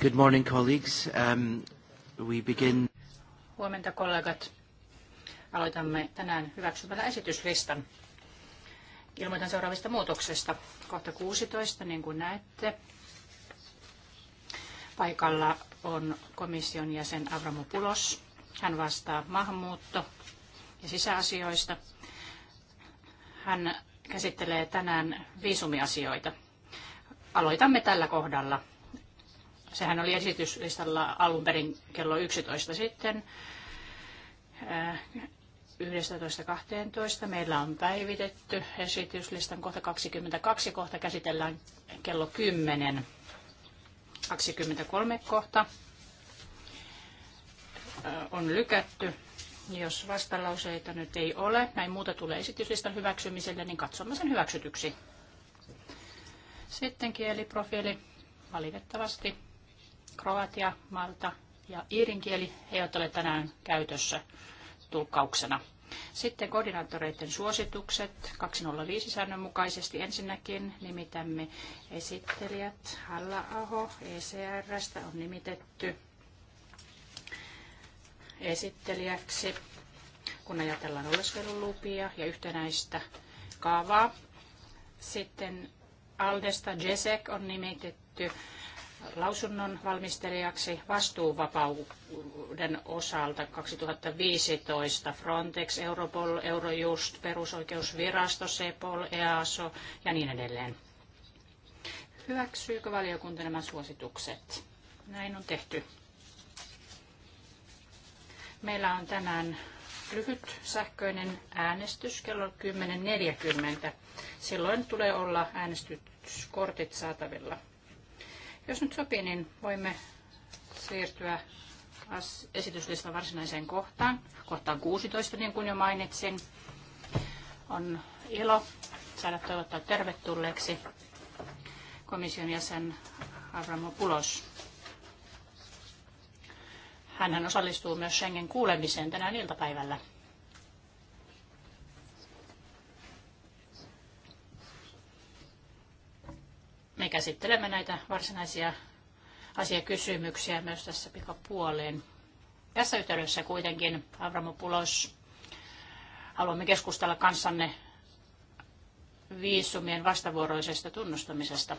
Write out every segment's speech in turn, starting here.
Good morning, colleagues. Um, we begin... Huomenta, kollegat. Aloitamme tänään hyväksyvällä esityslistan. Ilmoitan seuraavista muutoksesta. Kohta 16, niin kuin näette. Paikalla on komission jäsen Pulos. Hän vastaa maahanmuutto- ja sisäasioista. Hän käsittelee tänään viisumiasioita. Aloitamme tällä kohdalla. Sehän oli esityslistalla alun perin kello 11 sitten. 11.12. Äh, Meillä on päivitetty esityslistan kohta 22, kohta käsitellään kello 10. 23 kohta äh, on lykätty. Jos vastalauseita nyt ei ole, näin muuta tulee esityslistan hyväksymiselle, niin katsomme sen hyväksytyksi. Sitten kieliprofiili. Valitettavasti Kroatia, Malta ja Iirin kieli eivät ole tänään käytössä tulkkauksena. Sitten koordinaattoreiden suositukset 205 säännön mukaisesti. Ensinnäkin nimitämme esittelijät. Halla-aho ECRstä on nimitetty esittelijäksi, kun ajatellaan oleskelulupia ja yhtenäistä kaavaa. Sitten Aldesta Jesek on nimitetty lausunnon valmistelijaksi vastuuvapauden osalta 2015 Frontex, Europol, Eurojust, perusoikeusvirasto, CEPOL, EASO ja niin edelleen. Hyväksyykö valiokunta nämä suositukset? Näin on tehty. Meillä on tänään lyhyt sähköinen äänestys kello 10.40. Silloin tulee olla äänestyskortit saatavilla. Jos nyt sopii, niin voimme siirtyä esityslistan varsinaiseen kohtaan. Kohtaan 16, niin kuin jo mainitsin. On ilo saada toivottaa tervetulleeksi komission jäsen Avramopoulos. Hänhän osallistuu myös Schengen kuulemiseen tänään iltapäivällä. me käsittelemme näitä varsinaisia asiakysymyksiä myös tässä pikapuoleen. Tässä yhteydessä kuitenkin, Avramopulos, haluamme keskustella kanssanne viisumien vastavuoroisesta tunnustamisesta.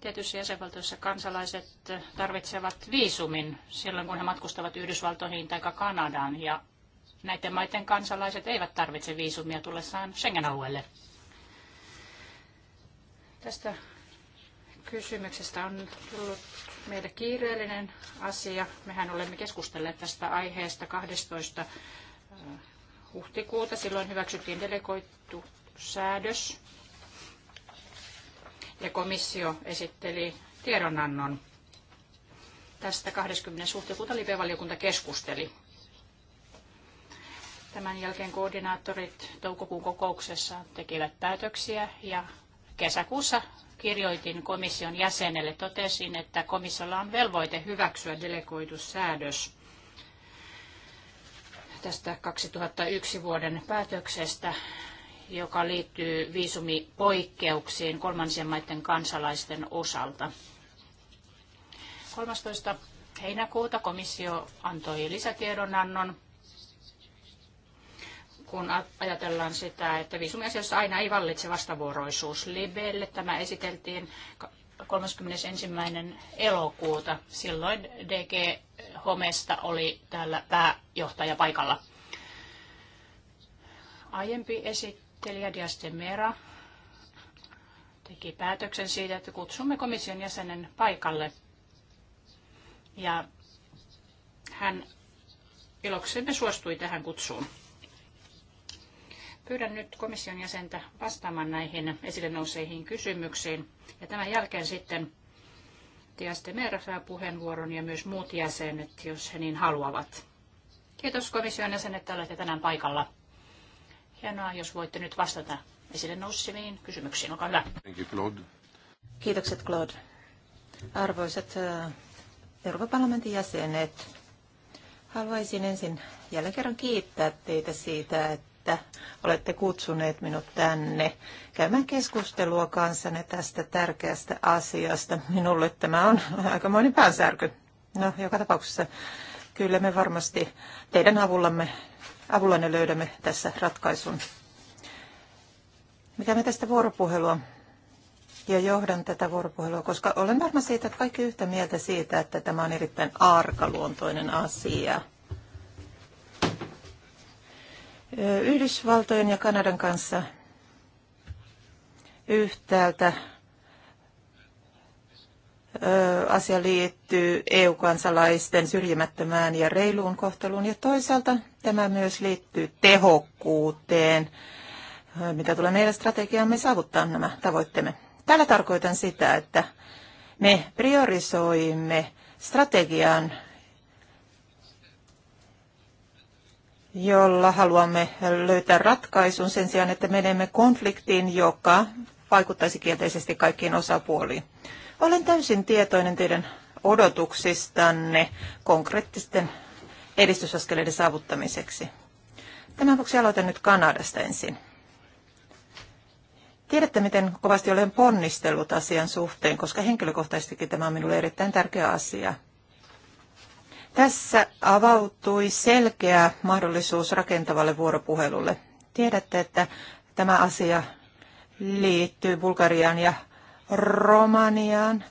Tietyissä jäsenvaltioissa kansalaiset tarvitsevat viisumin silloin, kun he matkustavat Yhdysvaltoihin tai Kanadaan, ja näiden maiden kansalaiset eivät tarvitse viisumia tullessaan Schengen-alueelle. Tästä kysymyksestä on tullut meille kiireellinen asia. Mehän olemme keskustelleet tästä aiheesta 12. Äh, huhtikuuta. Silloin hyväksyttiin delegoittu säädös ja komissio esitteli tiedonannon. Tästä 20. huhtikuuta live-valiokunta keskusteli. Tämän jälkeen koordinaattorit toukokuun kokouksessa tekivät päätöksiä ja Kesäkuussa kirjoitin komission jäsenelle, totesin, että komissiolla on velvoite hyväksyä delegoitussäädös tästä 2001 vuoden päätöksestä, joka liittyy viisumipoikkeuksiin kolmansien maiden kansalaisten osalta. 13. heinäkuuta komissio antoi lisätiedonannon kun ajatellaan sitä, että viisumiasiassa aina ei vallitse vastavuoroisuus. Libelle tämä esiteltiin 31. elokuuta. Silloin DG Homesta oli täällä pääjohtaja paikalla. Aiempi esittelijä de Mera teki päätöksen siitä, että kutsumme komission jäsenen paikalle. Ja hän iloksemme suostui tähän kutsuun. Pyydän nyt komission jäsentä vastaamaan näihin esille nouseihin kysymyksiin. Ja tämän jälkeen sitten Tiaste Meera saa puheenvuoron ja myös muut jäsenet, jos he niin haluavat. Kiitos komission jäsenet, että olette tänään paikalla. Hienoa, jos voitte nyt vastata esille nousseviin kysymyksiin. Olkaa hyvä. Claude. Kiitokset, Claude. Arvoisat äh, Euroopan parlamentin jäsenet, haluaisin ensin jälleen kerran kiittää teitä siitä, että että olette kutsuneet minut tänne käymään keskustelua kanssanne tästä tärkeästä asiasta. Minulle tämä on aikamoinen päänsärky. No, joka tapauksessa kyllä me varmasti teidän avullamme, avullanne löydämme tässä ratkaisun. Mitä me tästä vuoropuhelua ja johdan tätä vuoropuhelua, koska olen varma siitä, että kaikki yhtä mieltä siitä, että tämä on erittäin arkaluontoinen asia. Yhdysvaltojen ja Kanadan kanssa yhtäältä asia liittyy EU-kansalaisten syrjimättömään ja reiluun kohteluun ja toisaalta tämä myös liittyy tehokkuuteen, mitä tulee meidän strategiamme saavuttaa nämä tavoitteemme. Tällä tarkoitan sitä, että me priorisoimme strategian jolla haluamme löytää ratkaisun sen sijaan, että menemme konfliktiin, joka vaikuttaisi kielteisesti kaikkiin osapuoliin. Olen täysin tietoinen teidän odotuksistanne konkreettisten edistysaskeleiden saavuttamiseksi. Tämän vuoksi aloitan nyt Kanadasta ensin. Tiedätte, miten kovasti olen ponnistellut asian suhteen, koska henkilökohtaisestikin tämä on minulle erittäin tärkeä asia. Tässä avautui selkeä mahdollisuus rakentavalle vuoropuhelulle. Tiedätte, että tämä asia liittyy Bulgariaan ja Romaniaan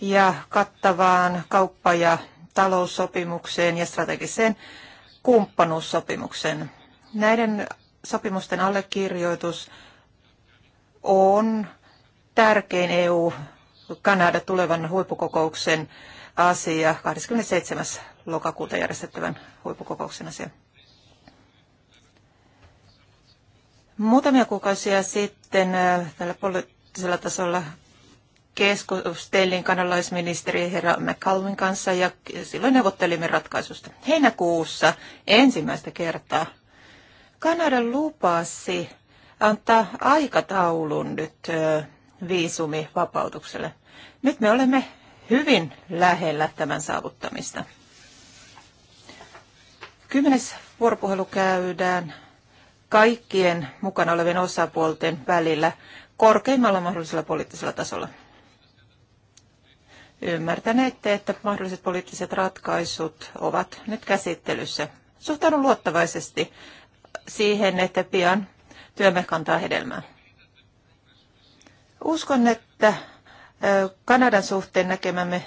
ja kattavaan kauppa- ja taloussopimukseen ja strategiseen kumppanuussopimukseen. Näiden sopimusten allekirjoitus on tärkein EU-Kanada tulevan huippukokouksen asia, 27. lokakuuta järjestettävän huippukokouksen asia. Muutamia kuukausia sitten äh, tällä poliittisella tasolla keskustelin kanalaisministeri herra McCallin kanssa ja silloin neuvottelimme ratkaisusta. Heinäkuussa ensimmäistä kertaa Kanada lupasi antaa aikataulun nyt äh, viisumivapautukselle. Nyt me olemme hyvin lähellä tämän saavuttamista. Kymmenes vuoropuhelu käydään kaikkien mukana olevien osapuolten välillä korkeimmalla mahdollisella poliittisella tasolla. Ymmärtäneette, että mahdolliset poliittiset ratkaisut ovat nyt käsittelyssä. Suhtaudun luottavaisesti siihen, että pian työmme kantaa hedelmää. Uskon, että Kanadan suhteen näkemämme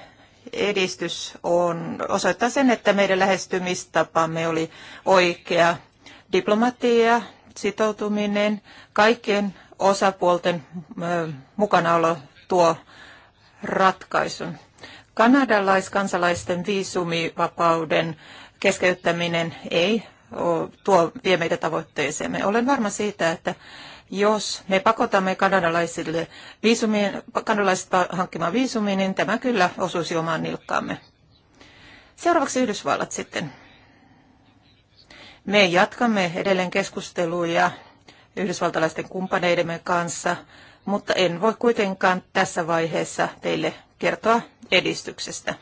edistys on, osoittaa sen, että meidän lähestymistapamme oli oikea. Diplomatia, sitoutuminen, kaikkien osapuolten mukanaolo tuo ratkaisun. Kanadalaiskansalaisten viisumivapauden keskeyttäminen ei tuo vie meitä tavoitteeseemme. Olen varma siitä, että jos me pakotamme kanadalaisille viisumien, kanadalaiset hankkimaan viisumia, niin tämä kyllä osuisi omaan nilkkaamme. Seuraavaksi Yhdysvallat sitten. Me jatkamme edelleen keskusteluja yhdysvaltalaisten kumppaneidemme kanssa, mutta en voi kuitenkaan tässä vaiheessa teille kertoa edistyksestä.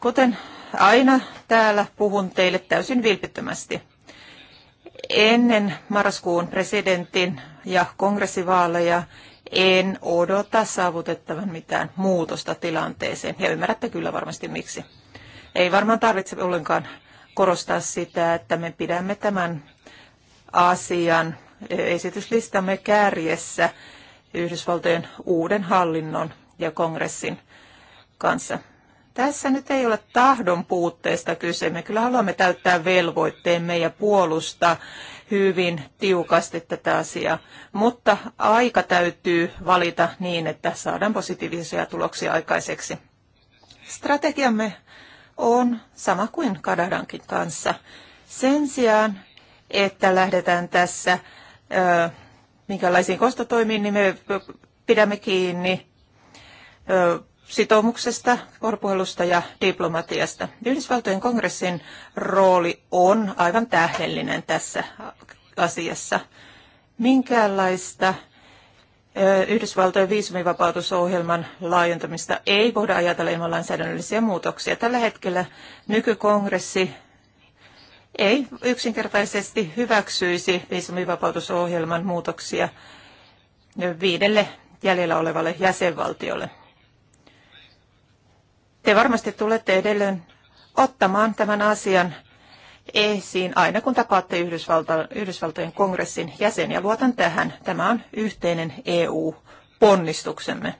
Kuten aina täällä puhun teille täysin vilpittömästi ennen marraskuun presidentin ja kongressivaaleja en odota saavutettavan mitään muutosta tilanteeseen. Ja ymmärrätte kyllä varmasti miksi. Ei varmaan tarvitse ollenkaan korostaa sitä, että me pidämme tämän asian esityslistamme kärjessä Yhdysvaltojen uuden hallinnon ja kongressin kanssa. Tässä nyt ei ole tahdon puutteesta kyse. Me kyllä haluamme täyttää velvoitteemme ja puolustaa hyvin tiukasti tätä asiaa, mutta aika täytyy valita niin, että saadaan positiivisia tuloksia aikaiseksi. Strategiamme on sama kuin Kadadankin kanssa. Sen sijaan, että lähdetään tässä ö, minkälaisiin kostotoimiin, niin me pidämme kiinni ö, sitoumuksesta, vuoropuhelusta ja diplomatiasta. Yhdysvaltojen kongressin rooli on aivan tähdellinen tässä asiassa. Minkäänlaista Yhdysvaltojen viisumivapautusohjelman laajentamista ei voida ajatella ilman lainsäädännöllisiä muutoksia. Tällä hetkellä nykykongressi ei yksinkertaisesti hyväksyisi viisumivapautusohjelman muutoksia viidelle jäljellä olevalle jäsenvaltiolle. Te varmasti tulette edelleen ottamaan tämän asian esiin aina kun tapaatte Yhdysvalta, Yhdysvaltojen kongressin jäseniä. Luotan tähän. Tämä on yhteinen EU-ponnistuksemme.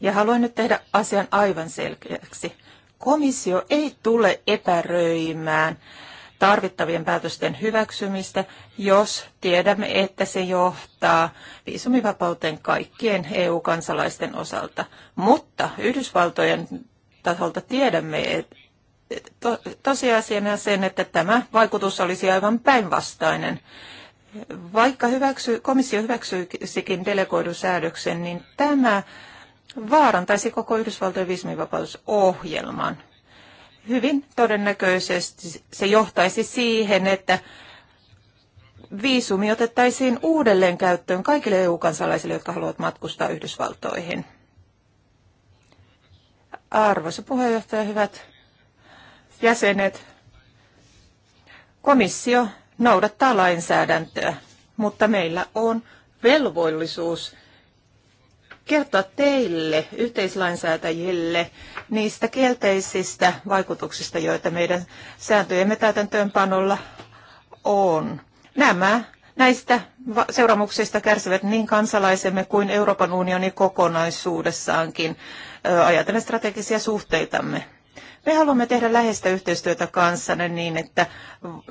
Ja haluan nyt tehdä asian aivan selkeäksi. Komissio ei tule epäröimään äh, tarvittavien päätösten hyväksymistä, jos tiedämme, että se johtaa viisumivapauteen kaikkien EU-kansalaisten osalta. Mutta Yhdysvaltojen taholta tiedämme että to, tosiasiana sen, että tämä vaikutus olisi aivan päinvastainen. Vaikka hyväksy, komissio hyväksyisikin delegoidun säädöksen, niin tämä vaarantaisi koko Yhdysvaltojen viisumivapausohjelman hyvin todennäköisesti se johtaisi siihen, että viisumi otettaisiin uudelleen käyttöön kaikille EU-kansalaisille, jotka haluavat matkustaa Yhdysvaltoihin. Arvoisa puheenjohtaja, hyvät jäsenet, komissio noudattaa lainsäädäntöä, mutta meillä on velvollisuus kertoa teille, yhteislainsäätäjille, niistä kielteisistä vaikutuksista, joita meidän sääntöjemme täytäntöönpanolla on. Nämä Näistä seuraamuksista kärsivät niin kansalaisemme kuin Euroopan unioni kokonaisuudessaankin ajatellen strategisia suhteitamme. Me haluamme tehdä läheistä yhteistyötä kanssanne niin, että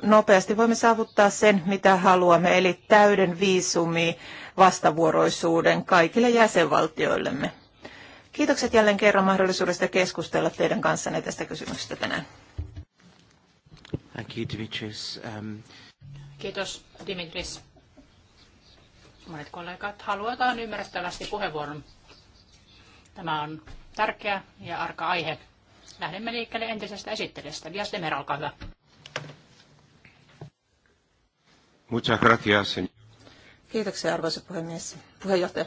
nopeasti voimme saavuttaa sen, mitä haluamme, eli täyden viisumi vastavuoroisuuden kaikille jäsenvaltioillemme. Kiitokset jälleen kerran mahdollisuudesta keskustella teidän kanssanne tästä kysymyksestä tänään. Thank you, Dimitris. Um... Kiitos, Dimitris. Monet kollegat haluavat ymmärrettävästi puheenvuoron. Tämä on tärkeä ja arka aihe. Lähdemme liikkeelle entisestä esittelystä. Dias Demer, olkaa hyvä. Muchas gracias, señor. Kiitoksia arvoisa puhemies, puheenjohtaja.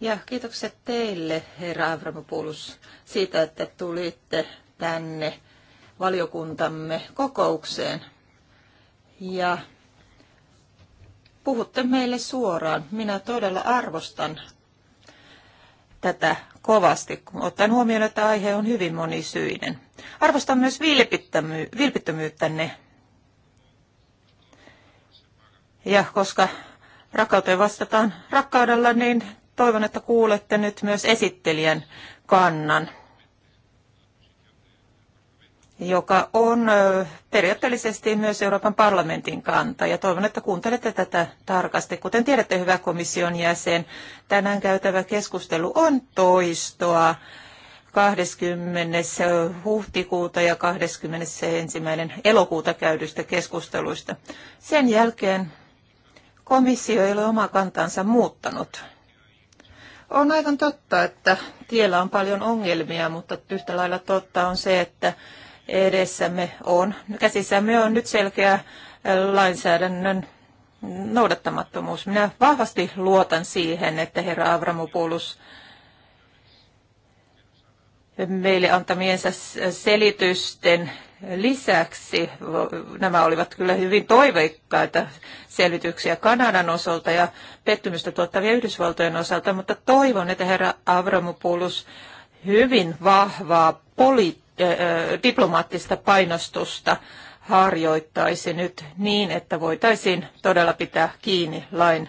Ja kiitokset teille, herra Avramopoulos, siitä, että tulitte tänne valiokuntamme kokoukseen. Ja puhutte meille suoraan. Minä todella arvostan tätä kovasti, ottaen huomioon, että aihe on hyvin monisyinen. Arvostan myös vilpittömyyttänne ja koska rakkauteen vastataan rakkaudella, niin toivon, että kuulette nyt myös esittelijän kannan, joka on periaatteellisesti myös Euroopan parlamentin kanta. Ja toivon, että kuuntelette tätä tarkasti. Kuten tiedätte, hyvä komission jäsen, tänään käytävä keskustelu on toistoa 20. huhtikuuta ja 21. elokuuta käydystä keskusteluista. Sen jälkeen komissio ei ole omaa kantansa muuttanut. On aivan totta, että tiellä on paljon ongelmia, mutta yhtä lailla totta on se, että edessämme on, käsissämme on nyt selkeä lainsäädännön noudattamattomuus. Minä vahvasti luotan siihen, että herra Avramopoulos meille antamiensa selitysten lisäksi nämä olivat kyllä hyvin toiveikkaita selvityksiä Kanadan osalta ja pettymystä tuottavia Yhdysvaltojen osalta, mutta toivon, että herra Avramopoulos hyvin vahvaa poli- äh, diplomaattista painostusta harjoittaisi nyt niin, että voitaisiin todella pitää kiinni lain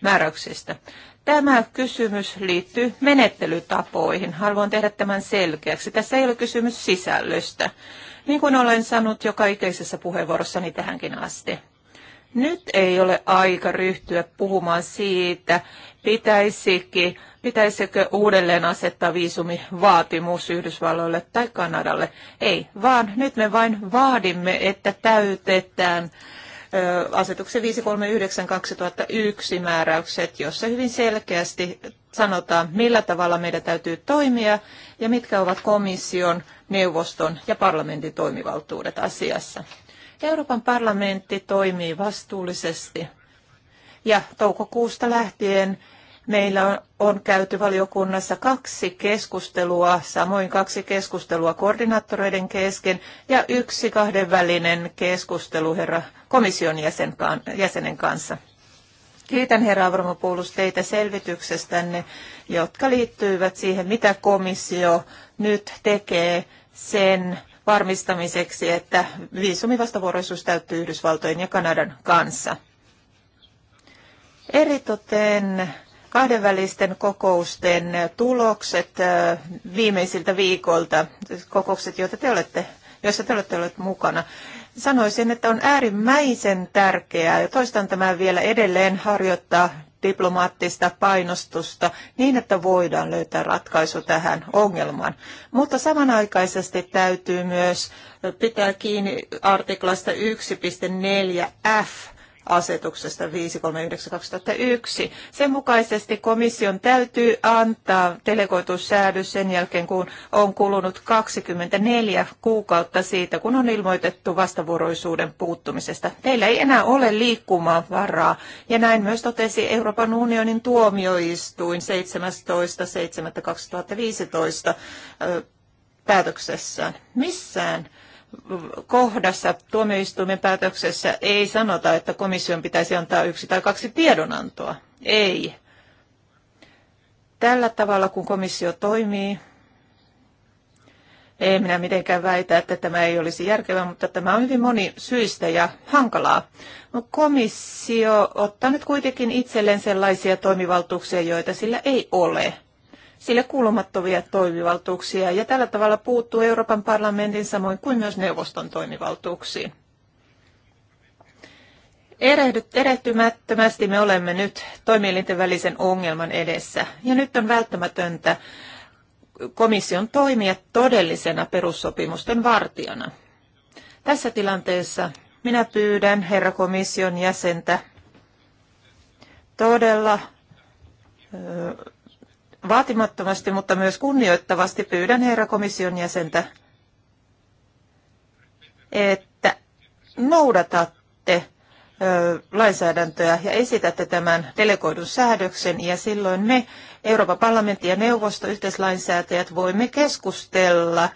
määräyksistä. Tämä kysymys liittyy menettelytapoihin. Haluan tehdä tämän selkeäksi. Tässä ei ole kysymys sisällöstä niin kuin olen sanonut joka ikäisessä puheenvuorossani tähänkin asti. Nyt ei ole aika ryhtyä puhumaan siitä, pitäisikin, pitäisikö uudelleen asettaa viisumivaatimus Yhdysvalloille tai Kanadalle. Ei, vaan nyt me vain vaadimme, että täytetään asetuksen 539-2001 määräykset, jossa hyvin selkeästi sanotaan, millä tavalla meidän täytyy toimia ja mitkä ovat komission neuvoston ja parlamentin toimivaltuudet asiassa. Euroopan parlamentti toimii vastuullisesti ja toukokuusta lähtien meillä on, on käyty valiokunnassa kaksi keskustelua, samoin kaksi keskustelua koordinaattoreiden kesken ja yksi kahdenvälinen keskustelu herra komission jäsen, jäsenen kanssa. Kiitän herra Avramopoulos teitä selvityksestänne jotka liittyvät siihen, mitä komissio nyt tekee sen varmistamiseksi, että viisumivastavuoroisuus täyttyy Yhdysvaltojen ja Kanadan kanssa. Eritoten kahdenvälisten kokousten tulokset viimeisiltä viikolta, kokoukset, joita te olette, joissa te olette olleet mukana. Sanoisin, että on äärimmäisen tärkeää, ja toistan tämän vielä edelleen, harjoittaa diplomaattista painostusta niin, että voidaan löytää ratkaisu tähän ongelmaan. Mutta samanaikaisesti täytyy myös pitää kiinni artiklasta 1.4f asetuksesta 539-2001. Sen mukaisesti komission täytyy antaa delegoitussäädös sen jälkeen, kun on kulunut 24 kuukautta siitä, kun on ilmoitettu vastavuoroisuuden puuttumisesta. Teillä ei enää ole liikkumaan varaa, ja näin myös totesi Euroopan unionin tuomioistuin 17.7.2015 päätöksessään. Missään kohdassa tuomioistuimen päätöksessä ei sanota, että komission pitäisi antaa yksi tai kaksi tiedonantoa. Ei. Tällä tavalla, kun komissio toimii, ei minä mitenkään väitä, että tämä ei olisi järkevää, mutta tämä on hyvin moni syistä ja hankalaa. No, komissio ottaa nyt kuitenkin itselleen sellaisia toimivaltuuksia, joita sillä ei ole sille kuulumattomia toimivaltuuksia ja tällä tavalla puuttuu Euroopan parlamentin samoin kuin myös neuvoston toimivaltuuksiin. Erehtymättömästi me olemme nyt toimielinten välisen ongelman edessä ja nyt on välttämätöntä komission toimia todellisena perussopimusten vartijana. Tässä tilanteessa minä pyydän herra komission jäsentä todella Vaatimattomasti, mutta myös kunnioittavasti pyydän herra komission jäsentä, että noudatatte lainsäädäntöä ja esitätte tämän delegoidun säädöksen ja silloin me Euroopan parlamentti ja neuvosto yhteislainsäätäjät voimme keskustella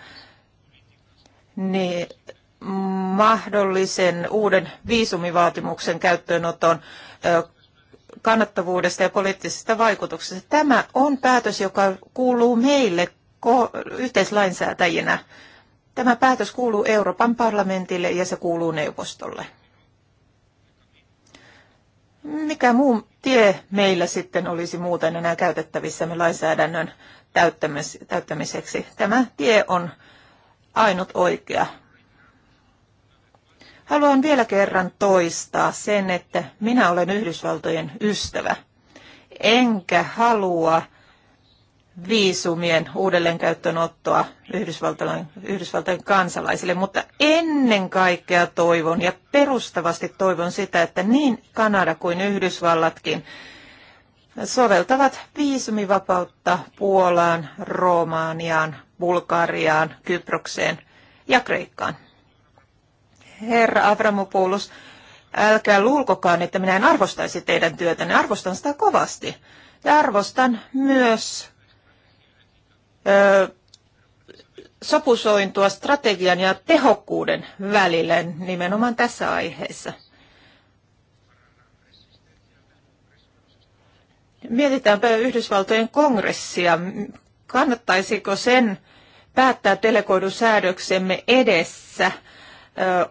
niin mahdollisen uuden viisumivaatimuksen käyttöönoton kannattavuudesta ja poliittisista vaikutuksista. Tämä on päätös, joka kuuluu meille yhteislainsäätäjinä. Tämä päätös kuuluu Euroopan parlamentille ja se kuuluu neuvostolle. Mikä muu tie meillä sitten olisi muuten enää käytettävissämme lainsäädännön täyttämiseksi? Tämä tie on ainut oikea. Haluan vielä kerran toistaa sen, että minä olen Yhdysvaltojen ystävä. Enkä halua viisumien uudelleenkäyttöönottoa Yhdysvaltojen, Yhdysvaltojen kansalaisille, mutta ennen kaikkea toivon ja perustavasti toivon sitä, että niin Kanada kuin Yhdysvallatkin soveltavat viisumivapautta Puolaan, Romaaniaan, Bulgariaan, Kyprokseen ja Kreikkaan herra Avramopoulos, älkää luulkokaan, että minä en arvostaisi teidän työtänne. Arvostan sitä kovasti. Ja arvostan myös ö, sopusointua strategian ja tehokkuuden välillä nimenomaan tässä aiheessa. Mietitäänpä Yhdysvaltojen kongressia. Kannattaisiko sen päättää delegoidun säädöksemme edessä –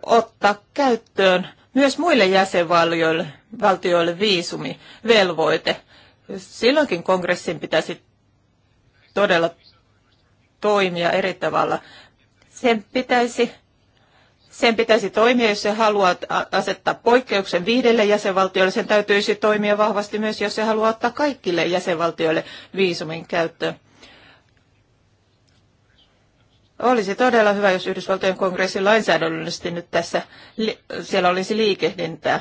ottaa käyttöön myös muille jäsenvaltioille valtioille viisumivelvoite. Silloinkin kongressin pitäisi todella toimia eri tavalla. Sen pitäisi, sen pitäisi toimia, jos se haluaa asettaa poikkeuksen viidelle jäsenvaltiolle. Sen täytyisi toimia vahvasti myös, jos se haluaa ottaa kaikille jäsenvaltioille viisumin käyttöön. Olisi todella hyvä, jos Yhdysvaltojen kongressi lainsäädännöllisesti nyt tässä, siellä olisi liikehdintää.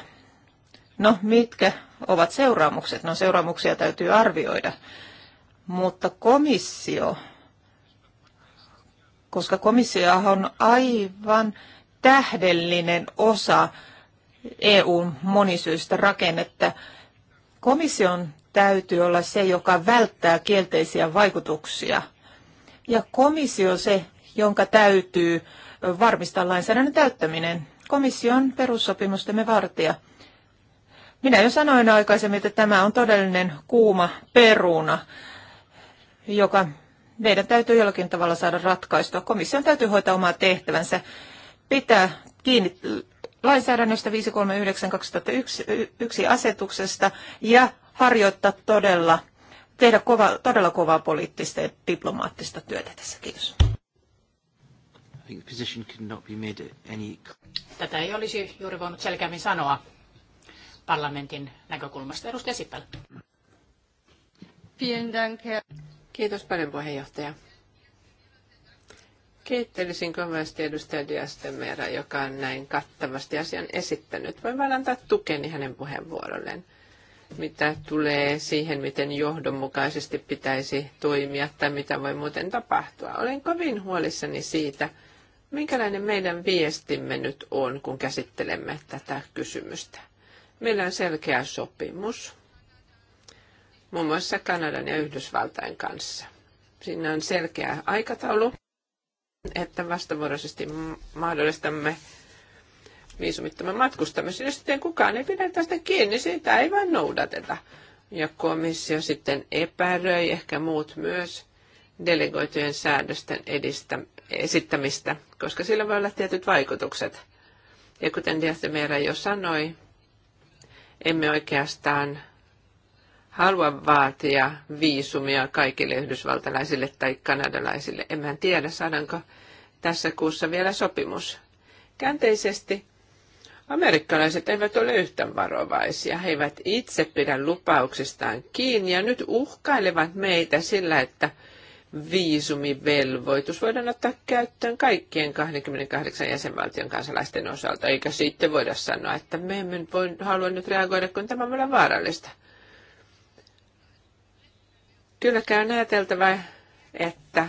No, mitkä ovat seuraamukset? No, seuraamuksia täytyy arvioida. Mutta komissio, koska komissio on aivan tähdellinen osa EUn monisyistä rakennetta, komission täytyy olla se, joka välttää kielteisiä vaikutuksia. Ja komissio se, jonka täytyy varmistaa lainsäädännön täyttäminen. Komission perussopimustemme vartija. Minä jo sanoin aikaisemmin, että tämä on todellinen kuuma peruna, joka meidän täytyy jollakin tavalla saada ratkaistua. Komission täytyy hoitaa omaa tehtävänsä, pitää kiinni lainsäädännöstä 539-2001 asetuksesta ja harjoittaa todella, tehdä kova, todella kovaa poliittista ja diplomaattista työtä tässä. Kiitos position could not be made any... Tätä ei olisi juuri voinut selkeämmin sanoa parlamentin näkökulmasta. Edustaja Sippel. Kiitos paljon puheenjohtaja. Kiittelisin kovasti edustaja Diastemera, joka on näin kattavasti asian esittänyt. Voin vain antaa tukeni hänen puheenvuorolleen, mitä tulee siihen, miten johdonmukaisesti pitäisi toimia tai mitä voi muuten tapahtua. Olen kovin huolissani siitä, Minkälainen meidän viestimme nyt on, kun käsittelemme tätä kysymystä? Meillä on selkeä sopimus, muun muassa Kanadan ja Yhdysvaltain kanssa. Siinä on selkeä aikataulu, että vastavuoroisesti mahdollistamme viisumittoman matkustamisen. Jos sitten kukaan ei pidä tästä kiinni, siitä ei vain noudateta. Ja komissio sitten epäröi, ehkä muut myös, delegoitujen säädösten edistä, esittämistä, koska sillä voi olla tietyt vaikutukset. Ja kuten Diastemera jo sanoi, emme oikeastaan halua vaatia viisumia kaikille yhdysvaltalaisille tai kanadalaisille. en tiedä, saadaanko tässä kuussa vielä sopimus. Käänteisesti amerikkalaiset eivät ole yhtä varovaisia. He eivät itse pidä lupauksistaan kiinni ja nyt uhkailevat meitä sillä, että – viisumivelvoitus voidaan ottaa käyttöön kaikkien 28 jäsenvaltion kansalaisten osalta, eikä sitten voida sanoa, että me emme voi, halua nyt reagoida, kun tämä on meillä vaarallista. Kylläkään on ajateltava, että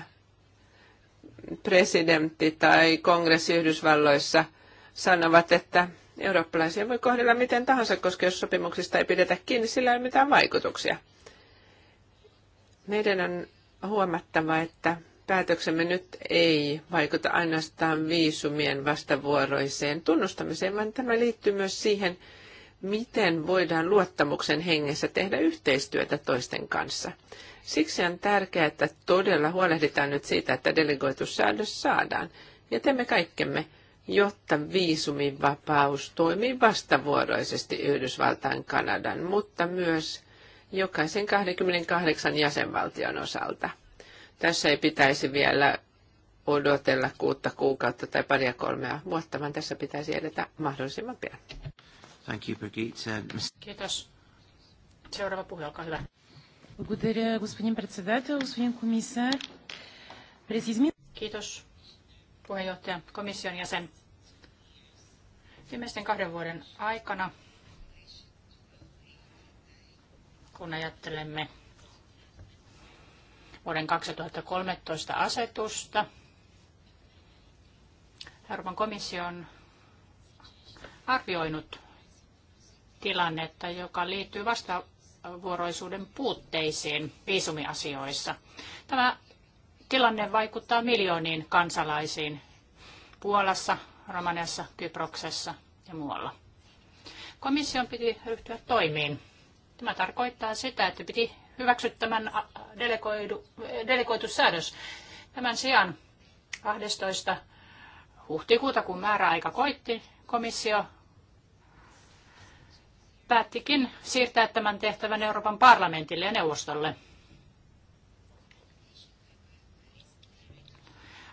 presidentti tai kongressi Yhdysvalloissa sanovat, että eurooppalaisia voi kohdella miten tahansa, koska jos sopimuksista ei pidetä kiinni, sillä ei ole mitään vaikutuksia. Meidän on huomattava, että päätöksemme nyt ei vaikuta ainoastaan viisumien vastavuoroiseen tunnustamiseen, vaan tämä liittyy myös siihen, miten voidaan luottamuksen hengessä tehdä yhteistyötä toisten kanssa. Siksi on tärkeää, että todella huolehditaan nyt siitä, että delegoitussäädös saadaan, ja teemme kaikkemme, jotta viisumivapaus toimii vastavuoroisesti Yhdysvaltain, Kanadan, mutta myös jokaisen 28 jäsenvaltion osalta. Tässä ei pitäisi vielä odotella kuutta kuukautta tai paria kolmea vuotta, vaan tässä pitäisi edetä mahdollisimman pian. Thank you, Brigitte. Kiitos. Seuraava puhe, olkaa hyvä. Kiitos, puheenjohtaja, komission jäsen. Viimeisten kahden vuoden aikana kun ajattelemme vuoden 2013 asetusta. Euroopan komissio on arvioinut tilannetta, joka liittyy vastavuoroisuuden puutteisiin viisumiasioissa. Tämä tilanne vaikuttaa miljooniin kansalaisiin Puolassa, Romaniassa, Kyproksessa ja muualla. Komission piti ryhtyä toimiin Tämä tarkoittaa sitä, että piti hyväksyä tämän äh, äh, delegoitu säädös. Tämän sijaan 12. huhtikuuta, kun määräaika koitti, komissio päättikin siirtää tämän tehtävän Euroopan parlamentille ja neuvostolle.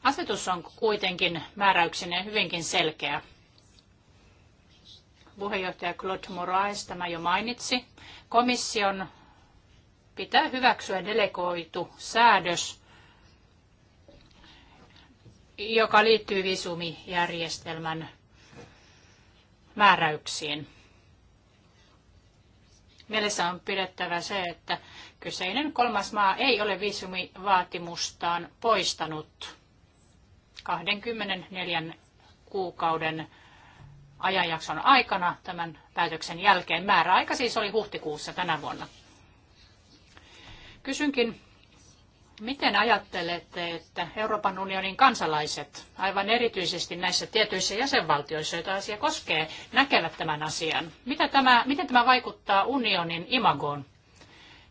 Asetus on kuitenkin määräyksinen hyvinkin selkeä. Puheenjohtaja Claude Moraes tämä jo mainitsi komission pitää hyväksyä delegoitu säädös, joka liittyy visumijärjestelmän määräyksiin. Mielessä on pidettävä se, että kyseinen kolmas maa ei ole viisumivaatimustaan poistanut 24 kuukauden ajanjakson aikana tämän päätöksen jälkeen. Määräaika siis oli huhtikuussa tänä vuonna. Kysynkin, miten ajattelette, että Euroopan unionin kansalaiset, aivan erityisesti näissä tietyissä jäsenvaltioissa, joita asia koskee, näkevät tämän asian? Mitä tämä, miten tämä vaikuttaa unionin imagoon?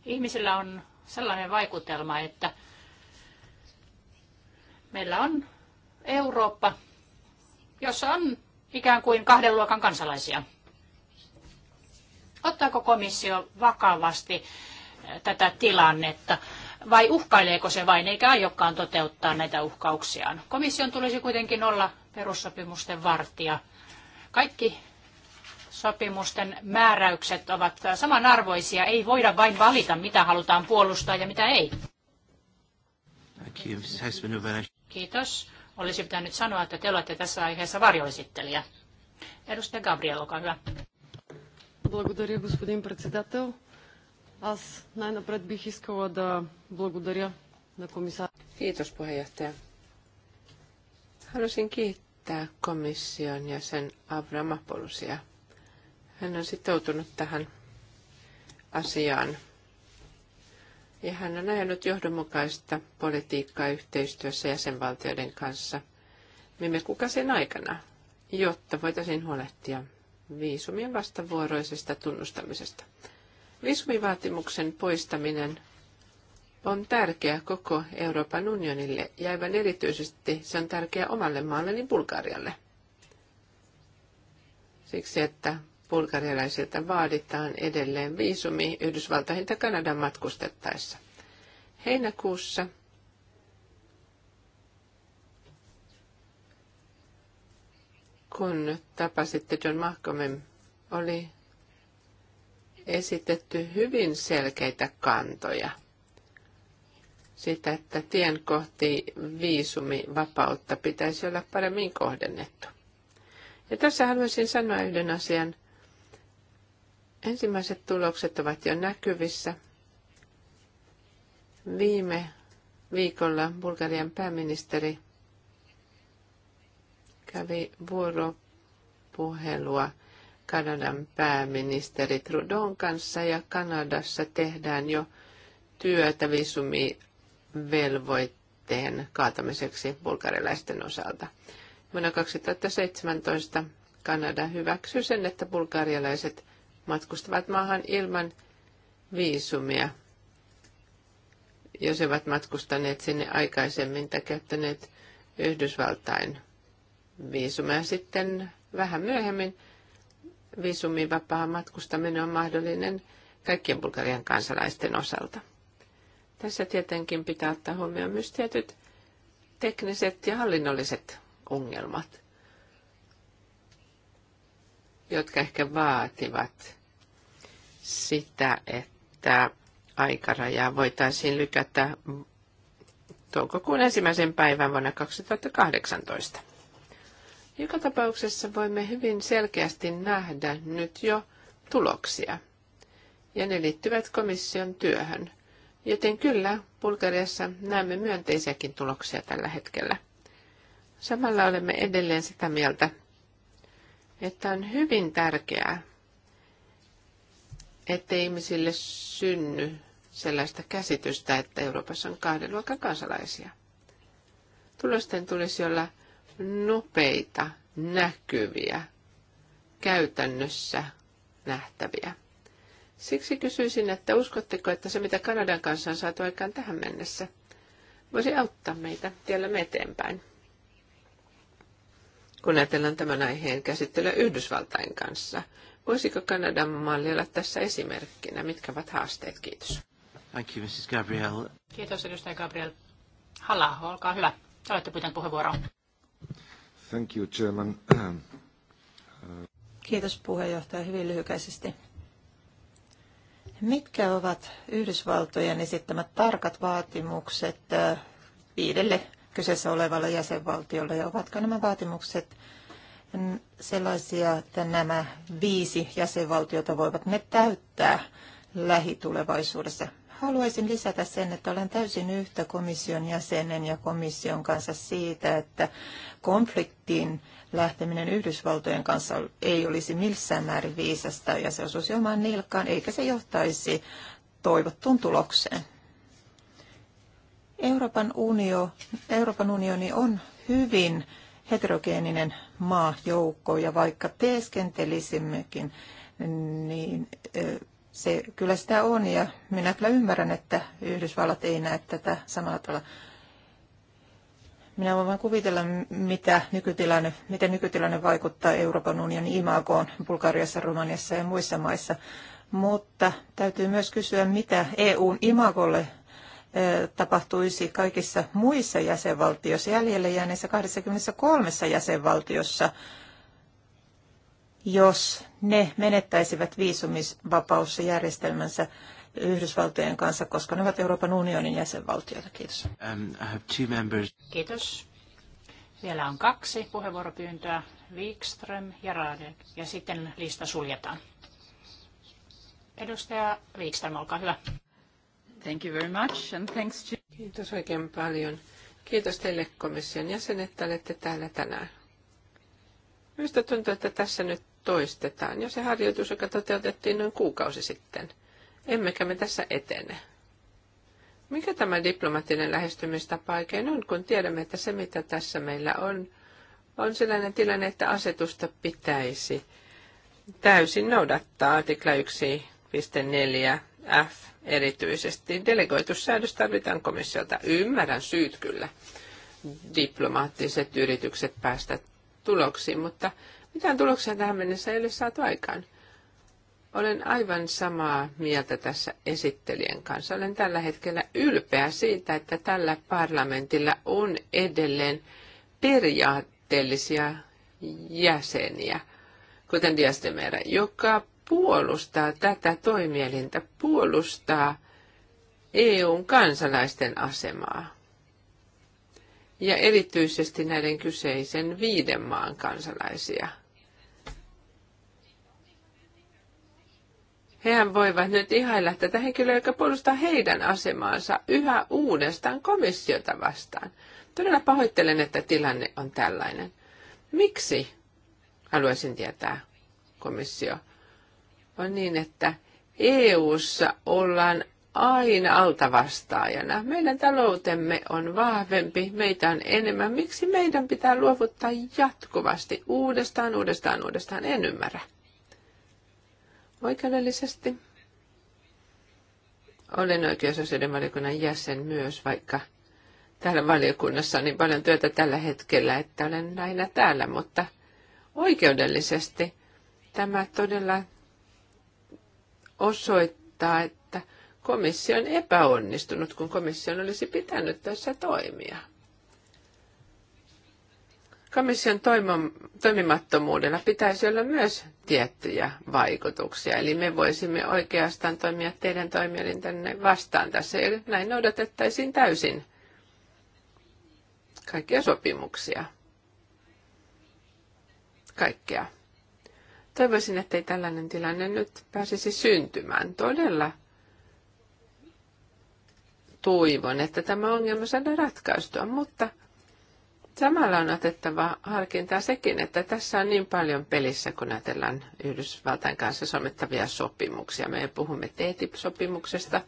Ihmisillä on sellainen vaikutelma, että meillä on Eurooppa, jossa on ikään kuin kahden luokan kansalaisia. Ottaako komissio vakavasti eh, tätä tilannetta vai uhkaileeko se vain eikä aiokkaan toteuttaa näitä uhkauksiaan? Komission tulisi kuitenkin olla perussopimusten vartija. Kaikki sopimusten määräykset ovat samanarvoisia. Ei voida vain valita, mitä halutaan puolustaa ja mitä ei. Kiitos. Olisi pitänyt sanoa, että te olette tässä aiheessa varjoesittelijä. Edustaja Gabriel, olkaa hyvä. Благодаря, господин председател. Аз най-напред бих искала да благодаря на комисар. Kiitos puheenjohtaja. Haluaisin kiittää komission ja sen Avramopoulosia. Hän on sitoutunut tähän asiaan ja hän on ajanut johdonmukaista politiikkaa yhteistyössä jäsenvaltioiden kanssa viime kuukausien aikana, jotta voitaisiin huolehtia viisumien vastavuoroisesta tunnustamisesta. Viisumivaatimuksen poistaminen on tärkeä koko Euroopan unionille ja aivan erityisesti se on tärkeä omalle maalleni Bulgarialle. Siksi, että bulgarialaisilta vaaditaan edelleen viisumi Yhdysvaltain tai Kanadan matkustettaessa. Heinäkuussa kun tapasitte John Mahkomen, oli esitetty hyvin selkeitä kantoja sitä, että tien kohti viisumivapautta pitäisi olla paremmin kohdennettu. Ja tässä haluaisin sanoa yhden asian – Ensimmäiset tulokset ovat jo näkyvissä. Viime viikolla Bulgarian pääministeri kävi vuoropuhelua Kanadan pääministeri Trudon kanssa ja Kanadassa tehdään jo työtä visumivelvoitteen kaatamiseksi bulgarilaisten osalta. Vuonna 2017 Kanada hyväksyi sen, että bulgarialaiset matkustavat maahan ilman viisumia, jos eivät matkustaneet sinne aikaisemmin tai käyttäneet Yhdysvaltain viisumia. Sitten vähän myöhemmin viisumin vapaa matkustaminen on mahdollinen kaikkien Bulgarian kansalaisten osalta. Tässä tietenkin pitää ottaa huomioon myös tietyt tekniset ja hallinnolliset ongelmat – jotka ehkä vaativat sitä, että aikarajaa voitaisiin lykätä toukokuun ensimmäisen päivän vuonna 2018. Joka tapauksessa voimme hyvin selkeästi nähdä nyt jo tuloksia, ja ne liittyvät komission työhön. Joten kyllä, Bulgariassa näemme myönteisiäkin tuloksia tällä hetkellä. Samalla olemme edelleen sitä mieltä, että on hyvin tärkeää, että ihmisille synny sellaista käsitystä, että Euroopassa on kahden luokan kansalaisia. Tulosten tulisi olla nopeita, näkyviä, käytännössä nähtäviä. Siksi kysyisin, että uskotteko, että se mitä Kanadan kanssa on saatu aikaan tähän mennessä, voisi auttaa meitä tiellä eteenpäin kun ajatellaan tämän aiheen käsittelyä Yhdysvaltain kanssa. Voisiko Kanadan malli olla tässä esimerkkinä? Mitkä ovat haasteet? Kiitos. Thank you, Mrs. Gabriel. Kiitos, edustaja Gabriel. Halla, olkaa hyvä. Te olette pyytänyt puheenvuoroa. Thank you, Chairman. Kiitos puheenjohtaja hyvin lyhykäisesti. Mitkä ovat Yhdysvaltojen esittämät tarkat vaatimukset äh, viidelle kyseessä olevalle jäsenvaltiolle ja ovatko nämä vaatimukset sellaisia, että nämä viisi jäsenvaltiota voivat ne täyttää lähitulevaisuudessa. Haluaisin lisätä sen, että olen täysin yhtä komission jäsenen ja komission kanssa siitä, että konfliktiin lähteminen Yhdysvaltojen kanssa ei olisi missään määrin viisasta ja se osuisi omaan nilkkaan, eikä se johtaisi toivottuun tulokseen. Euroopan, unio, Euroopan unioni on hyvin heterogeeninen maajoukko ja vaikka teeskentelisimmekin, niin se kyllä sitä on ja minä kyllä ymmärrän, että Yhdysvallat ei näe tätä samalla tavalla. Minä voin vain kuvitella, mitä nykytilanne, miten nykytilanne vaikuttaa Euroopan unionin imagoon Bulgariassa, Romaniassa ja muissa maissa. Mutta täytyy myös kysyä, mitä EUn imagolle tapahtuisi kaikissa muissa jäsenvaltioissa, jäljelle jääneissä 23 jäsenvaltiossa, jos ne menettäisivät viisumisvapausjärjestelmänsä Yhdysvaltojen kanssa, koska ne ovat Euroopan unionin jäsenvaltioita. Kiitos. Um, I have two members. Kiitos. Vielä on kaksi puheenvuoropyyntöä, Wikström ja Raaden, ja sitten lista suljetaan. Edustaja Wikström, olkaa hyvä. Thank you very much and thanks to... Kiitos oikein paljon. Kiitos teille komission jäsenet, että olette täällä tänään. Minusta tuntuu, että tässä nyt toistetaan jo se harjoitus, joka toteutettiin noin kuukausi sitten. Emmekä me tässä etene. Mikä tämä diplomaattinen lähestymistapa oikein on, kun tiedämme, että se mitä tässä meillä on, on sellainen tilanne, että asetusta pitäisi täysin noudattaa artikla 1.4 F erityisesti. Delegoitussäädös tarvitaan komissiolta. Ymmärrän syyt kyllä, diplomaattiset yritykset päästä tuloksiin, mutta mitään tuloksia tähän mennessä ei ole saatu aikaan. Olen aivan samaa mieltä tässä esittelijän kanssa. Olen tällä hetkellä ylpeä siitä, että tällä parlamentilla on edelleen periaatteellisia jäseniä, kuten Diastemera, joka puolustaa tätä toimielintä, puolustaa EUn kansalaisten asemaa. Ja erityisesti näiden kyseisen viiden maan kansalaisia. Hehän voivat nyt ihailla tätä henkilöä, joka puolustaa heidän asemaansa yhä uudestaan komissiota vastaan. Todella pahoittelen, että tilanne on tällainen. Miksi, haluaisin tietää, komissio, on niin, että EU:ssa ollaan aina altavastaajana. Meidän taloutemme on vahvempi, meitä on enemmän. Miksi meidän pitää luovuttaa jatkuvasti uudestaan, uudestaan, uudestaan? En ymmärrä. Oikeudellisesti olen oikeusasioiden valiokunnan jäsen myös, vaikka täällä valiokunnassa on niin paljon työtä tällä hetkellä, että olen aina täällä, mutta oikeudellisesti tämä todella osoittaa, että komissio on epäonnistunut, kun komission olisi pitänyt tässä toimia. Komission toimimattomuudella pitäisi olla myös tiettyjä vaikutuksia, eli me voisimme oikeastaan toimia teidän tänne vastaan tässä, eli näin noudatettaisiin täysin kaikkia sopimuksia. Kaikkea. Toivoisin, ettei tällainen tilanne nyt pääsisi syntymään. Todella toivon, että tämä ongelma saadaan ratkaistua, mutta samalla on otettava harkintaa sekin, että tässä on niin paljon pelissä, kun ajatellaan Yhdysvaltain kanssa somittavia sopimuksia. Me puhumme TTIP-sopimuksesta.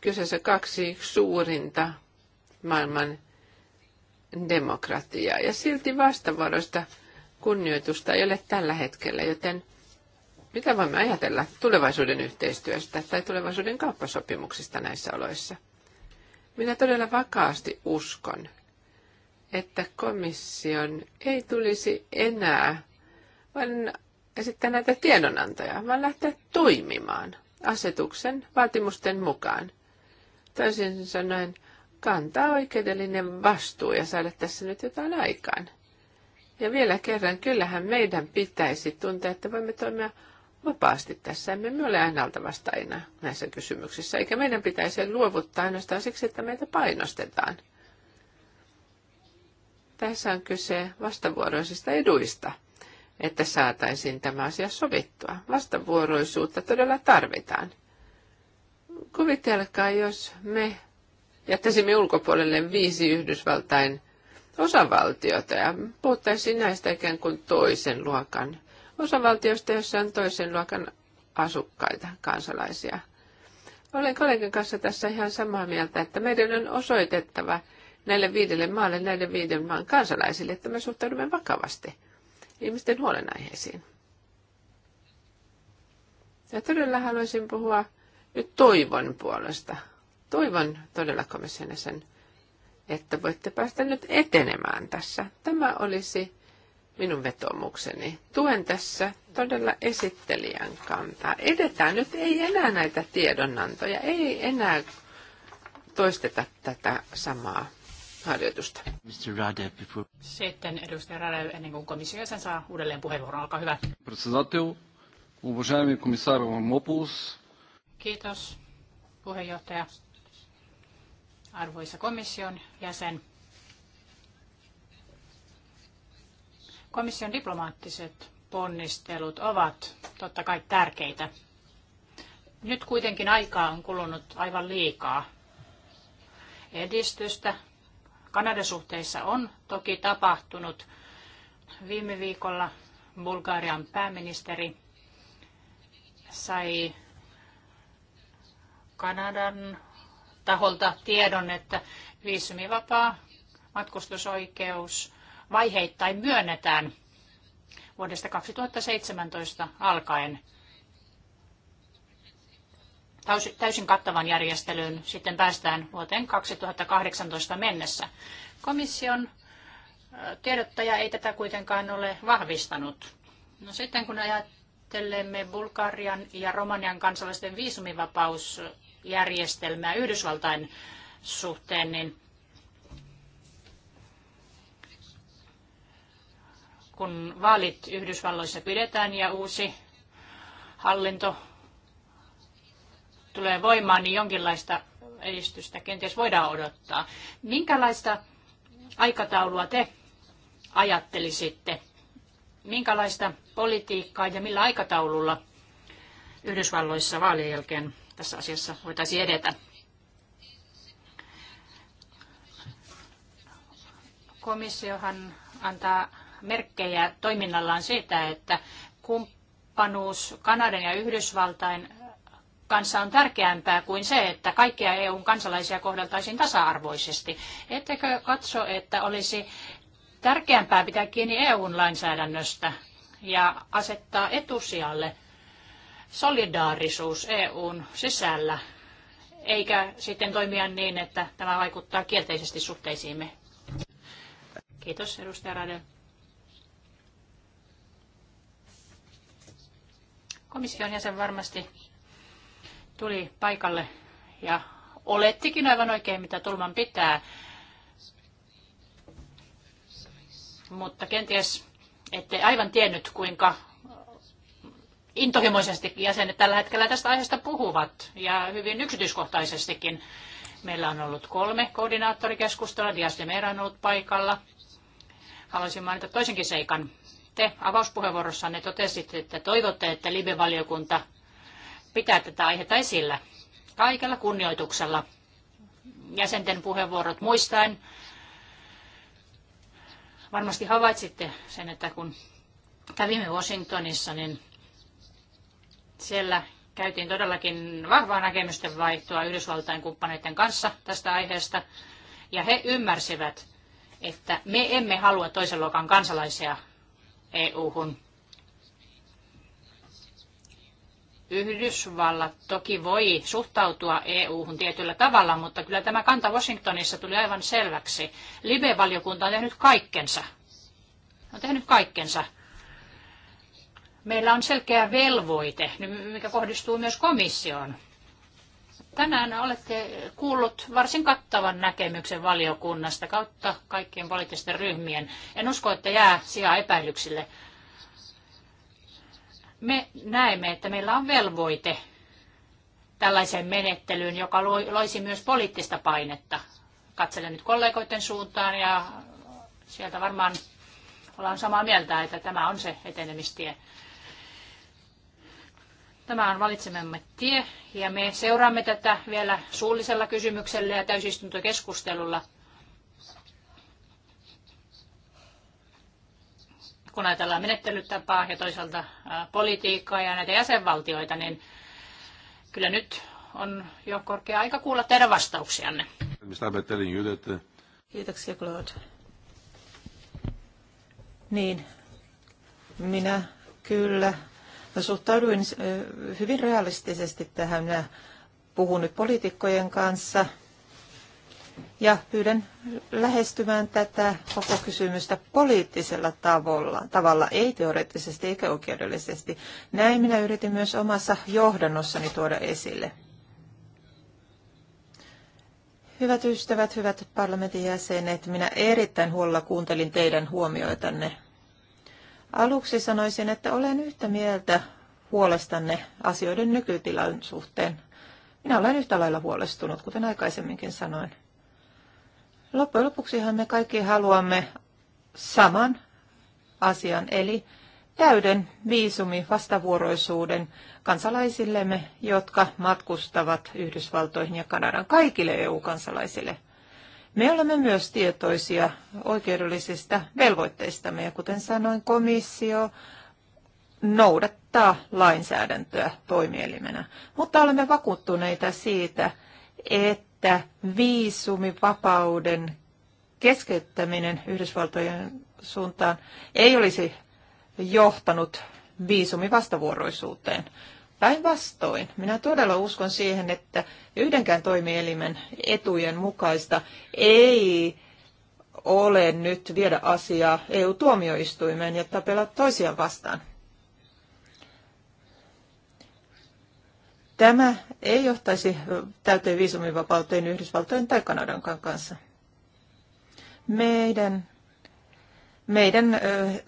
Kyseessä kaksi suurinta maailman demokratiaa. Ja silti vastavuoroista kunnioitusta ei ole tällä hetkellä, joten mitä voimme ajatella tulevaisuuden yhteistyöstä tai tulevaisuuden kauppasopimuksista näissä oloissa? Minä todella vakaasti uskon, että komission ei tulisi enää vain esittää näitä tiedonantoja, vaan lähteä toimimaan asetuksen vaatimusten mukaan. Toisin sanoen, kantaa oikeudellinen vastuu ja saada tässä nyt jotain aikaan. Ja vielä kerran, kyllähän meidän pitäisi tuntea, että voimme toimia vapaasti tässä. Emme me ole ennalta vastaina näissä kysymyksissä, eikä meidän pitäisi luovuttaa ainoastaan siksi, että meitä painostetaan. Tässä on kyse vastavuoroisista eduista, että saataisiin tämä asia sovittua. Vastavuoroisuutta todella tarvitaan. Kuvitelkaa, jos me jättäisimme ulkopuolelle viisi Yhdysvaltain osavaltiota ja puhuttaisiin näistä ikään kuin toisen luokan osavaltioista, joissa on toisen luokan asukkaita, kansalaisia. Olen kollegan kanssa tässä ihan samaa mieltä, että meidän on osoitettava näille viidelle maalle, näiden viiden maan kansalaisille, että me suhtaudumme vakavasti ihmisten huolenaiheisiin. Ja todella haluaisin puhua nyt toivon puolesta, Toivon todella komission sen, että voitte päästä nyt etenemään tässä. Tämä olisi minun vetomukseni. Tuen tässä todella esittelijän kantaa. Edetään nyt, ei enää näitä tiedonantoja, ei enää toisteta tätä samaa harjoitusta. Mr. Rade, before... Sitten edustaja Rade, ennen kuin komissio sen saa uudelleen puheenvuoron, olkaa hyvä. Kiitos, puheenjohtaja arvoisa komission jäsen. Komission diplomaattiset ponnistelut ovat totta kai tärkeitä. Nyt kuitenkin aikaa on kulunut aivan liikaa. Edistystä Kanadan suhteissa on toki tapahtunut. Viime viikolla Bulgarian pääministeri sai Kanadan taholta tiedon, että viisumivapaa matkustusoikeus vaiheittain myönnetään vuodesta 2017 alkaen täysin kattavan järjestelyyn sitten päästään vuoteen 2018 mennessä. Komission tiedottaja ei tätä kuitenkaan ole vahvistanut. No sitten kun ajattelemme Bulgarian ja Romanian kansalaisten viisumivapaus järjestelmää Yhdysvaltain suhteen, niin kun vaalit Yhdysvalloissa pidetään ja uusi hallinto tulee voimaan, niin jonkinlaista edistystä kenties voidaan odottaa. Minkälaista aikataulua te ajattelisitte? Minkälaista politiikkaa ja millä aikataululla Yhdysvalloissa vaalien jälkeen tässä asiassa voitaisiin edetä. Komissiohan antaa merkkejä toiminnallaan siitä, että kumppanuus Kanadan ja Yhdysvaltain kanssa on tärkeämpää kuin se, että kaikkia EUn kansalaisia kohdeltaisiin tasa-arvoisesti. Ettekö katso, että olisi tärkeämpää pitää kiinni EUn lainsäädännöstä ja asettaa etusijalle solidaarisuus EUn sisällä, eikä sitten toimia niin, että tämä vaikuttaa kielteisesti suhteisiimme. Kiitos, edustaja Radel. Komission jäsen varmasti tuli paikalle ja olettikin aivan oikein, mitä tulman pitää. Mutta kenties ette aivan tiennyt, kuinka intohimoisesti jäsenet tällä hetkellä tästä aiheesta puhuvat ja hyvin yksityiskohtaisestikin. Meillä on ollut kolme koordinaattorikeskustelua, Dias de Mera on ollut paikalla. Haluaisin mainita toisenkin seikan. Te avauspuheenvuorossanne totesitte, että toivotte, että Libe-valiokunta pitää tätä aihetta esillä kaikella kunnioituksella. Jäsenten puheenvuorot muistaen. Varmasti havaitsitte sen, että kun kävimme Washingtonissa, niin siellä käytiin todellakin vahvaa näkemysten vaihtoa Yhdysvaltain kumppaneiden kanssa tästä aiheesta. Ja he ymmärsivät, että me emme halua toisen luokan kansalaisia EU-hun. Yhdysvallat toki voi suhtautua EU-hun tietyllä tavalla, mutta kyllä tämä kanta Washingtonissa tuli aivan selväksi. Libe-valiokunta on tehnyt kaikkensa. On tehnyt kaikkensa Meillä on selkeä velvoite, mikä kohdistuu myös komissioon. Tänään olette kuullut varsin kattavan näkemyksen valiokunnasta kautta kaikkien poliittisten ryhmien. En usko, että jää sijaa epäilyksille. Me näemme, että meillä on velvoite tällaiseen menettelyyn, joka loisi myös poliittista painetta. Katselen nyt kollegoiden suuntaan ja sieltä varmaan ollaan samaa mieltä, että tämä on se etenemistie. Tämä on valitsemamme tie ja me seuraamme tätä vielä suullisella kysymyksellä ja täysistuntokeskustelulla. Kun ajatellaan menettelytapaa ja toisaalta politiikkaa ja näitä jäsenvaltioita, niin kyllä nyt on jo korkea aika kuulla teidän vastauksianne. Kiitoksia, Claude. Niin, minä kyllä suhtauduin äh, hyvin realistisesti tähän. Äh, puhun nyt poliitikkojen kanssa ja pyydän lähestymään tätä koko kysymystä poliittisella tavalla, tavalla ei teoreettisesti eikä oikeudellisesti. Näin minä yritin myös omassa johdannossani tuoda esille. Hyvät ystävät, hyvät parlamentin jäsenet, minä erittäin huolella kuuntelin teidän huomioitanne Aluksi sanoisin, että olen yhtä mieltä huolestanne asioiden nykytilan suhteen. Minä olen yhtä lailla huolestunut, kuten aikaisemminkin sanoin. Loppujen lopuksihan me kaikki haluamme saman asian, eli täyden viisumi vastavuoroisuuden kansalaisillemme, jotka matkustavat Yhdysvaltoihin ja Kanadan kaikille EU-kansalaisille. Me olemme myös tietoisia oikeudellisista velvoitteistamme ja kuten sanoin, komissio noudattaa lainsäädäntöä toimielimenä. Mutta olemme vakuuttuneita siitä, että viisumivapauden keskeyttäminen Yhdysvaltojen suuntaan ei olisi johtanut viisumivastavuoroisuuteen. Päinvastoin, minä todella uskon siihen, että yhdenkään toimielimen etujen mukaista ei ole nyt viedä asiaa EU-tuomioistuimeen ja tapella toisiaan vastaan. Tämä ei johtaisi täyteen viisumivapauteen Yhdysvaltojen tai Kanadan kanssa. Meidän, meidän,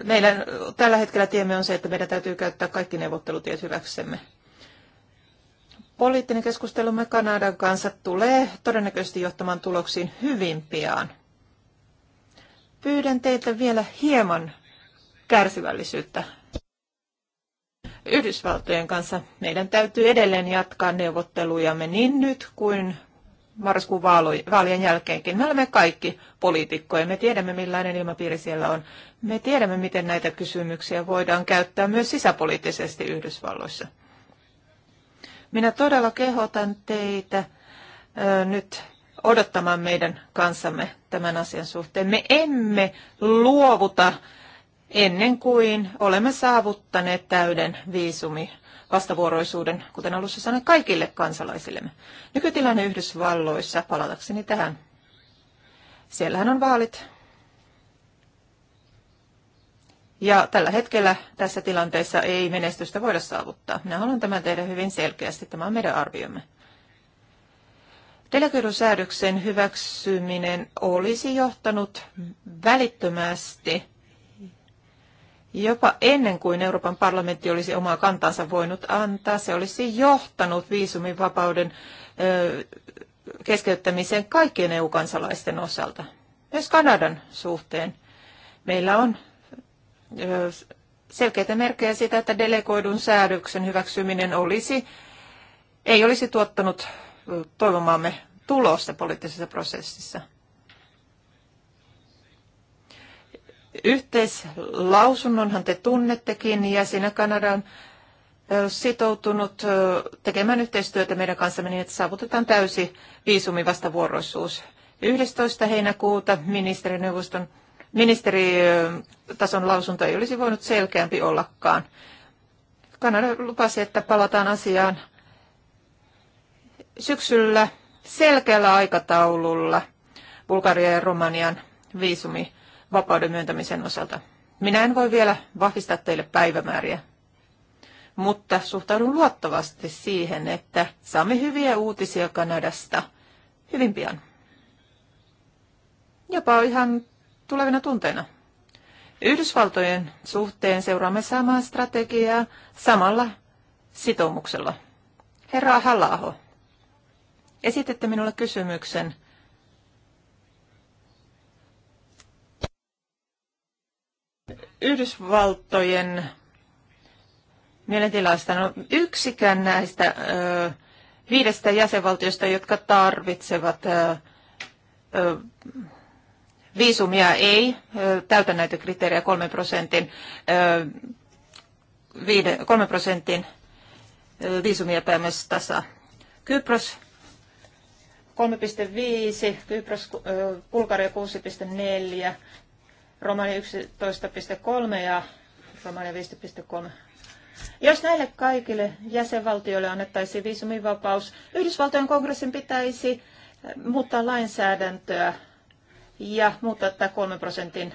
meidän tällä hetkellä tiemme on se, että meidän täytyy käyttää kaikki neuvottelutiet hyväksemme. Poliittinen keskustelumme Kanadan kanssa tulee todennäköisesti johtamaan tuloksiin hyvin pian. Pyydän teiltä vielä hieman kärsivällisyyttä. Yhdysvaltojen kanssa meidän täytyy edelleen jatkaa neuvottelujamme niin nyt kuin marraskuun vaalien jälkeenkin. Me olemme kaikki poliitikkoja. Me tiedämme, millainen ilmapiiri siellä on. Me tiedämme, miten näitä kysymyksiä voidaan käyttää myös sisäpoliittisesti Yhdysvalloissa. Minä todella kehotan teitä nyt odottamaan meidän kanssamme tämän asian suhteen. Me emme luovuta ennen kuin olemme saavuttaneet täyden viisumi vastavuoroisuuden, kuten alussa sanoin, kaikille kansalaisillemme. Nykytilanne Yhdysvalloissa, palatakseni tähän. Siellähän on vaalit ja tällä hetkellä tässä tilanteessa ei menestystä voida saavuttaa. Minä haluan tämän tehdä hyvin selkeästi. Tämä on meidän arviomme. Delegoidun säädöksen hyväksyminen olisi johtanut välittömästi jopa ennen kuin Euroopan parlamentti olisi omaa kantansa voinut antaa. Se olisi johtanut viisumivapauden keskeyttämiseen kaikkien EU-kansalaisten osalta, myös Kanadan suhteen. Meillä on selkeitä merkkejä siitä, että delegoidun säädöksen hyväksyminen olisi, ei olisi tuottanut toivomaamme tulosta poliittisessa prosessissa. Yhteislausunnonhan te tunnettekin ja siinä Kanadan sitoutunut tekemään yhteistyötä meidän kanssamme niin, että saavutetaan täysi viisumivastavuoroisuus. 11. heinäkuuta ministerineuvoston ministeritason lausunto ei olisi voinut selkeämpi ollakaan. Kanada lupasi, että palataan asiaan syksyllä selkeällä aikataululla Bulgarian ja Romanian viisumi vapauden myöntämisen osalta. Minä en voi vielä vahvistaa teille päivämääriä, mutta suhtaudun luottavasti siihen, että saamme hyviä uutisia Kanadasta hyvin pian. Jopa ihan tulevina tunteina. Yhdysvaltojen suhteen seuraamme samaa strategiaa samalla sitoumuksella. Herra Hallaho, esitette minulle kysymyksen. Yhdysvaltojen mielentilasta. No, yksikään näistä ö, viidestä jäsenvaltiosta, jotka tarvitsevat ö, ö, viisumia ei täytä näitä kriteerejä 3 prosentin, 3 prosentin viisumia päämässä tasa. Kypros 3,5, Kypros, Bulgaria 6,4, Romania 11,3 ja Romania 5,3. Jos näille kaikille jäsenvaltioille annettaisiin viisumivapaus, Yhdysvaltojen kongressin pitäisi muuttaa lainsäädäntöä ja muuttaa tätä 3 prosentin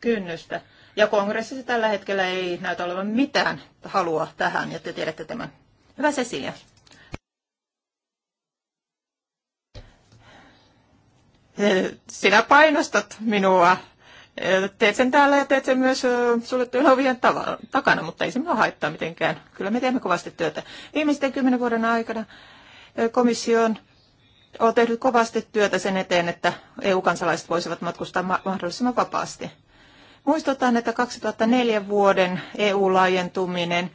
kynnystä. Ja kongressissa tällä hetkellä ei näytä olevan mitään halua tähän, ja te tiedätte tämän. Hyvä Cecilia. Sinä painostat minua. Teet sen täällä ja teet sen myös suljettujen ovien takana, mutta ei se minua haittaa mitenkään. Kyllä me teemme kovasti työtä. Viimeisten kymmenen vuoden aikana komission on tehnyt kovasti työtä sen eteen, että EU-kansalaiset voisivat matkustaa mahdollisimman vapaasti. Muistutan, että 2004 vuoden EU-laajentuminen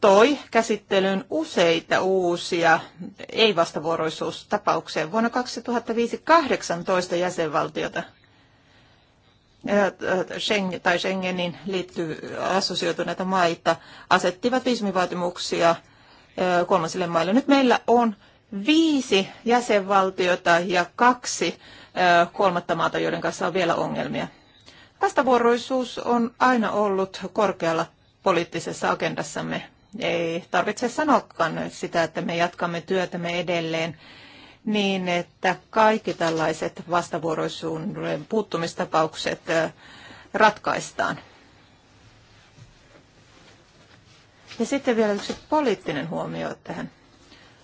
toi käsittelyyn useita uusia ei-vastavuoroisuustapauksia. Vuonna 2005 18 jäsenvaltiota äh, tai Schengenin liittyy assosioituneita maita asettivat viisumivaatimuksia äh, kolmansille maille. Nyt meillä on viisi jäsenvaltiota ja kaksi kolmatta maata, joiden kanssa on vielä ongelmia. Vastavuoroisuus on aina ollut korkealla poliittisessa agendassamme. Ei tarvitse sanoakaan sitä, että me jatkamme työtämme edelleen niin, että kaikki tällaiset vastavuoroisuuden puuttumistapaukset ratkaistaan. Ja sitten vielä yksi poliittinen huomio tähän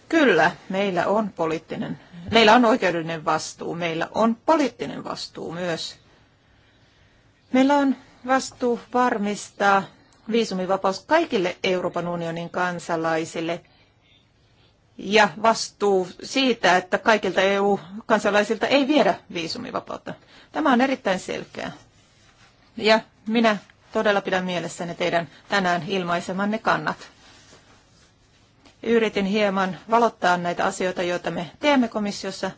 Kyllä, meillä on poliittinen, meillä on oikeudellinen vastuu, meillä on poliittinen vastuu myös. Meillä on vastuu varmistaa viisumivapaus kaikille Euroopan unionin kansalaisille ja vastuu siitä, että kaikilta EU-kansalaisilta ei viedä viisumivapautta. Tämä on erittäin selkeä. Ja minä todella pidän mielessäni teidän tänään ilmaisemanne kannat yritin hieman valottaa näitä asioita, joita me teemme komissiossa.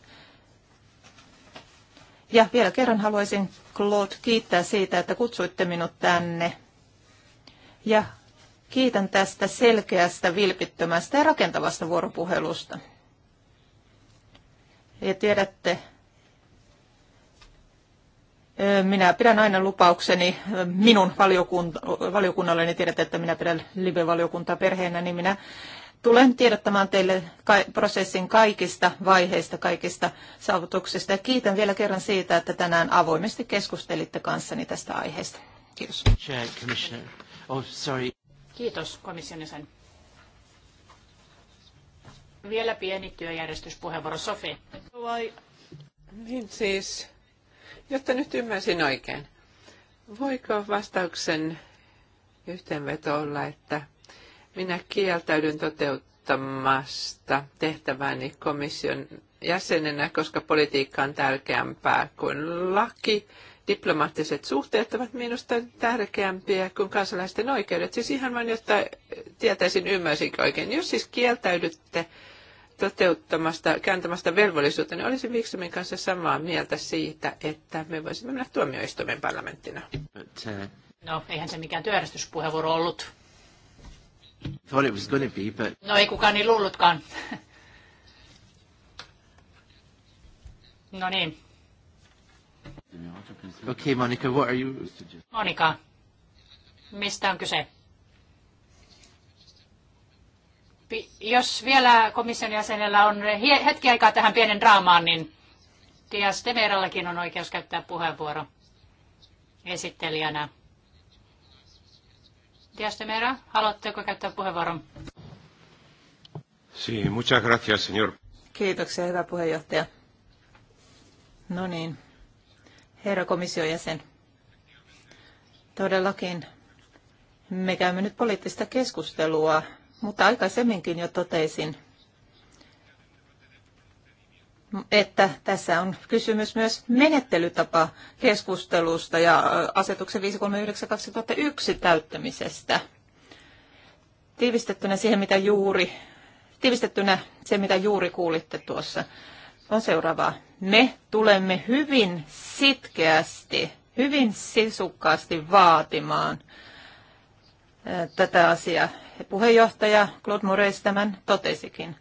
Ja vielä kerran haluaisin Claude kiittää siitä, että kutsuitte minut tänne. Ja kiitän tästä selkeästä, vilpittömästä ja rakentavasta vuoropuhelusta. Ja tiedätte, minä pidän aina lupaukseni minun valiokunnalleni, tiedätte, että minä pidän live-valiokuntaa perheenä, niin minä tulen tiedottamaan teille prosessin kaikista vaiheista, kaikista saavutuksista. Ja kiitän vielä kerran siitä, että tänään avoimesti keskustelitte kanssani tästä aiheesta. Kiitos. Oh, sorry. Kiitos komission jäsen. Vielä pieni työjärjestyspuheenvuoro, Sofi. Vai... Niin siis, jotta nyt ymmärsin oikein, voiko vastauksen yhteenveto olla, että minä kieltäydyn toteuttamasta tehtävääni komission jäsenenä, koska politiikka on tärkeämpää kuin laki. Diplomaattiset suhteet ovat minusta tärkeämpiä kuin kansalaisten oikeudet. Siis ihan vain, jotta tietäisin, ymmärsinkö oikein. Jos siis kieltäydytte toteuttamasta, kääntämästä velvollisuutta, niin olisin Viksumin kanssa samaa mieltä siitä, että me voisimme mennä tuomioistuimen parlamenttina. Uh, no, eihän se mikään työjärjestyspuheenvuoro ollut. Thought it was to be, but... No ei kukaan niin luullutkaan. no niin. Okay, Monica, what are you... Monica, mistä on kyse? jos vielä komission jäsenellä on hetki aikaa tähän pienen draamaan, niin Dias Demerallakin on oikeus käyttää puheenvuoro esittelijänä. Diastemera, haluatteko käyttää puheenvuoron? Sí, muchas gracias, señor. Kiitoksia, hyvä puheenjohtaja. No niin, herra komission jäsen. Todellakin, me käymme nyt poliittista keskustelua, mutta aikaisemminkin jo totesin, että tässä on kysymys myös menettelytapa keskustelusta ja asetuksen 539-2001 täyttämisestä. Tiivistettynä siihen, mitä juuri, tiivistettynä se, mitä juuri kuulitte tuossa, on seuraavaa. Me tulemme hyvin sitkeästi, hyvin sisukkaasti vaatimaan tätä asiaa. Puheenjohtaja Claude Moreis tämän totesikin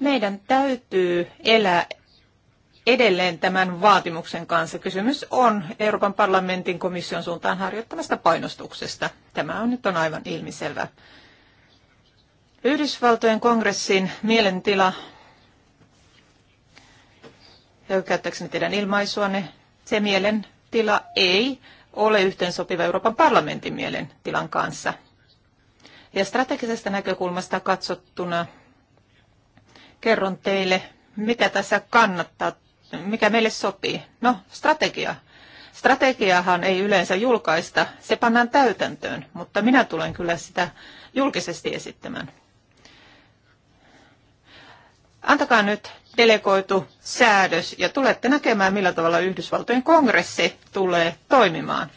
meidän täytyy elää edelleen tämän vaatimuksen kanssa. Kysymys on Euroopan parlamentin komission suuntaan harjoittamasta painostuksesta. Tämä on nyt on aivan ilmiselvä. Yhdysvaltojen kongressin mielentila, käyttääkseni teidän ilmaisuanne, se mielentila ei ole yhteensopiva Euroopan parlamentin mielentilan kanssa. Ja strategisesta näkökulmasta katsottuna kerron teille, mitä tässä kannattaa mikä meille sopii? No, strategia. Strategiahan ei yleensä julkaista, se pannaan täytäntöön, mutta minä tulen kyllä sitä julkisesti esittämään. Antakaa nyt delegoitu säädös ja tulette näkemään, millä tavalla Yhdysvaltojen kongressi tulee toimimaan.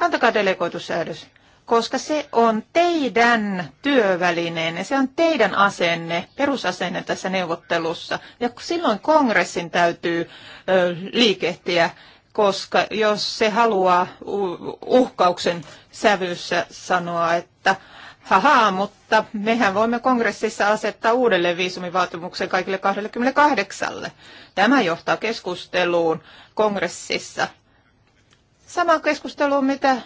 Antakaa delegoitu säädös koska se on teidän työvälineenne, se on teidän asenne, perusasenne tässä neuvottelussa. Ja silloin kongressin täytyy liikehtiä, koska jos se haluaa uhkauksen sävyssä sanoa, että hahaa, mutta mehän voimme kongressissa asettaa uudelleen viisumivaatimuksen kaikille 28. Tämä johtaa keskusteluun kongressissa. Sama keskustelu, mitä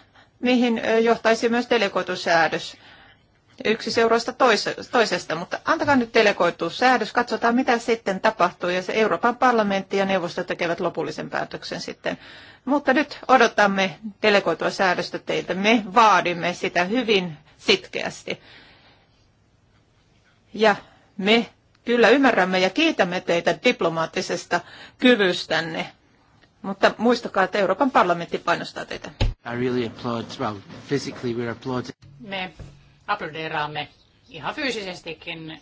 mihin johtaisi myös delegoitusäädös yksi seurasta toisesta, mutta antakaa nyt delegoitu katsotaan mitä sitten tapahtuu ja se Euroopan parlamentti ja neuvosto tekevät lopullisen päätöksen sitten. Mutta nyt odotamme delegoitua säädöstä teiltä, me vaadimme sitä hyvin sitkeästi. Ja me kyllä ymmärrämme ja kiitämme teitä diplomaattisesta kyvystänne, mutta muistakaa, että Euroopan parlamentti painostaa teitä. I really applaud, well, physically we're applauding. Me aplodeeraamme ihan fyysisestikin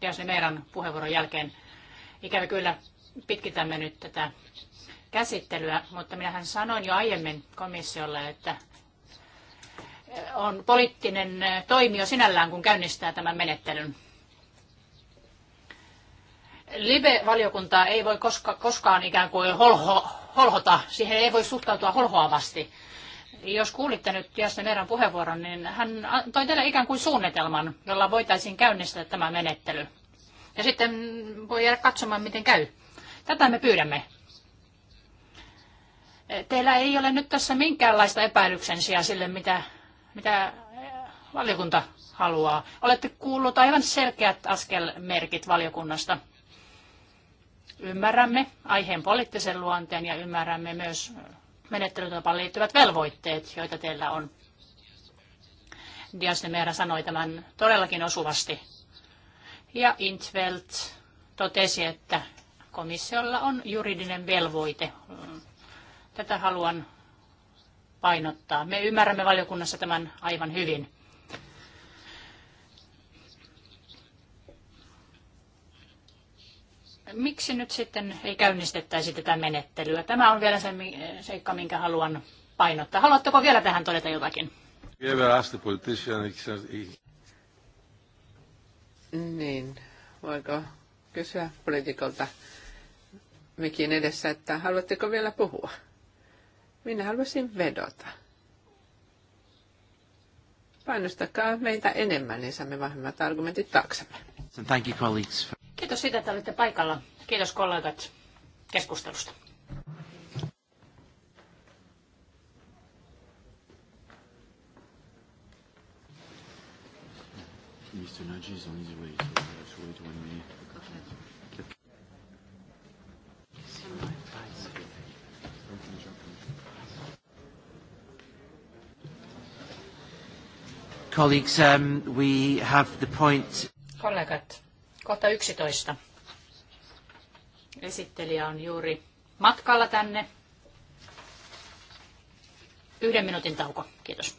Diasne Meeran puheenvuoron jälkeen. Ikävä kyllä pitkitämme nyt tätä käsittelyä, mutta minähän sanoin jo aiemmin komissiolle, että on poliittinen toimio sinällään, kun käynnistää tämän menettelyn. Libe-valiokuntaa ei voi koska, koskaan ikään kuin holho, holhota, siihen ei voi suhtautua holhoavasti. Jos kuulitte nyt Jasne Erän puheenvuoron, niin hän toi teille ikään kuin suunnitelman, jolla voitaisiin käynnistää tämä menettely. Ja sitten voi jäädä katsomaan, miten käy. Tätä me pyydämme. Teillä ei ole nyt tässä minkäänlaista epäilyksen sijaa sille, mitä, mitä valiokunta haluaa. Olette kuullut aivan selkeät askelmerkit valiokunnasta. Ymmärrämme aiheen poliittisen luonteen ja ymmärrämme myös menettelytapaan liittyvät velvoitteet, joita teillä on. Dias de sanoi tämän todellakin osuvasti. Ja Intveld totesi, että komissiolla on juridinen velvoite. Tätä haluan painottaa. Me ymmärrämme valiokunnassa tämän aivan hyvin. miksi nyt sitten ei käynnistettäisi tätä menettelyä? Tämä on vielä se seikka, minkä haluan painottaa. Haluatteko vielä tähän todeta jotakin? Niin, voiko kysyä poliitikolta mikin edessä, että haluatteko vielä puhua? Minä haluaisin vedota. Painostakaa meitä enemmän, niin saamme vahvemmat argumentit taaksemme. Thank you, colleagues. Kiitos siitä, että olitte paikalla. Kiitos kollegat keskustelusta. Mr. is on his way, so we have to wait one minute. Colleagues, um, we have the point. Kollegat, Kohta 11. Esittelijä on juuri matkalla tänne. Yhden minuutin tauko. Kiitos.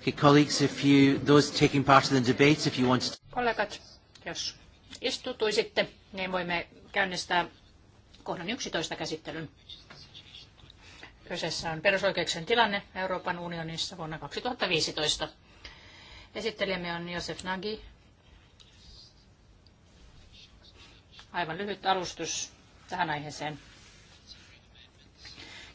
Okay, colleagues, if you, those taking part in the debate, if you want to... Kollegat, jos istutuisitte, niin voimme käynnistää kohdan 11 käsittelyn. Kyseessä on perusoikeuksien tilanne Euroopan unionissa vuonna 2015. Esittelijämme on Josef Nagy. Aivan lyhyt alustus tähän aiheeseen.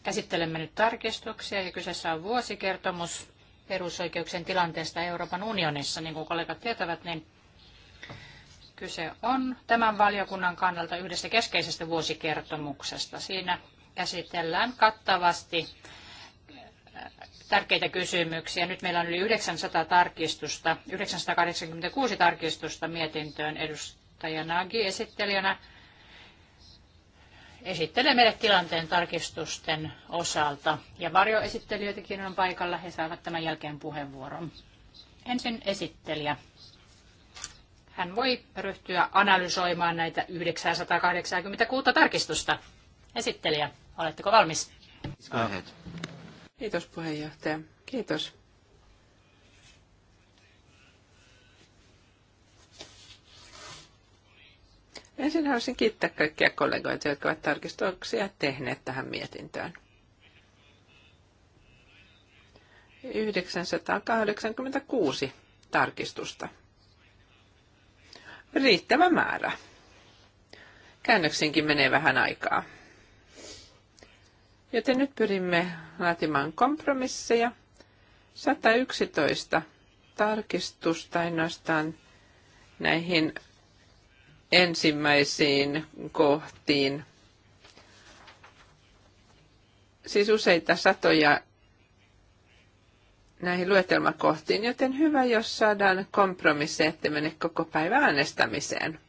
Käsittelemme nyt tarkistuksia ja kyseessä on vuosikertomus perusoikeuksien tilanteesta Euroopan unionissa, niin kuin kollegat tietävät, niin kyse on tämän valiokunnan kannalta yhdestä keskeisestä vuosikertomuksesta. Siinä käsitellään kattavasti äh, tärkeitä kysymyksiä. Nyt meillä on yli 900 tarkistusta, 986 tarkistusta mietintöön edustaja Nagi esittelijänä esittelee meille tilanteen tarkistusten osalta. Ja varjoesittelijöitäkin on paikalla, he saavat tämän jälkeen puheenvuoron. Ensin esittelijä. Hän voi ryhtyä analysoimaan näitä 986 tarkistusta. Esittelijä, oletteko valmis? Kiitos puheenjohtaja. Kiitos Ensin haluaisin kiittää kaikkia kollegoita, jotka ovat tarkistuksia tehneet tähän mietintöön. 986 tarkistusta. Riittävä määrä. Käännöksinkin menee vähän aikaa. Joten nyt pyrimme laatimaan kompromisseja. 111 tarkistusta ainoastaan näihin ensimmäisiin kohtiin. Siis useita satoja näihin luetelmakohtiin, joten hyvä, jos saadaan kompromissi, että mene koko päivä äänestämiseen.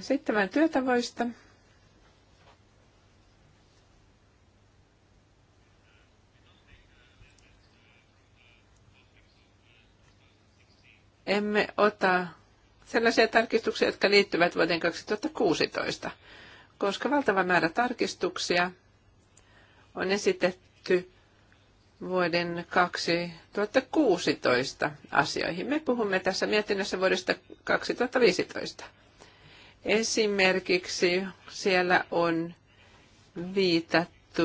Sitten vähän työtavoista. emme ota sellaisia tarkistuksia, jotka liittyvät vuoteen 2016, koska valtava määrä tarkistuksia on esitetty vuoden 2016 asioihin. Me puhumme tässä mietinnössä vuodesta 2015. Esimerkiksi siellä on viitattu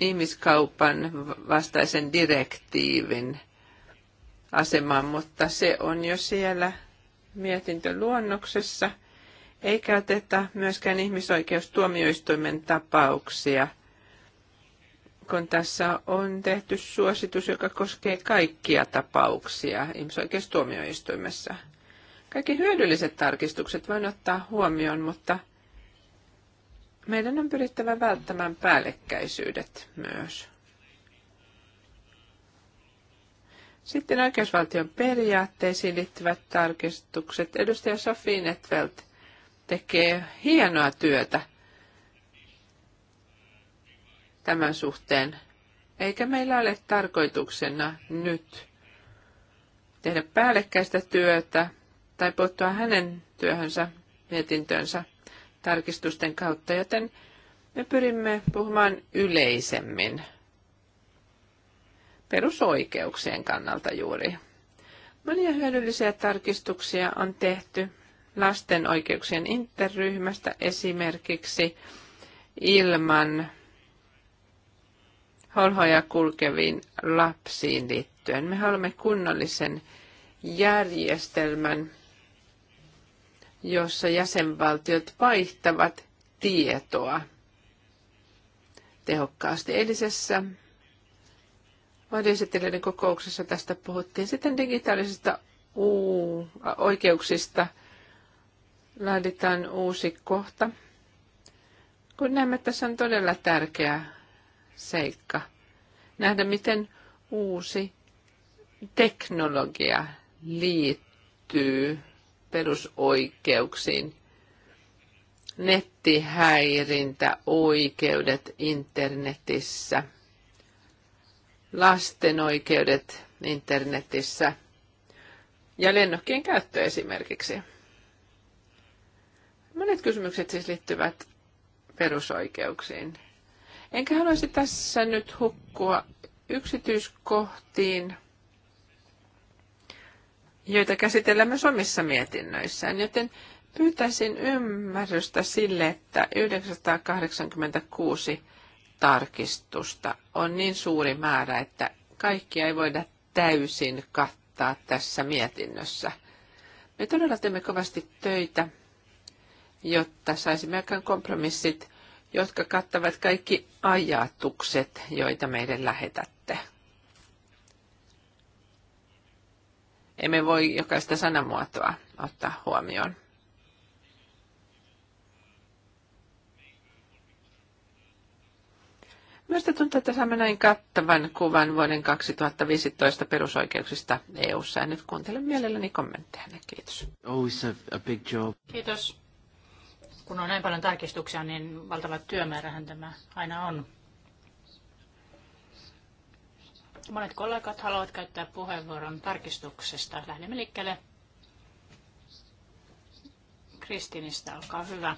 ihmiskaupan vastaisen direktiivin – asemaan, mutta se on jo siellä mietintöluonnoksessa, eikä oteta myöskään ihmisoikeustuomioistuimen tapauksia, kun tässä on tehty suositus, joka koskee kaikkia tapauksia ihmisoikeustuomioistuimessa. Kaikki hyödylliset tarkistukset voin ottaa huomioon, mutta meidän on pyrittävä välttämään päällekkäisyydet myös. Sitten oikeusvaltion periaatteisiin liittyvät tarkistukset. Edustaja Sofi Netfeld tekee hienoa työtä tämän suhteen. Eikä meillä ole tarkoituksena nyt tehdä päällekkäistä työtä tai puuttua hänen työhönsä, mietintönsä tarkistusten kautta, joten me pyrimme puhumaan yleisemmin perusoikeuksien kannalta juuri. Monia hyödyllisiä tarkistuksia on tehty lasten oikeuksien interryhmästä esimerkiksi ilman holhoja kulkeviin lapsiin liittyen. Me haluamme kunnollisen järjestelmän, jossa jäsenvaltiot vaihtavat tietoa tehokkaasti. Eilisessä Varjoesittelijöiden kokouksessa tästä puhuttiin. Sitten digitaalisista uu- oikeuksista laaditaan uusi kohta. Kun näemme, että tässä on todella tärkeä seikka nähdä, miten uusi teknologia liittyy perusoikeuksiin. Nettihäirintä, oikeudet internetissä – lasten oikeudet internetissä ja lennokkien käyttö esimerkiksi. Monet kysymykset siis liittyvät perusoikeuksiin. Enkä haluaisi tässä nyt hukkua yksityiskohtiin, joita käsitellään myös omissa mietinnöissään, joten pyytäisin ymmärrystä sille, että 986 tarkistusta on niin suuri määrä, että kaikkia ei voida täysin kattaa tässä mietinnössä. Me todella teemme kovasti töitä, jotta saisimme aikaan kompromissit, jotka kattavat kaikki ajatukset, joita meidän lähetätte. Emme voi jokaista sanamuotoa ottaa huomioon. Minusta tuntuu, että saamme näin kattavan kuvan vuoden 2015 perusoikeuksista EU-ssa. Ja nyt kuuntelen mielelläni kommentteja. Kiitos. Always a, a big job. Kiitos. Kun on näin paljon tarkistuksia, niin valtava työmäärähän tämä aina on. Monet kollegat haluavat käyttää puheenvuoron tarkistuksesta. Lähdemme liikkeelle. Kristinistä, olkaa hyvä.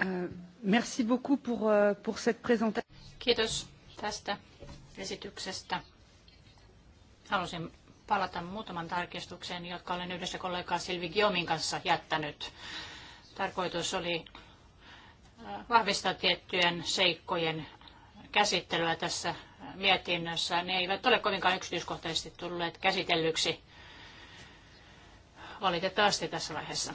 Euh, merci beaucoup pour, euh, pour cette présentation. Kiitos tästä esityksestä. Halusin palata muutaman tarkistukseen, jotka olen yhdessä kollegaa Silvi Giomin kanssa jättänyt. Tarkoitus oli äh, vahvistaa tiettyjen seikkojen käsittelyä tässä mietinnössä. Ne eivät ole kovinkaan yksityiskohtaisesti tulleet käsitellyksi valitettavasti tässä vaiheessa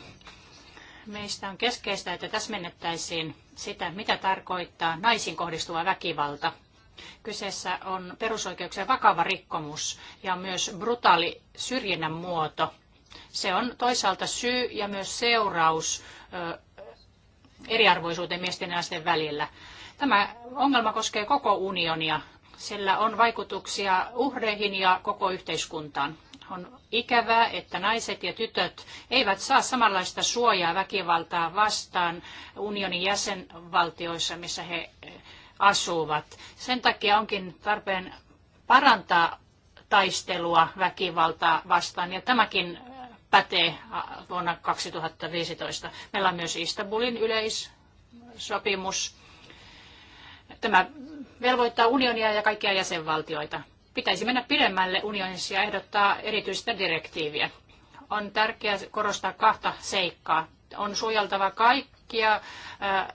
meistä on keskeistä, että täsmennettäisiin sitä, mitä tarkoittaa naisiin kohdistuva väkivalta. Kyseessä on perusoikeuksien vakava rikkomus ja myös brutaali syrjinnän muoto. Se on toisaalta syy ja myös seuraus eriarvoisuuteen miesten ja naisten välillä. Tämä ongelma koskee koko unionia. Sillä on vaikutuksia uhreihin ja koko yhteiskuntaan. On ikävää, että naiset ja tytöt eivät saa samanlaista suojaa väkivaltaa vastaan unionin jäsenvaltioissa, missä he eh, asuvat. Sen takia onkin tarpeen parantaa taistelua väkivaltaa vastaan, ja tämäkin eh, pätee eh, vuonna 2015. Meillä on myös Istanbulin yleissopimus. Tämä velvoittaa unionia ja kaikkia jäsenvaltioita pitäisi mennä pidemmälle unionissa ja ehdottaa erityistä direktiiviä. On tärkeää korostaa kahta seikkaa. On suojeltava kaikkia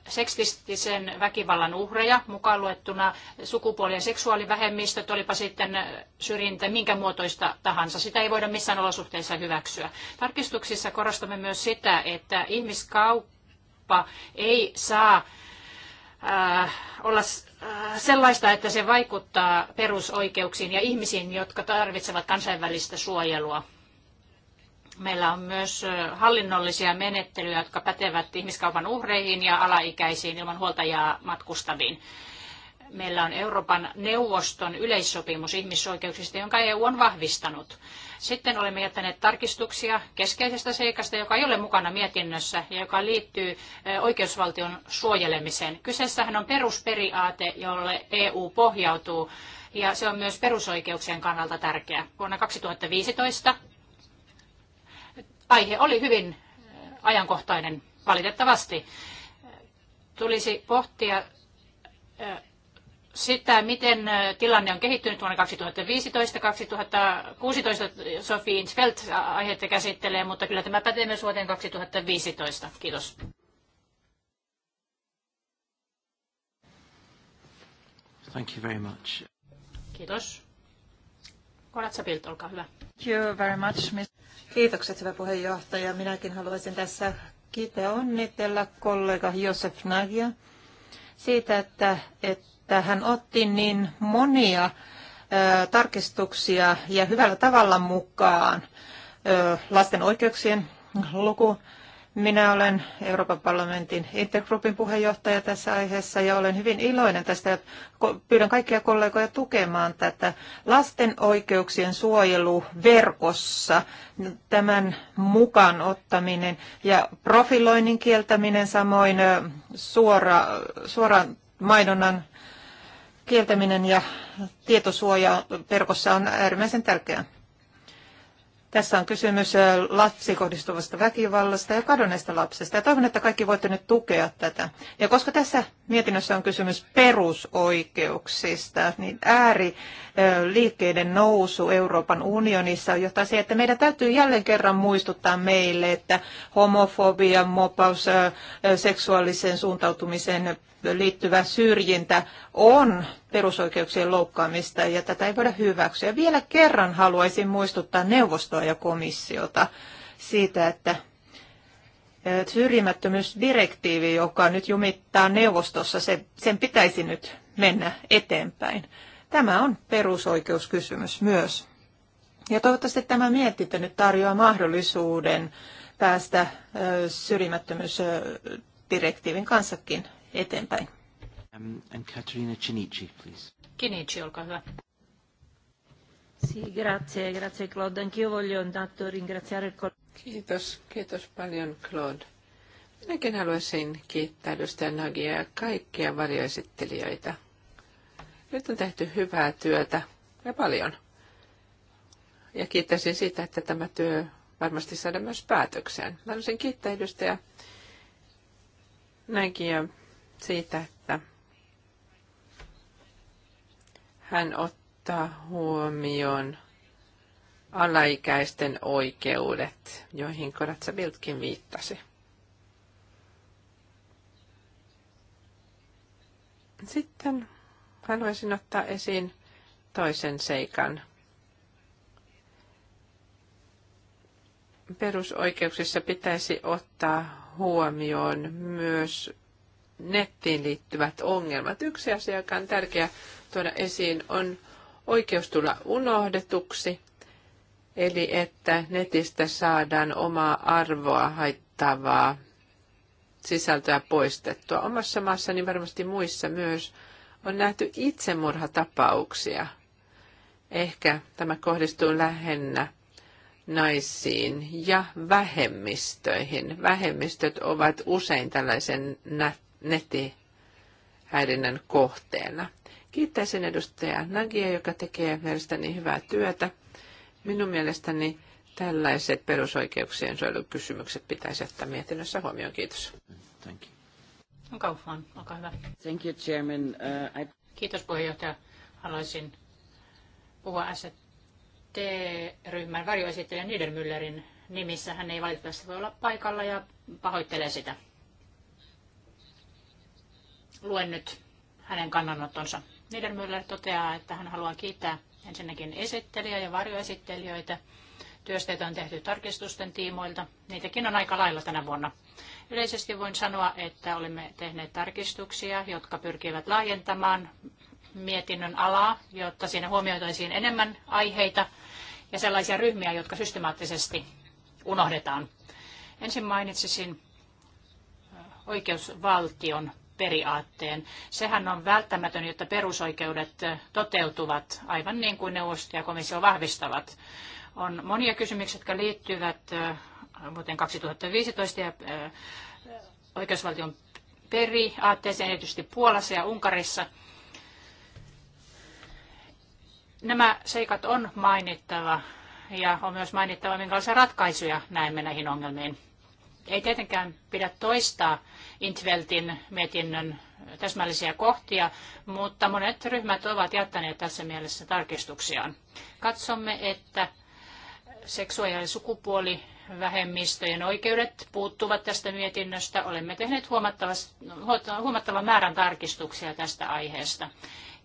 seksistisen väkivallan uhreja, mukaan luettuna sukupuoli- ja seksuaalivähemmistöt, olipa sitten syrjintä minkä muotoista tahansa. Sitä ei voida missään olosuhteissa hyväksyä. Tarkistuksissa korostamme myös sitä, että ihmiskauppa ei saa olla Äh, sellaista, että se vaikuttaa perusoikeuksiin ja ihmisiin, jotka tarvitsevat kansainvälistä suojelua. Meillä on myös äh, hallinnollisia menettelyjä, jotka pätevät ihmiskaupan uhreihin ja alaikäisiin ilman huoltajaa matkustaviin. Meillä on Euroopan neuvoston yleissopimus ihmisoikeuksista, jonka EU on vahvistanut. Sitten olemme jättäneet tarkistuksia keskeisestä seikasta, joka ei ole mukana mietinnössä ja joka liittyy oikeusvaltion suojelemiseen. Kyseessähän on perusperiaate, jolle EU pohjautuu ja se on myös perusoikeuksien kannalta tärkeä. Vuonna 2015 aihe oli hyvin ajankohtainen valitettavasti. Tulisi pohtia sitä, miten tilanne on kehittynyt vuonna 2015-2016. Sofi Insfeld aihetta käsittelee, mutta kyllä tämä pätee myös vuoteen 2015. Kiitos. Thank you very much. Kiitos. Koratsa Pilt, olkaa hyvä. Thank you very much, Kiitokset, hyvä puheenjohtaja. Minäkin haluaisin tässä kiittää onnitella kollega Josef Nagia siitä, että, että hän otti niin monia tarkistuksia ja hyvällä tavalla mukaan lasten oikeuksien luku. Minä olen Euroopan parlamentin intergroupin puheenjohtaja tässä aiheessa ja olen hyvin iloinen tästä ja pyydän kaikkia kollegoja tukemaan tätä lasten oikeuksien suojeluverkossa tämän mukaan ottaminen ja profiloinnin kieltäminen, samoin suora, suoran mainonnan kieltäminen ja tietosuoja verkossa on äärimmäisen tärkeää. Tässä on kysymys lapsiin kohdistuvasta väkivallasta ja kadonneista lapsista. Ja toivon, että kaikki voitte nyt tukea tätä. Ja koska tässä mietinnössä on kysymys perusoikeuksista, niin ääriliikkeiden nousu Euroopan unionissa johtaa siihen, että meidän täytyy jälleen kerran muistuttaa meille, että homofobia, mopaus, seksuaaliseen suuntautumiseen liittyvä syrjintä on perusoikeuksien loukkaamista ja tätä ei voida hyväksyä. Vielä kerran haluaisin muistuttaa neuvostoa ja komissiota siitä, että syrjimättömyysdirektiivi, joka nyt jumittaa neuvostossa, se, sen pitäisi nyt mennä eteenpäin. Tämä on perusoikeuskysymys myös. Ja toivottavasti tämä mietintö nyt tarjoaa mahdollisuuden päästä syrjimättömyysdirektiivin kanssakin eteenpäin. Um, and Katerina Cinici, please. Kinichi, olkaa hyvä. Kiitos, kiitos paljon Claude. Minäkin haluaisin kiittää edustaja Nagia ja kaikkia varjoesittelijöitä. Nyt on tehty hyvää työtä ja paljon. Ja kiittäisin siitä, että tämä työ varmasti saada myös päätökseen. Haluaisin kiittää edustaja Nagia siitä, että hän otti ottaa huomioon alaikäisten oikeudet, joihin Koratsa Viltkin viittasi. Sitten haluaisin ottaa esiin toisen seikan. Perusoikeuksissa pitäisi ottaa huomioon myös nettiin liittyvät ongelmat. Yksi asia, joka on tärkeä tuoda esiin, on oikeus tulla unohdetuksi, eli että netistä saadaan omaa arvoa haittavaa sisältöä poistettua. Omassa maassani varmasti muissa myös on nähty itsemurhatapauksia. Ehkä tämä kohdistuu lähennä naisiin ja vähemmistöihin. Vähemmistöt ovat usein tällaisen netihäirinnän kohteena. Kiittäisin edustaja Nagia, joka tekee mielestäni hyvää työtä. Minun mielestäni tällaiset perusoikeuksien suojelukysymykset pitäisi ottaa mietinnössä huomioon. Kiitos. Thank you. Kaufman, no, olkaa hyvä. Thank you, Chairman. Uh, I... Kiitos puheenjohtaja. Haluaisin puhua ST-ryhmän varjoesittelijä Niedermüllerin nimissä. Hän ei valitettavasti voi olla paikalla ja pahoittelee sitä. Luen nyt hänen kannanottonsa. Niedermüller toteaa, että hän haluaa kiittää ensinnäkin esittelijä ja varjoesittelijöitä. Työsteitä on tehty tarkistusten tiimoilta. Niitäkin on aika lailla tänä vuonna. Yleisesti voin sanoa, että olemme tehneet tarkistuksia, jotka pyrkivät laajentamaan mietinnön alaa, jotta siinä huomioitaisiin enemmän aiheita ja sellaisia ryhmiä, jotka systemaattisesti unohdetaan. Ensin mainitsisin oikeusvaltion periaatteen. Sehän on välttämätön, jotta perusoikeudet toteutuvat, aivan niin kuin neuvosto ja komissio vahvistavat. On monia kysymyksiä, jotka liittyvät vuoteen 2015 ja oikeusvaltion periaatteeseen, erityisesti Puolassa ja Unkarissa. Nämä seikat on mainittava ja on myös mainittava, minkälaisia ratkaisuja näemme näihin ongelmiin. Ei tietenkään pidä toistaa Intveltin mietinnön täsmällisiä kohtia, mutta monet ryhmät ovat jättäneet tässä mielessä tarkistuksiaan. Katsomme, että seksuaali- ja sukupuolivähemmistöjen oikeudet puuttuvat tästä mietinnöstä. Olemme tehneet huomattavan määrän tarkistuksia tästä aiheesta.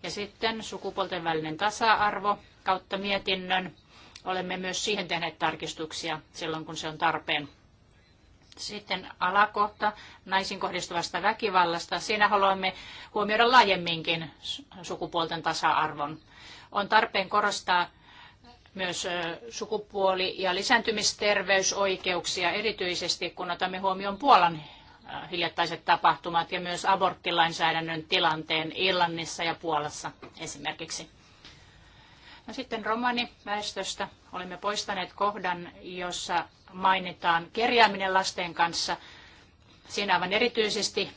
Ja sitten sukupuolten välinen tasa-arvo kautta mietinnön. Olemme myös siihen tehneet tarkistuksia silloin, kun se on tarpeen. Sitten alakohta naisiin kohdistuvasta väkivallasta. Siinä haluamme huomioida laajemminkin sukupuolten tasa-arvon. On tarpeen korostaa myös sukupuoli- ja lisääntymisterveysoikeuksia, erityisesti kun otamme huomioon Puolan hiljattaiset tapahtumat ja myös aborttilainsäädännön tilanteen Irlannissa ja Puolassa esimerkiksi. No sitten romaniväestöstä olemme poistaneet kohdan, jossa mainitaan kerjääminen lasten kanssa. Siinä aivan erityisesti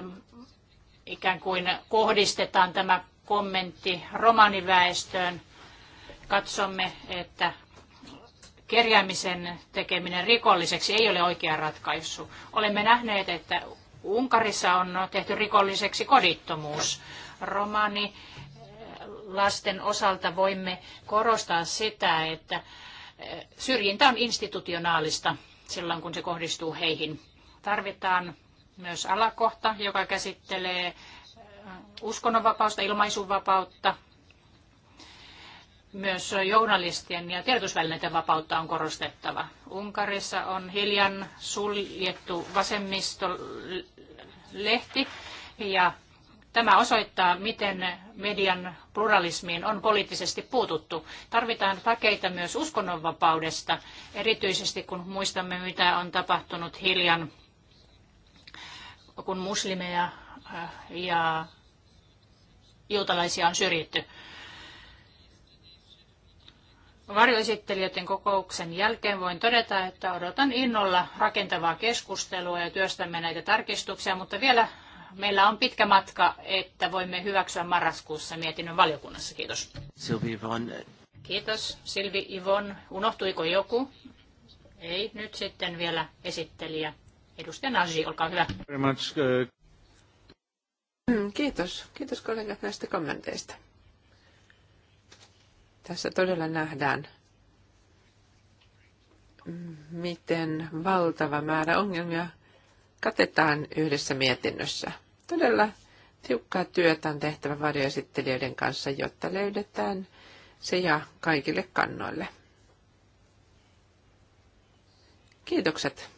mm, ikään kuin kohdistetaan tämä kommentti romaniväestöön. Katsomme, että kerjäämisen tekeminen rikolliseksi ei ole oikea ratkaisu. Olemme nähneet, että Unkarissa on tehty rikolliseksi kodittomuus. Romani eh, lasten osalta voimme korostaa sitä, että syrjintä on institutionaalista silloin, kun se kohdistuu heihin. Tarvitaan myös alakohta, joka käsittelee äh, uskonnonvapautta, ilmaisunvapautta, myös journalistien ja tiedotusvälineiden vapautta on korostettava. Unkarissa on hiljan suljettu vasemmistolehti ja Tämä osoittaa, miten median pluralismiin on poliittisesti puututtu. Tarvitaan takeita myös uskonnonvapaudesta, erityisesti kun muistamme, mitä on tapahtunut hiljan, kun muslimeja äh, ja juutalaisia on syrjitty. Varjoesittelijöiden kokouksen jälkeen voin todeta, että odotan innolla rakentavaa keskustelua ja työstämme näitä tarkistuksia, mutta vielä meillä on pitkä matka, että voimme hyväksyä marraskuussa mietinnön valiokunnassa. Kiitos. Silvi Ivon. Kiitos. Silvi Ivon, unohtuiko joku? Ei, nyt sitten vielä esittelijä. Edustaja Nasi, olkaa hyvä. Uh, Kiitos. Kiitos kollegat näistä kommenteista. Tässä todella nähdään, miten valtava määrä ongelmia katetaan yhdessä mietinnössä. Todella tiukkaa työtä on tehtävä varjoesittelijöiden kanssa, jotta löydetään se ja kaikille kannoille. Kiitokset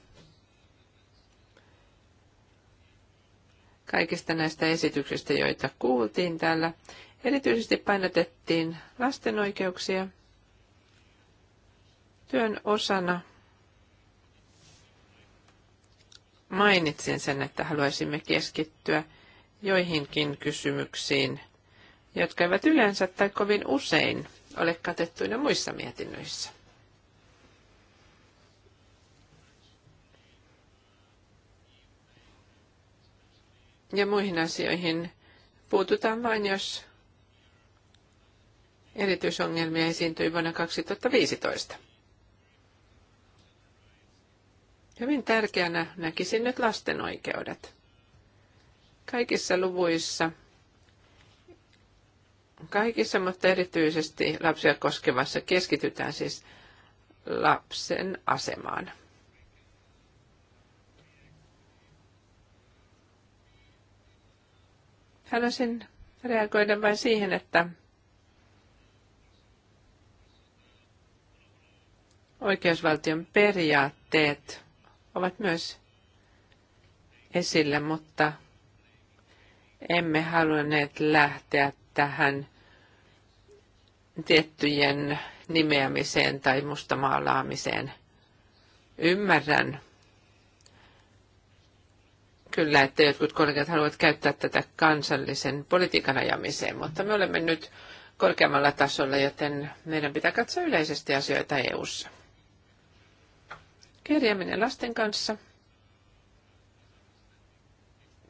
kaikista näistä esityksistä, joita kuultiin täällä. Erityisesti painotettiin lasten oikeuksia työn osana – mainitsin sen, että haluaisimme keskittyä joihinkin kysymyksiin, jotka eivät yleensä tai kovin usein ole katettuina muissa mietinnöissä. Ja muihin asioihin puututaan vain, jos erityisongelmia esiintyi vuonna 2015. Hyvin tärkeänä näkisin nyt lasten oikeudet. Kaikissa luvuissa, kaikissa, mutta erityisesti lapsia koskevassa keskitytään siis lapsen asemaan. Haluaisin reagoida vain siihen, että oikeusvaltion periaatteet – ovat myös esillä, mutta emme halunneet lähteä tähän tiettyjen nimeämiseen tai mustamaalaamiseen. Ymmärrän kyllä, että jotkut kollegat haluavat käyttää tätä kansallisen politiikan ajamiseen, mutta me olemme nyt korkeammalla tasolla, joten meidän pitää katsoa yleisesti asioita EU:ssa. Kerjääminen lasten kanssa.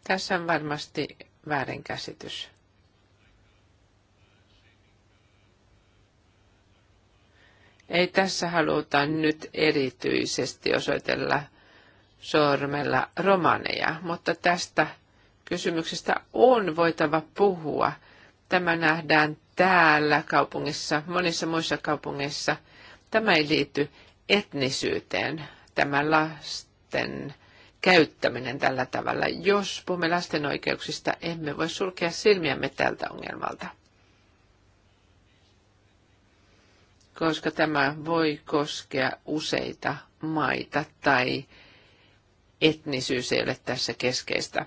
Tässä on varmasti väärinkäsitys. Ei tässä haluta nyt erityisesti osoitella sormella romaneja, mutta tästä kysymyksestä on voitava puhua. Tämä nähdään täällä kaupungissa, monissa muissa kaupungeissa. Tämä ei liity etnisyyteen, tämä lasten käyttäminen tällä tavalla. Jos puhumme lasten oikeuksista, emme voi sulkea silmiämme tältä ongelmalta. Koska tämä voi koskea useita maita tai etnisyys ei ole tässä keskeistä.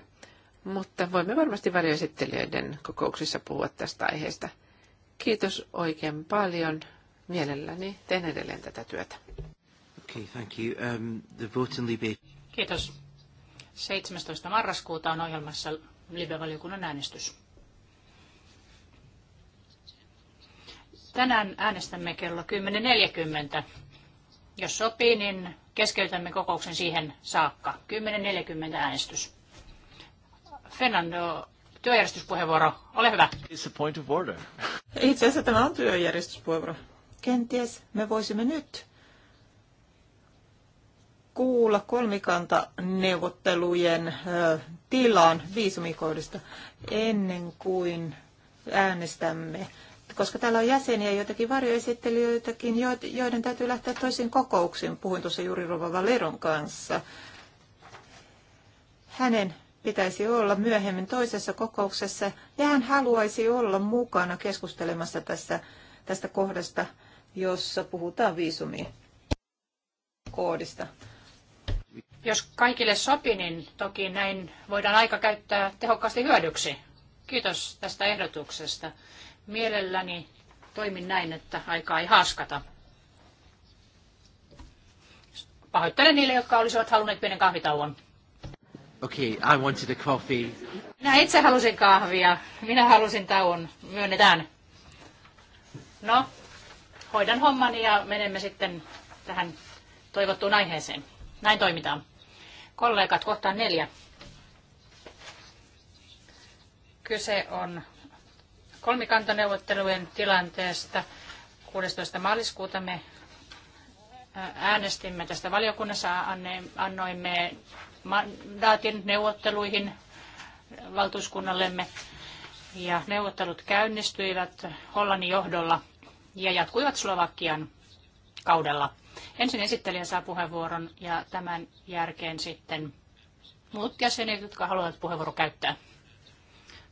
Mutta voimme varmasti varjoesittelijöiden kokouksissa puhua tästä aiheesta. Kiitos oikein paljon. Mielelläni teen edelleen tätä työtä. Okay, thank you. Um, the vote in Libya. Kiitos. 17. marraskuuta on ohjelmassa Libe-valiokunnan äänestys. Tänään äänestämme kello 10.40. Jos sopii, niin keskeytämme kokouksen siihen saakka. 10.40 äänestys. Fernando, työjärjestyspuheenvuoro, ole hyvä. It's a point of order. Itse asiassa tämä on työjärjestyspuheenvuoro. Kenties me voisimme nyt kuulla kolmikanta neuvottelujen tilan viisumikohdista ennen kuin äänestämme. Koska täällä on jäseniä, joitakin varjoesittelijöitäkin, joiden täytyy lähteä toisiin kokouksiin. Puhuin tuossa juuri Rova Valeron kanssa. Hänen pitäisi olla myöhemmin toisessa kokouksessa ja hän haluaisi olla mukana keskustelemassa tässä, tästä kohdasta, jossa puhutaan viisumia koodista. Jos kaikille sopii, niin toki näin voidaan aika käyttää tehokkaasti hyödyksi. Kiitos tästä ehdotuksesta. Mielelläni toimin näin, että aikaa ei haaskata. Pahoittelen niille, jotka olisivat halunneet pienen kahvitauon. Okay, I wanted a coffee. Minä itse halusin kahvia. Minä halusin tauon. Myönnetään. No, hoidan hommani ja menemme sitten tähän toivottuun aiheeseen. Näin toimitaan. Kollegat, kohta neljä. Kyse on kolmikantaneuvottelujen tilanteesta. 16. maaliskuuta me äänestimme tästä valiokunnassa, annoimme mandaatin neuvotteluihin valtuuskunnallemme ja neuvottelut käynnistyivät Hollannin johdolla ja jatkuivat Slovakian kaudella. Ensin esittelijä saa puheenvuoron ja tämän jälkeen sitten muut jäsenet, jotka haluavat puheenvuoro käyttää.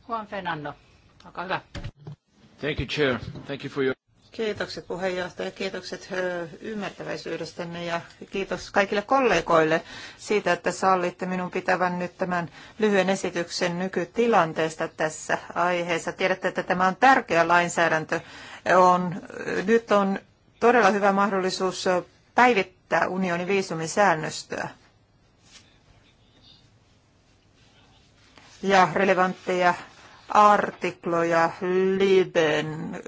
Juan Fernando, olkaa hyvä. Thank you, Chair. Thank you for your... Kiitokset puheenjohtaja, kiitokset ymmärtäväisyydestänne ja kiitos kaikille kollegoille siitä, että sallitte minun pitävän nyt tämän lyhyen esityksen nykytilanteesta tässä aiheessa. Tiedätte, että tämä on tärkeä lainsäädäntö. On, nyt on todella hyvä mahdollisuus päivittää unionin viisumisäännöstöä. Ja relevantteja artikloja Liben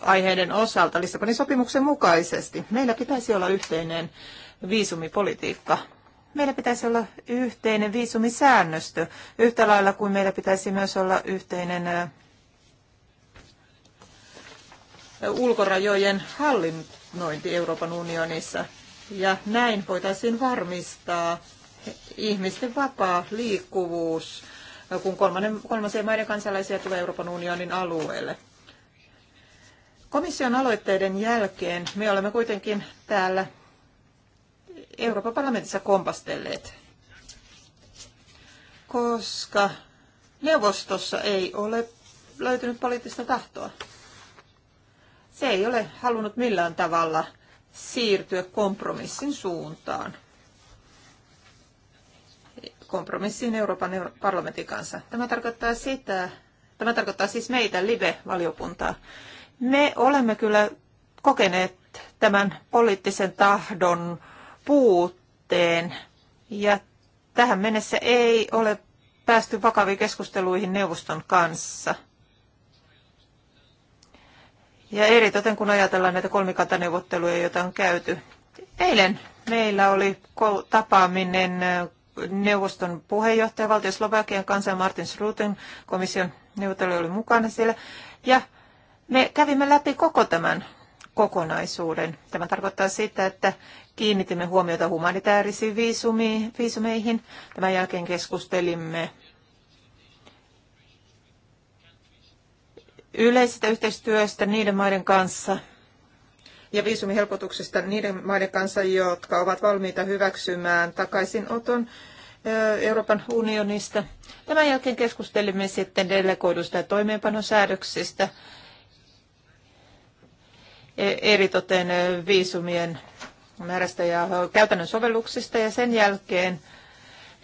aiheiden osalta Lissabonin sopimuksen mukaisesti. Meillä pitäisi olla yhteinen viisumipolitiikka. Meillä pitäisi olla yhteinen viisumisäännöstö, yhtä lailla kuin meillä pitäisi myös olla yhteinen ulkorajojen hallinta investointi Euroopan unionissa. Ja näin voitaisiin varmistaa ihmisten vapaa liikkuvuus, kun kolmannen, kolmansien maiden kansalaisia tulee Euroopan unionin alueelle. Komission aloitteiden jälkeen me olemme kuitenkin täällä Euroopan parlamentissa kompastelleet, koska neuvostossa ei ole löytynyt poliittista tahtoa. Se ei ole halunnut millään tavalla siirtyä kompromissin suuntaan. Kompromissiin Euroopan parlamentin kanssa. Tämä tarkoittaa sitä, tämä tarkoittaa siis meitä Libe-valiokuntaa. Me olemme kyllä kokeneet tämän poliittisen tahdon puutteen ja tähän mennessä ei ole päästy vakaviin keskusteluihin neuvoston kanssa – ja eritoten kun ajatellaan näitä kolmikantaneuvotteluja, joita on käyty. Eilen meillä oli tapaaminen neuvoston puheenjohtaja, valtio Slovakian kanssa Martin Schruten komission neuvottelu oli mukana siellä. Ja me kävimme läpi koko tämän kokonaisuuden. Tämä tarkoittaa sitä, että kiinnitimme huomiota humanitaarisiin viisumiin, viisumeihin. Tämän jälkeen keskustelimme yleisestä yhteistyöstä niiden maiden kanssa ja viisumihelpotuksesta niiden maiden kanssa, jotka ovat valmiita hyväksymään takaisinoton Euroopan unionista. Tämän jälkeen keskustelimme sitten delegoidusta ja toimeenpanosäädöksistä, e, eritoten viisumien määrästä ja käytännön sovelluksista ja sen jälkeen –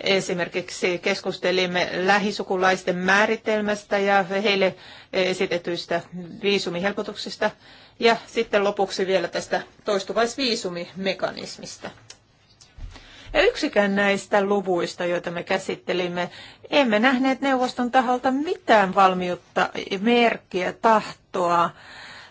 Esimerkiksi keskustelimme lähisukulaisten määritelmästä ja heille esitetyistä viisumihelpotuksista. Ja sitten lopuksi vielä tästä toistuvaisviisumimekanismista. Ja yksikään näistä luvuista, joita me käsittelimme, emme nähneet neuvoston taholta mitään valmiutta, merkkiä, tahtoa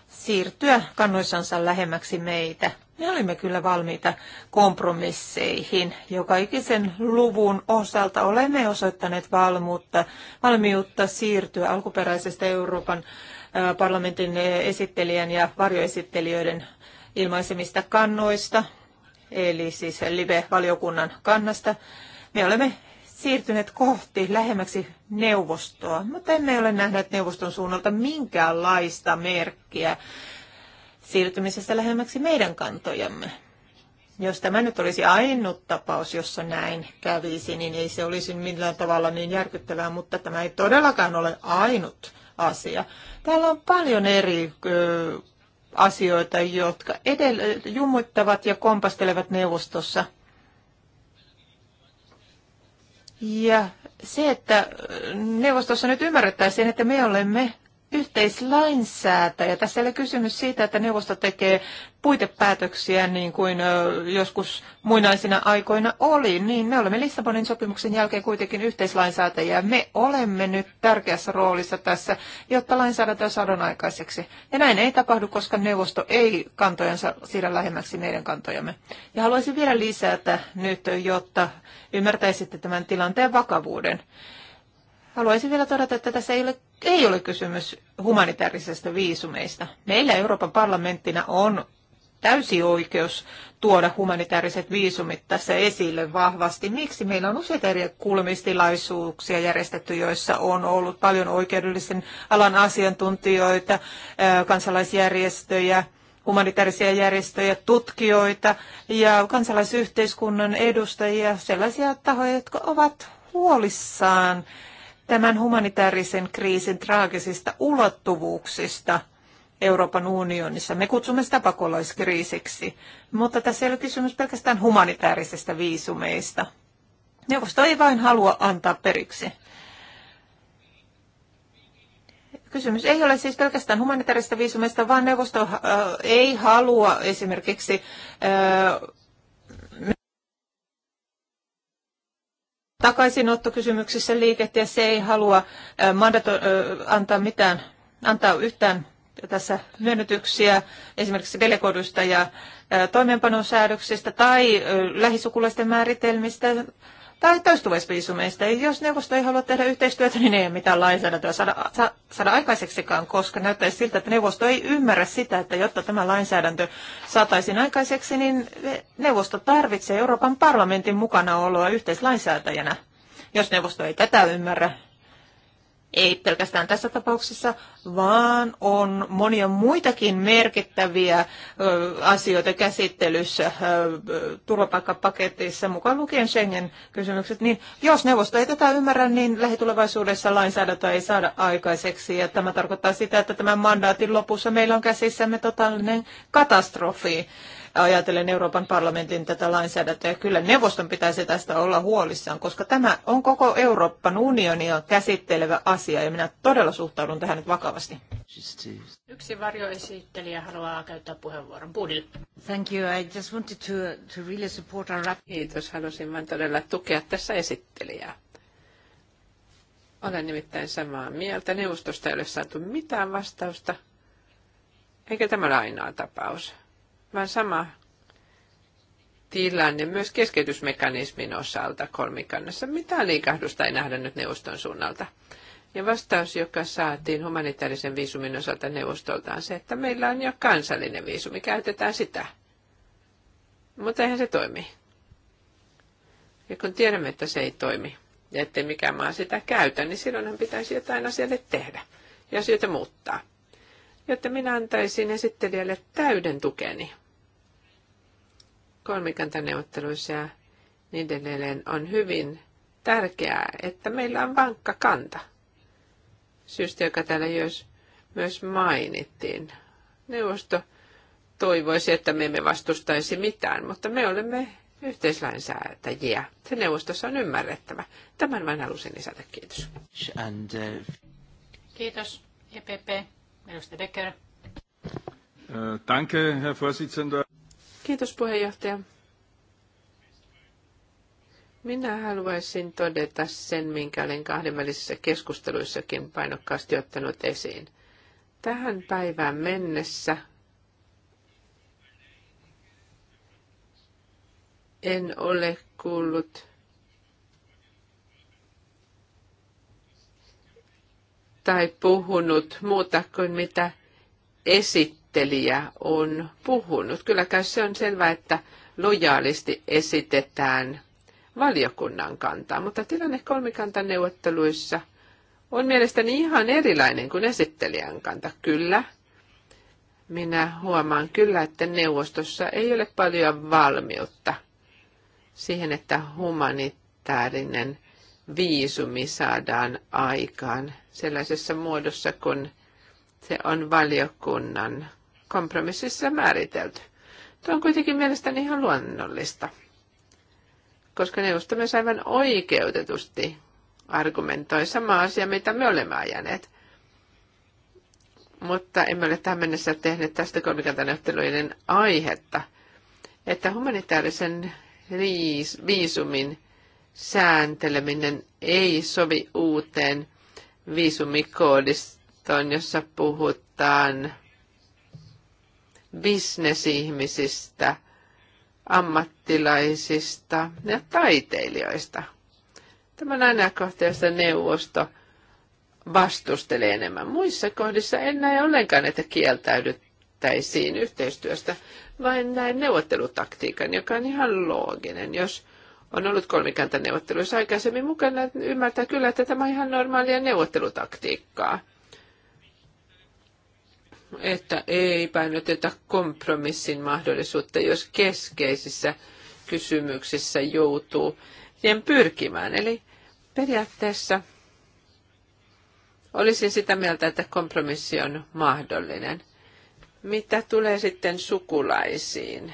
siirtyä kannoissansa lähemmäksi meitä me olimme kyllä valmiita kompromisseihin. Joka ikisen luvun osalta olemme osoittaneet valmuutta, valmiutta siirtyä alkuperäisestä Euroopan parlamentin esittelijän ja varjoesittelijöiden ilmaisemista kannoista, eli siis live-valiokunnan kannasta. Me olemme siirtyneet kohti lähemmäksi neuvostoa, mutta emme ole nähneet neuvoston suunnalta minkäänlaista merkkiä siirtymisestä lähemmäksi meidän kantojamme. Jos tämä nyt olisi ainut tapaus, jossa näin kävisi, niin ei se olisi millään tavalla niin järkyttävää, mutta tämä ei todellakaan ole ainut asia. Täällä on paljon eri ö, asioita, jotka edellä, jumuttavat ja kompastelevat neuvostossa. Ja se, että neuvostossa nyt ymmärrettäisiin, että me olemme yhteislainsäätäjä. Tässä ei ole kysymys siitä, että neuvosto tekee puitepäätöksiä niin kuin joskus muinaisina aikoina oli. Niin me olemme Lissabonin sopimuksen jälkeen kuitenkin yhteislainsäätäjiä. Me olemme nyt tärkeässä roolissa tässä, jotta lainsäädäntö saadaan aikaiseksi. Ja näin ei tapahdu, koska neuvosto ei kantojansa siirrä lähemmäksi meidän kantojamme. Ja haluaisin vielä lisätä nyt, jotta ymmärtäisitte tämän tilanteen vakavuuden. Haluaisin vielä todeta, että tässä ei ole, ei ole kysymys humanitaarisesta viisumeista. Meillä Euroopan parlamenttina on täysi oikeus tuoda humanitaariset viisumit tässä esille vahvasti. Miksi meillä on useita eri kuulemistilaisuuksia järjestetty, joissa on ollut paljon oikeudellisen alan asiantuntijoita, kansalaisjärjestöjä, humanitaarisia järjestöjä, tutkijoita ja kansalaisyhteiskunnan edustajia, sellaisia tahoja, jotka ovat huolissaan tämän humanitaarisen kriisin traagisista ulottuvuuksista Euroopan unionissa. Me kutsumme sitä pakolaiskriisiksi, mutta tässä ei ole kysymys pelkästään humanitaarisista viisumeista. Neuvosto ei vain halua antaa periksi. Kysymys ei ole siis pelkästään humanitaarista viisumista, vaan neuvosto äh, ei halua esimerkiksi äh, takaisinottokysymyksissä liikettä ja se ei halua mandato- antaa mitään, antaa yhtään tässä myönnytyksiä esimerkiksi delegoiduista ja toimeenpanosäädöksistä tai lähisukulaisten määritelmistä tai toistuvaisviisumeista. jos neuvosto ei halua tehdä yhteistyötä, niin ei mitään lainsäädäntöä saada, sa, saada aikaiseksikaan, koska näyttäisi siltä, että neuvosto ei ymmärrä sitä, että jotta tämä lainsäädäntö saataisiin aikaiseksi, niin neuvosto tarvitsee Euroopan parlamentin mukanaoloa yhteislainsäätäjänä. Jos neuvosto ei tätä ymmärrä, ei pelkästään tässä tapauksessa, vaan on monia muitakin merkittäviä asioita käsittelyssä turvapaikkapaketissa, mukaan lukien Schengen-kysymykset, niin jos neuvosto ei tätä ymmärrä, niin lähitulevaisuudessa lainsäädäntöä ei saada aikaiseksi. Ja tämä tarkoittaa sitä, että tämän mandaatin lopussa meillä on käsissämme totaalinen katastrofi ajatellen Euroopan parlamentin tätä lainsäädäntöä. Kyllä neuvoston pitäisi tästä olla huolissaan, koska tämä on koko Euroopan unionia käsittelevä asia ja minä todella suhtaudun tähän nyt vakavasti. Yksi varjoesittelijä haluaa käyttää puheenvuoron. Budil. Thank you. I just wanted to, to really support our... Kiitos. Halusin vain todella tukea tässä esittelijää. Olen nimittäin samaa mieltä. Neuvostosta ei ole saatu mitään vastausta. Eikä tämä ole ainoa tapaus vaan sama tilanne myös keskeytysmekanismin osalta kolmikannassa. Mitä liikahdusta ei nähdä nyt neuvoston suunnalta. Ja vastaus, joka saatiin humanitaarisen viisumin osalta neuvostolta, on se, että meillä on jo kansallinen viisumi, käytetään sitä. Mutta eihän se toimi. Ja kun tiedämme, että se ei toimi, ja ettei mikään maa sitä käytä, niin silloinhan pitäisi jotain asialle tehdä ja asioita muuttaa jotta minä antaisin esittelijälle täyden tukeni. Kolmikantaneuvotteluissa ja niin edelleen on hyvin tärkeää, että meillä on vankka kanta. Syystä, joka täällä myös, myös mainittiin. Neuvosto toivoisi, että me emme vastustaisi mitään, mutta me olemme yhteislainsäätäjiä. Se neuvostossa on ymmärrettävä. Tämän vain halusin lisätä. Kiitos. Uh, Kiitos, EPP. Edustaja Becker. Äh, danke, Herr Vorsitzender. Kiitos puheenjohtaja. Minä haluaisin todeta sen, minkä olen kahdenvälisissä keskusteluissakin painokkaasti ottanut esiin. Tähän päivään mennessä en ole kuullut tai puhunut muuta kuin mitä esittelijä on puhunut. Kyllä kai se on selvää, että lojaalisti esitetään valiokunnan kantaa, mutta tilanne kolmikantaneuvotteluissa on mielestäni ihan erilainen kuin esittelijän kanta. Kyllä, minä huomaan kyllä, että neuvostossa ei ole paljon valmiutta siihen, että humanitaarinen viisumi saadaan aikaan sellaisessa muodossa, kun se on valiokunnan kompromississa määritelty. Tuo on kuitenkin mielestäni ihan luonnollista, koska neuvosto myös aivan oikeutetusti argumentoi sama asia, mitä me olemme ajaneet. Mutta emme ole tähän mennessä tehneet tästä kolmikantaneuvotteluiden aihetta, että humanitaarisen viisumin säänteleminen ei sovi uuteen viisumikoodistoon, jossa puhutaan bisnesihmisistä, ammattilaisista ja taiteilijoista. Tämä on aina kohta, jossa neuvosto vastustelee enemmän. Muissa kohdissa en näe ollenkaan, että kieltäydyttäisiin yhteistyöstä, vaan näin neuvottelutaktiikan, joka on ihan looginen. Jos on ollut kolmikantaneuvotteluissa aikaisemmin mukana, ymmärtää kyllä, että tämä on ihan normaalia neuvottelutaktiikkaa. Että ei painoteta kompromissin mahdollisuutta, jos keskeisissä kysymyksissä joutuu sen pyrkimään. Eli periaatteessa olisin sitä mieltä, että kompromissi on mahdollinen. Mitä tulee sitten sukulaisiin,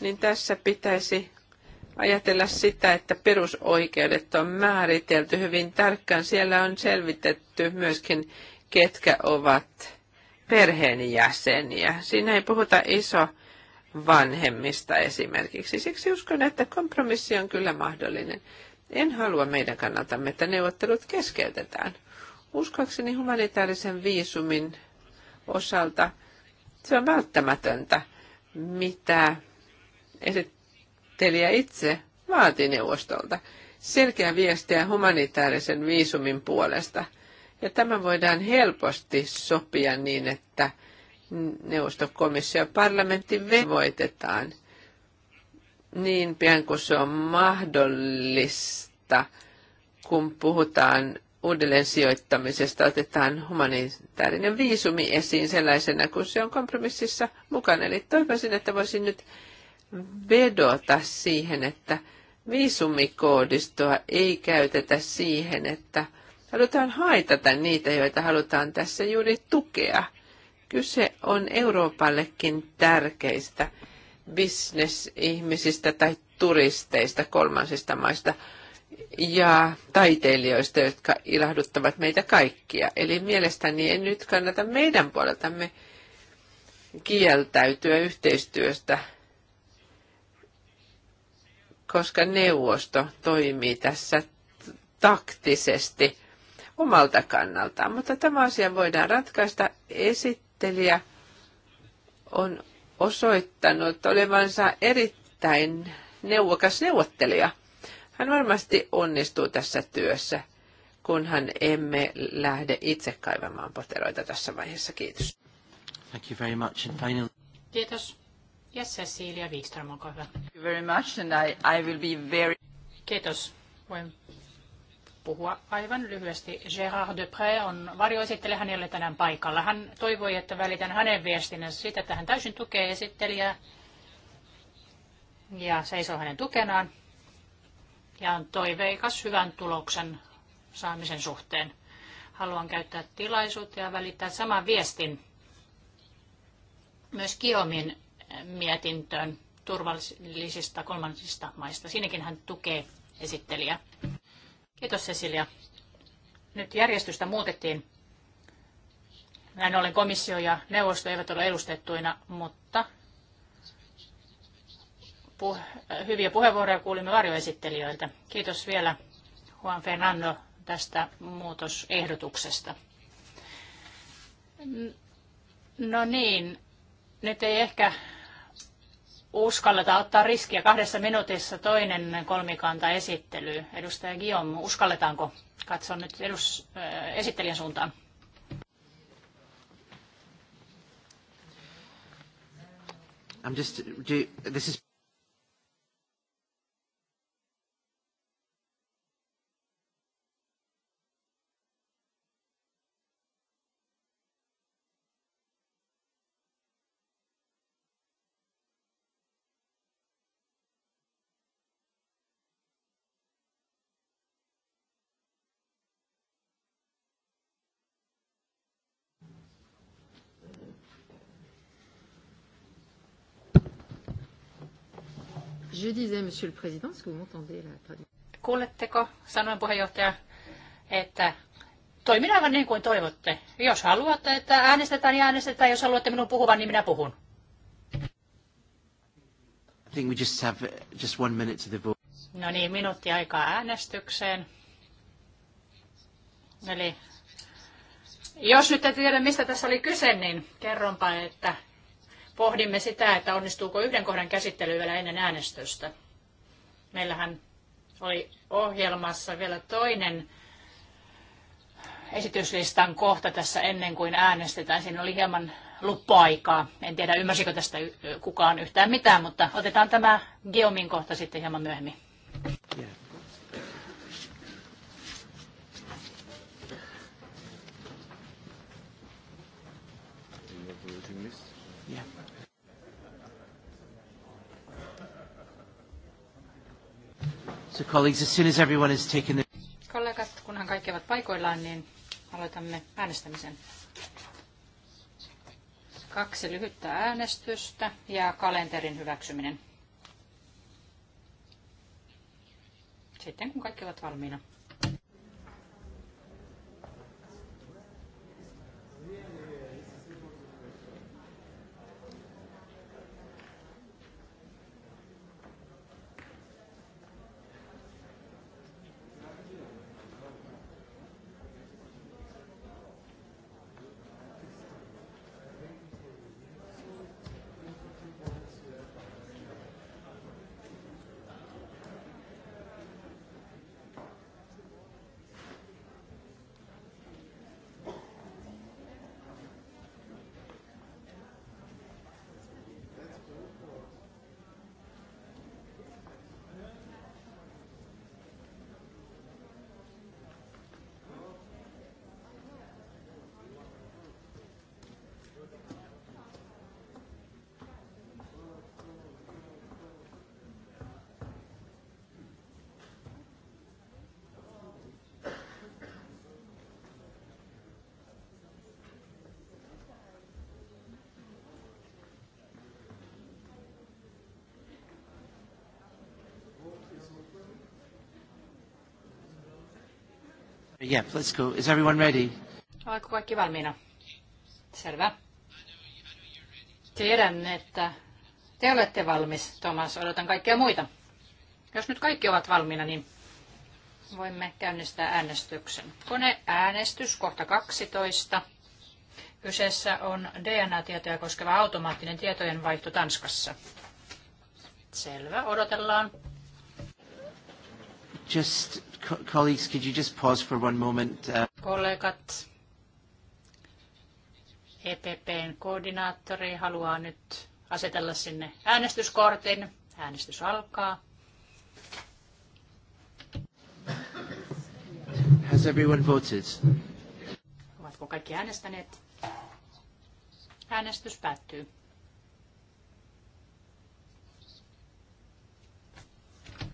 niin tässä pitäisi ajatella sitä, että perusoikeudet on määritelty hyvin tarkkaan. Siellä on selvitetty myöskin, ketkä ovat perheenjäseniä. Siinä ei puhuta iso vanhemmista esimerkiksi. Siksi uskon, että kompromissi on kyllä mahdollinen. En halua meidän kannaltamme, että neuvottelut keskeytetään. Uskoakseni humanitaarisen viisumin osalta se on välttämätöntä, mitä esit- esittelijä itse vaati neuvostolta selkeä viestiä humanitaarisen viisumin puolesta. Ja tämä voidaan helposti sopia niin, että neuvostokomissio ja parlamentti velvoitetaan niin pian kuin se on mahdollista, kun puhutaan uudelleen sijoittamisesta, otetaan humanitaarinen viisumi esiin sellaisena, kun se on kompromississa mukana. Eli toivoisin, että voisin nyt vedota siihen, että viisumikoodistoa ei käytetä siihen, että halutaan haitata niitä, joita halutaan tässä juuri tukea. Kyse on Euroopallekin tärkeistä bisnesihmisistä tai turisteista kolmansista maista ja taiteilijoista, jotka ilahduttavat meitä kaikkia. Eli mielestäni ei nyt kannata meidän puoleltamme kieltäytyä yhteistyöstä koska neuvosto toimii tässä taktisesti omalta kannaltaan. Mutta tämä asia voidaan ratkaista. Esittelijä on osoittanut olevansa erittäin neuvokas neuvottelija. Hän varmasti onnistuu tässä työssä, kunhan emme lähde itse kaivamaan poteroita tässä vaiheessa. Kiitos. Thank you very much. And Kiitos. Ja Cecilia Wikström, olkaa hyvä. Thank you very much and I, I will be very... Kiitos. Voin puhua aivan lyhyesti. Gérard Depré on varjoesittelijä hänelle tänään paikalla. Hän toivoi, että välitän hänen viestinnänsä sitä, että hän täysin tukee esittelijää ja seisoo hänen tukenaan ja on toiveikas hyvän tuloksen saamisen suhteen. Haluan käyttää tilaisuutta ja välittää saman viestin myös Kiomin mietintöön turvallisista kolmansista maista. Siinäkin hän tukee esittelijä. Kiitos Cecilia. Nyt järjestystä muutettiin. Näin ollen komissio ja neuvosto eivät ole edustettuina, mutta puh- hyviä puheenvuoroja kuulimme varjoesittelijöiltä. Kiitos vielä Juan Fernando tästä muutosehdotuksesta. No niin, nyt ei ehkä Uskalletaan ottaa riskiä kahdessa minuutissa toinen kolmikanta esittely. Edustaja Guillaume, uskalletaanko? Katson nyt edus, äh, esittelijän suuntaan. I'm just, do, this is... Je disais, monsieur le président, est-ce que vous m'entendez Kuuletteko, sanoin puheenjohtaja, että toimin aivan niin kuin toivotte. Jos haluatte, että äänestetään, niin äänestetään. Jos haluatte minun puhuvan, niin minä puhun. I think we just have uh, just one minute to the vote. No niin, minuutti aikaa äänestykseen. Eli jos nyt et tiedä, mistä tässä oli kyse, niin kerronpa, että pohdimme sitä, että onnistuuko yhden kohdan käsittely vielä ennen äänestystä. Meillähän oli ohjelmassa vielä toinen esityslistan kohta tässä ennen kuin äänestetään. Siinä oli hieman luppuaikaa. En tiedä, ymmärsikö tästä kukaan yhtään mitään, mutta otetaan tämä Geomin kohta sitten hieman myöhemmin. So colleagues, as soon as everyone taken the... Kollegat, kunhan kaikki ovat paikoillaan, niin aloitamme äänestämisen. Kaksi lyhyttä äänestystä ja kalenterin hyväksyminen. Sitten kun kaikki ovat valmiina. Yeah, let's go. Is everyone ready? Oletko kaikki valmiina? Selvä. Tiedän, että te olette valmis, Thomas. Odotan kaikkia muita. Jos nyt kaikki ovat valmiina, niin voimme käynnistää äänestyksen. Koneäänestys kohta 12. Kyseessä on DNA-tietoja koskeva automaattinen tietojenvaihto Tanskassa. Selvä, odotellaan. Just, colleagues, could you just pause for one moment? Uh? Kollegat, EPPn koordinaattori haluaa nyt asetella sinne äänestyskortin. Äänestys alkaa. Has everyone voted? Ovatko kaikki äänestäneet? Äänestys päättyy.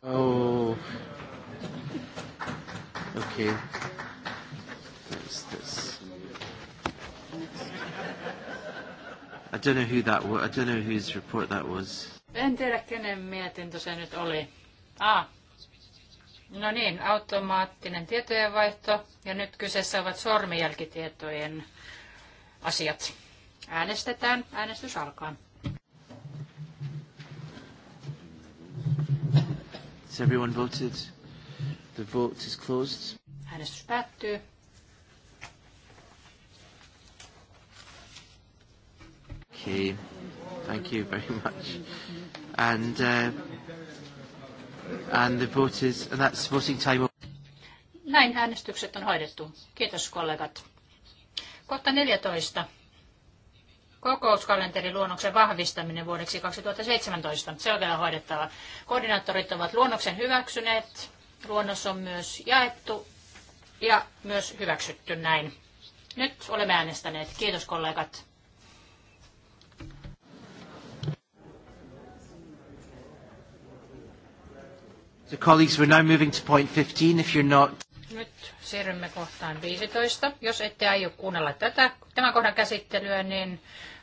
Oh. Okay. That's this. I don't know who that was. I don't know whose report that was. En tiedä kenen mietintö se nyt oli. Ah. No niin, automaattinen tietojenvaihto. Ja nyt kyseessä ovat sormijälkitietojen asiat. Äänestetään. Äänestys alkaa. Has everyone voted? The vote is closed. Äänestys päättyy. Okay. Thank you very much. And uh, and the vote is and that's voting time. Näin äänestykset on hoidettu. Kiitos kollegat. Kohta 14. Kokouskalenterin luonnoksen vahvistaminen vuodeksi 2017. Se on vielä hoidettava. Koordinaattorit ovat luonnoksen hyväksyneet. Luonnos on myös jaettu ja myös hyväksytty näin. Nyt olemme äänestäneet. Kiitos kollegat. So colleagues, we're now moving to point 15 if you're not... Nyt siirrymme kohtaan 15. Jos ette aio kuunnella tätä, tämän kohdan käsittelyä, niin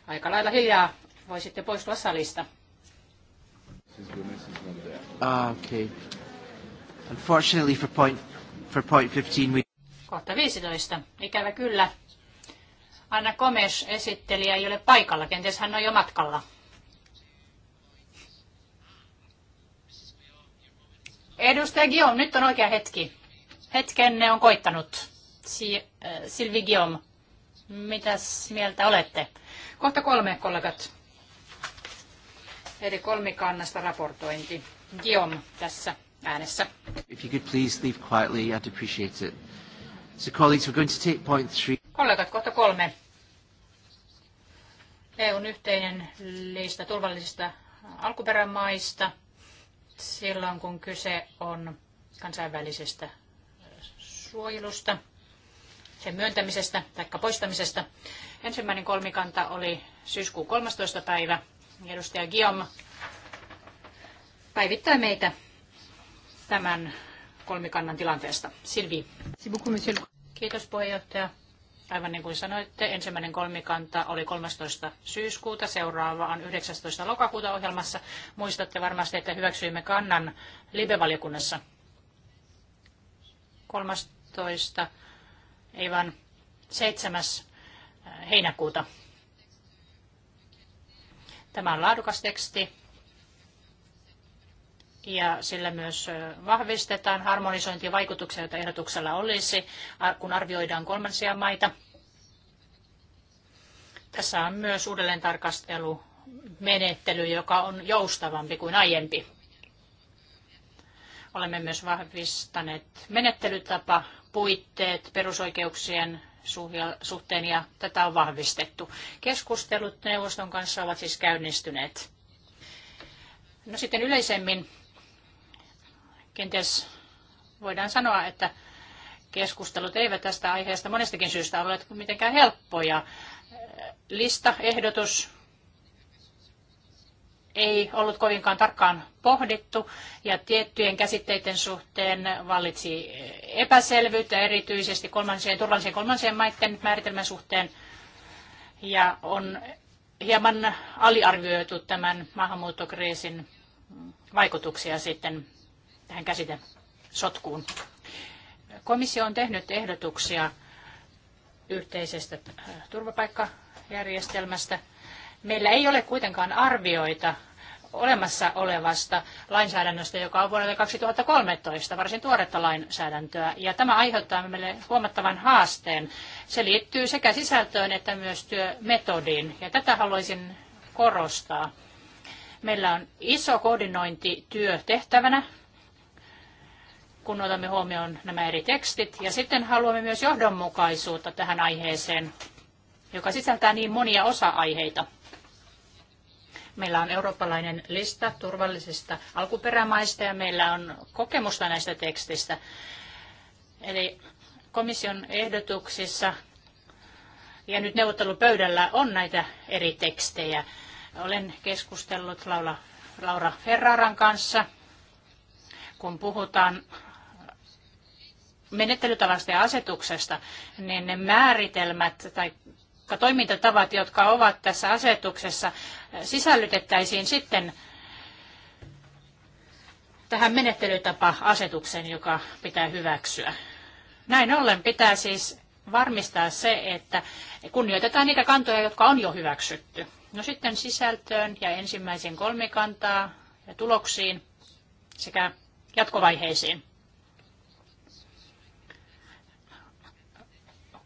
aika lailla hiljaa voisitte poistua salista. Ah, okay. Unfortunately for point, for point 15 we... Kohta 15. Ikävä kyllä. Anna Komes esittelijä ei ole paikalla. Kenties hän on jo matkalla. Edustaja Guillaume, nyt on oikea hetki. Hetkenne on koittanut. Si- äh, Silvi Guillaume, mitäs mieltä olette? Kohta kolme, kollegat. Eli kolmikannasta raportointi. Guillaume tässä äänessä. If you could please leave quietly, I'd appreciate it. So colleagues, we're going to take point three. Kollegat, kohta kolme. EUn yhteinen lista turvallisista alkuperämaista silloin, kun kyse on kansainvälisestä suojelusta, sen myöntämisestä tai poistamisesta. Ensimmäinen kolmikanta oli syyskuun 13. päivä. Edustaja Guillaume päivittää meitä tämän kolmikannan tilanteesta. Silvi. Kiitos puheenjohtaja. Aivan niin kuin sanoitte, ensimmäinen kolmikanta oli 13. syyskuuta, seuraava on 19. lokakuuta ohjelmassa. Muistatte varmasti, että hyväksyimme kannan live-valiokunnassa 13. ei vaan 7. Eh, heinäkuuta. Tämä on laadukas teksti ja sillä myös vahvistetaan harmonisointivaikutuksia, joita ehdotuksella olisi, kun arvioidaan kolmansia maita. Tässä on myös uudelleen menettely, joka on joustavampi kuin aiempi. Olemme myös vahvistaneet menettelytapa, puitteet perusoikeuksien suhteen ja tätä on vahvistettu. Keskustelut neuvoston kanssa ovat siis käynnistyneet. No sitten yleisemmin Kenties voidaan sanoa, että keskustelut eivät tästä aiheesta monestakin syystä ole mitenkään helppoja. Lista, ehdotus ei ollut kovinkaan tarkkaan pohdittu ja tiettyjen käsitteiden suhteen vallitsi epäselvyyttä erityisesti kolmansien, turvallisen kolmansien maiden määritelmän suhteen ja on hieman aliarvioitu tämän maahanmuuttokriisin vaikutuksia sitten tähän käsite sotkuun. Komissio on tehnyt ehdotuksia yhteisestä äh, turvapaikkajärjestelmästä. Meillä ei ole kuitenkaan arvioita olemassa olevasta lainsäädännöstä, joka on vuodelta 2013, varsin tuoretta lainsäädäntöä. Ja tämä aiheuttaa meille huomattavan haasteen. Se liittyy sekä sisältöön että myös työmetodiin. Ja tätä haluaisin korostaa. Meillä on iso koordinointityö tehtävänä kun otamme huomioon nämä eri tekstit. Ja sitten haluamme myös johdonmukaisuutta tähän aiheeseen, joka sisältää niin monia osa-aiheita. Meillä on eurooppalainen lista turvallisista alkuperämaista ja meillä on kokemusta näistä tekstistä. Eli komission ehdotuksissa ja nyt neuvottelupöydällä on näitä eri tekstejä. Olen keskustellut Laura, Laura Ferraran kanssa, kun puhutaan menettelytavasta ja asetuksesta, niin ne määritelmät tai toimintatavat, jotka ovat tässä asetuksessa, sisällytettäisiin sitten tähän menettelytapa-asetukseen, joka pitää hyväksyä. Näin ollen pitää siis varmistaa se, että kunnioitetaan niitä kantoja, jotka on jo hyväksytty. No sitten sisältöön ja ensimmäisiin kolmikantaa ja tuloksiin sekä jatkovaiheisiin.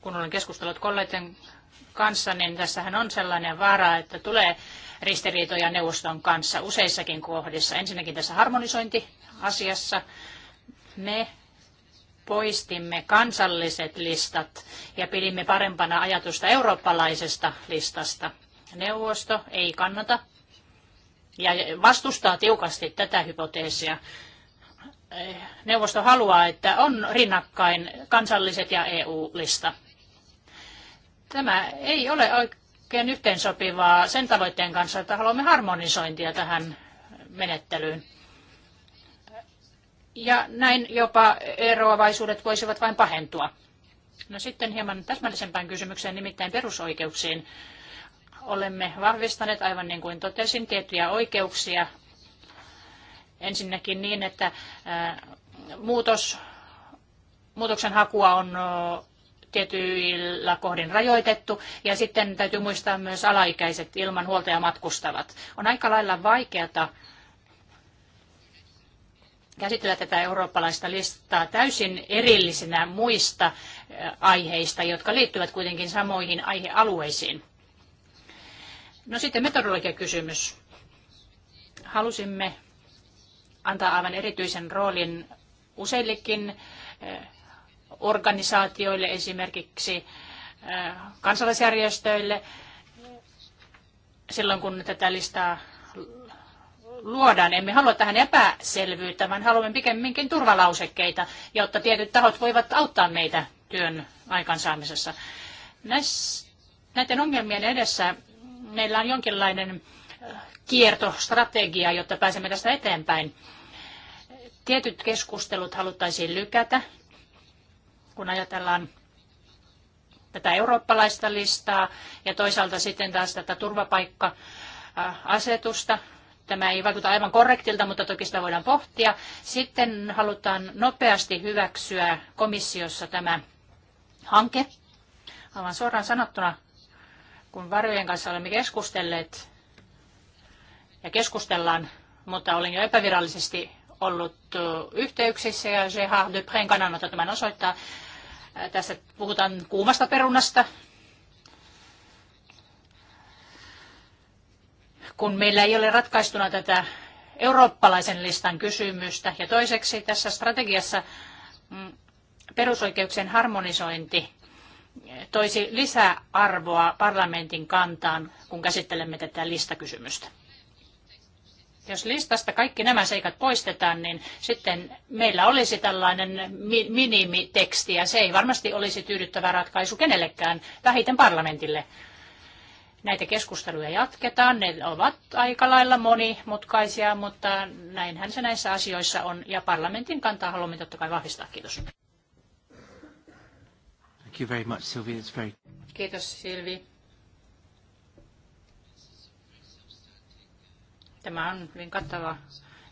kun olen keskustellut kollegoiden kanssa, niin tässähän on sellainen vaara, että tulee ristiriitoja neuvoston kanssa useissakin kohdissa. Ensinnäkin tässä harmonisointiasiassa me poistimme kansalliset listat ja pidimme parempana ajatusta eurooppalaisesta listasta. Neuvosto ei kannata ja vastustaa tiukasti tätä hypoteesia. Neuvosto haluaa, että on rinnakkain kansalliset ja EU-lista. Tämä ei ole oikein yhteensopivaa sen tavoitteen kanssa, että haluamme harmonisointia tähän menettelyyn. Ja näin jopa eroavaisuudet voisivat vain pahentua. No sitten hieman täsmällisempään kysymykseen, nimittäin perusoikeuksiin. Olemme vahvistaneet, aivan niin kuin totesin, tiettyjä oikeuksia. Ensinnäkin niin, että muutos, muutoksen hakua on tietyillä kohdin rajoitettu. Ja sitten täytyy muistaa myös alaikäiset ilman huoltaja matkustavat. On aika lailla vaikeata käsitellä tätä eurooppalaista listaa täysin erillisinä muista aiheista, jotka liittyvät kuitenkin samoihin aihealueisiin. No sitten metodologiakysymys. Halusimme antaa aivan erityisen roolin useillekin organisaatioille, esimerkiksi kansalaisjärjestöille, silloin kun tätä listaa luodaan. Emme halua tähän epäselvyyttä, vaan haluamme pikemminkin turvalausekkeita, jotta tietyt tahot voivat auttaa meitä työn aikansaamisessa. Näis, näiden ongelmien edessä meillä on jonkinlainen kiertostrategia, jotta pääsemme tästä eteenpäin. Tietyt keskustelut haluttaisiin lykätä kun ajatellaan tätä eurooppalaista listaa ja toisaalta sitten taas tätä turvapaikka-asetusta. Tämä ei vaikuta aivan korrektilta, mutta toki sitä voidaan pohtia. Sitten halutaan nopeasti hyväksyä komissiossa tämä hanke. Aivan suoraan sanottuna, kun varjojen kanssa olemme keskustelleet ja keskustellaan, mutta olen jo epävirallisesti ollut yhteyksissä ja Gérard Duprén kannanotto tämän osoittaa. Tässä puhutaan kuumasta perunasta. Kun meillä ei ole ratkaistuna tätä eurooppalaisen listan kysymystä. Ja toiseksi tässä strategiassa mm, perusoikeuksien harmonisointi toisi lisäarvoa parlamentin kantaan, kun käsittelemme tätä listakysymystä. Jos listasta kaikki nämä seikat poistetaan, niin sitten meillä olisi tällainen minimiteksti ja se ei varmasti olisi tyydyttävä ratkaisu kenellekään, vähiten parlamentille. Näitä keskusteluja jatketaan, ne ovat aika lailla monimutkaisia, mutta näinhän se näissä asioissa on ja parlamentin kantaa haluamme totta kai vahvistaa. Kiitos. Kiitos Sylvie. Tämä on hyvin kattava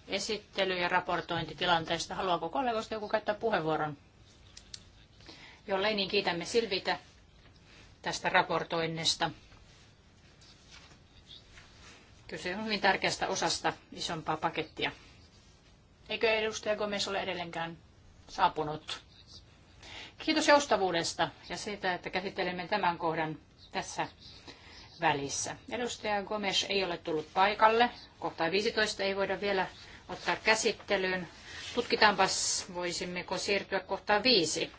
esittely ja raportointi tilanteesta. Haluaako kollegoista joku käyttää puheenvuoron? Jollei, niin kiitämme Silvitä tästä raportoinnista. Kyse on hyvin tärkeästä osasta isompaa pakettia. Eikö edustaja Gomez ole edelleenkään saapunut? Kiitos joustavuudesta ja siitä, että käsittelemme tämän kohdan tässä välissä. Edustaja Gomes ei ole tullut paikalle. Kohta 15 ei voida vielä ottaa käsittelyyn. Tutkitaanpas, voisimmeko siirtyä kohtaan 5,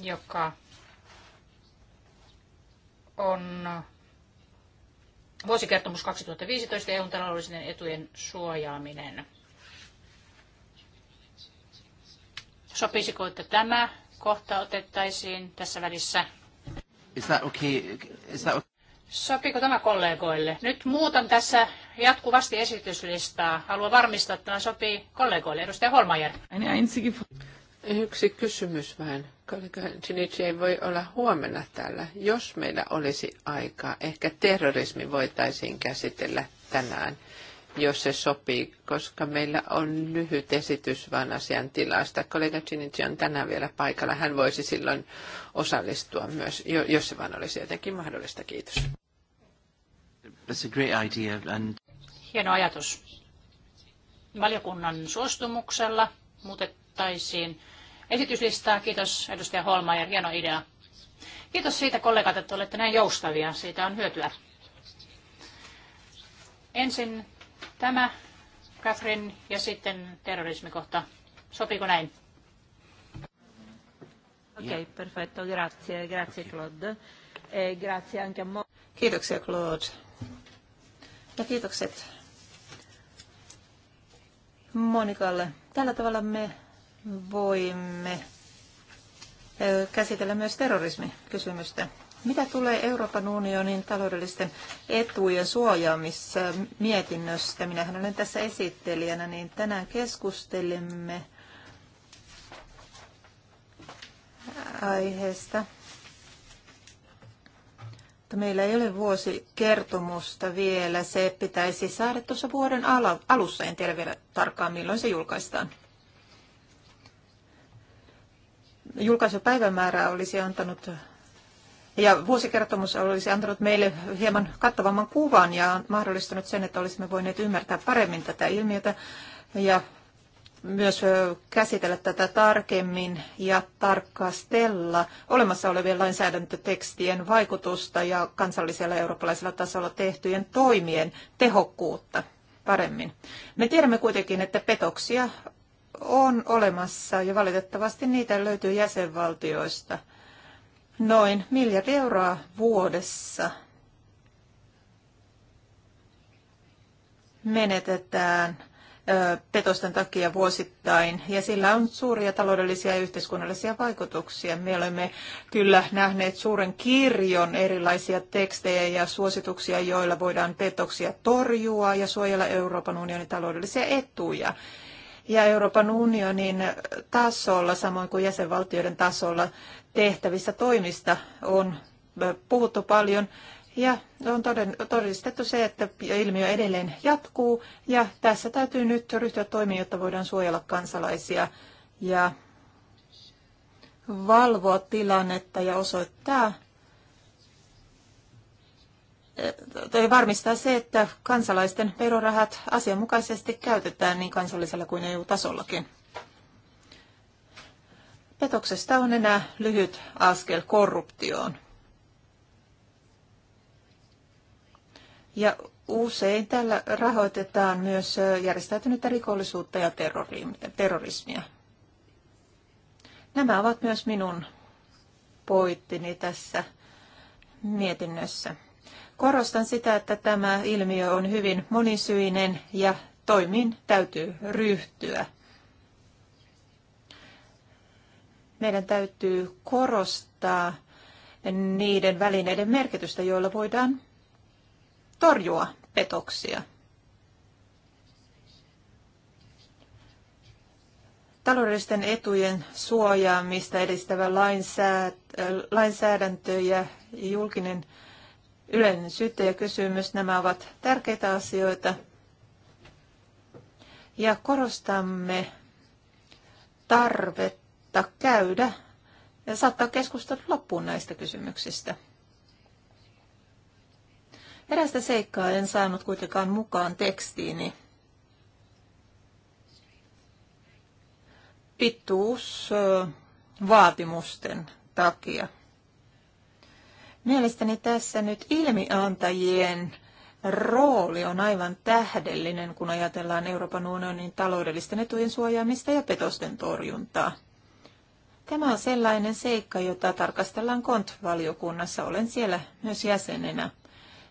joka on vuosikertomus 2015 EUn taloudellisen etujen suojaaminen. Sopisiko, että tämä kohta otettaisiin tässä välissä. Is that okay? Is that okay? Sopiko tämä kollegoille? Nyt muutan tässä jatkuvasti esityslistaa. Haluan varmistaa, että tämä sopii kollegoille. Edustaja Holmajer. Yksi kysymys vähän. Kollega Chinichi ei voi olla huomenna täällä. Jos meillä olisi aikaa, ehkä terrorismi voitaisiin käsitellä tänään jos se sopii, koska meillä on lyhyt esitys vain asian tilasta. Kollega Chinichi on tänään vielä paikalla. Hän voisi silloin osallistua myös, jos se vain olisi jotenkin mahdollista. Kiitos. That's a great idea and... Hieno ajatus. Valiokunnan suostumuksella muutettaisiin esityslistaa. Kiitos edustaja Holmaier, hieno idea. Kiitos siitä kollegat, että olette näin joustavia. Siitä on hyötyä. Ensin Tämä, Catherine, ja sitten terrorismikohta. Sopiiko näin? Okei, okay, perfetto. Grazie, grazie Claude. E grazie anche a Mo- Kiitoksia Claude. Ja kiitokset Monikalle. Tällä tavalla me voimme käsitellä myös terrorismikysymystä. Mitä tulee Euroopan unionin taloudellisten etujen suojaamismietinnöstä, minähän olen tässä esittelijänä, niin tänään keskustelimme aiheesta. Meillä ei ole vuosikertomusta vielä. Se pitäisi saada tuossa vuoden alussa. En tiedä vielä tarkkaan, milloin se julkaistaan Julkaisupäivämäärä olisi antanut ja vuosikertomus olisi antanut meille hieman kattavamman kuvan ja mahdollistanut sen, että olisimme voineet ymmärtää paremmin tätä ilmiötä ja myös käsitellä tätä tarkemmin ja tarkastella olemassa olevien lainsäädäntötekstien vaikutusta ja kansallisella ja eurooppalaisella tasolla tehtyjen toimien tehokkuutta paremmin. Me tiedämme kuitenkin, että petoksia on olemassa ja valitettavasti niitä löytyy jäsenvaltioista – noin miljardi euroa vuodessa menetetään petosten takia vuosittain, ja sillä on suuria taloudellisia ja yhteiskunnallisia vaikutuksia. Me olemme kyllä nähneet suuren kirjon erilaisia tekstejä ja suosituksia, joilla voidaan petoksia torjua ja suojella Euroopan unionin taloudellisia etuja ja Euroopan unionin tasolla, samoin kuin jäsenvaltioiden tasolla tehtävistä toimista on puhuttu paljon ja on toden, todistettu se, että ilmiö edelleen jatkuu ja tässä täytyy nyt ryhtyä toimiin, jotta voidaan suojella kansalaisia ja valvoa tilannetta ja osoittaa varmistaa se, että kansalaisten verorahat asianmukaisesti käytetään niin kansallisella kuin EU-tasollakin. Petoksesta on enää lyhyt askel korruptioon. Ja usein tällä rahoitetaan myös järjestäytynyttä rikollisuutta ja terrorismia. Nämä ovat myös minun pointtini tässä mietinnössä. Korostan sitä, että tämä ilmiö on hyvin monisyinen ja toimiin täytyy ryhtyä. Meidän täytyy korostaa niiden välineiden merkitystä, joilla voidaan torjua petoksia. Taloudellisten etujen suojaamista edistävä lainsäädäntö ja julkinen yleinen syyttäjäkysymys, nämä ovat tärkeitä asioita. Ja korostamme tarvetta käydä ja saattaa keskustella loppuun näistä kysymyksistä. Erästä seikkaa en saanut kuitenkaan mukaan tekstiini. Pituus vaatimusten takia. Mielestäni tässä nyt ilmiantajien rooli on aivan tähdellinen, kun ajatellaan Euroopan unionin taloudellisten etujen suojaamista ja petosten torjuntaa. Tämä on sellainen seikka, jota tarkastellaan KONT-valiokunnassa. Olen siellä myös jäsenenä.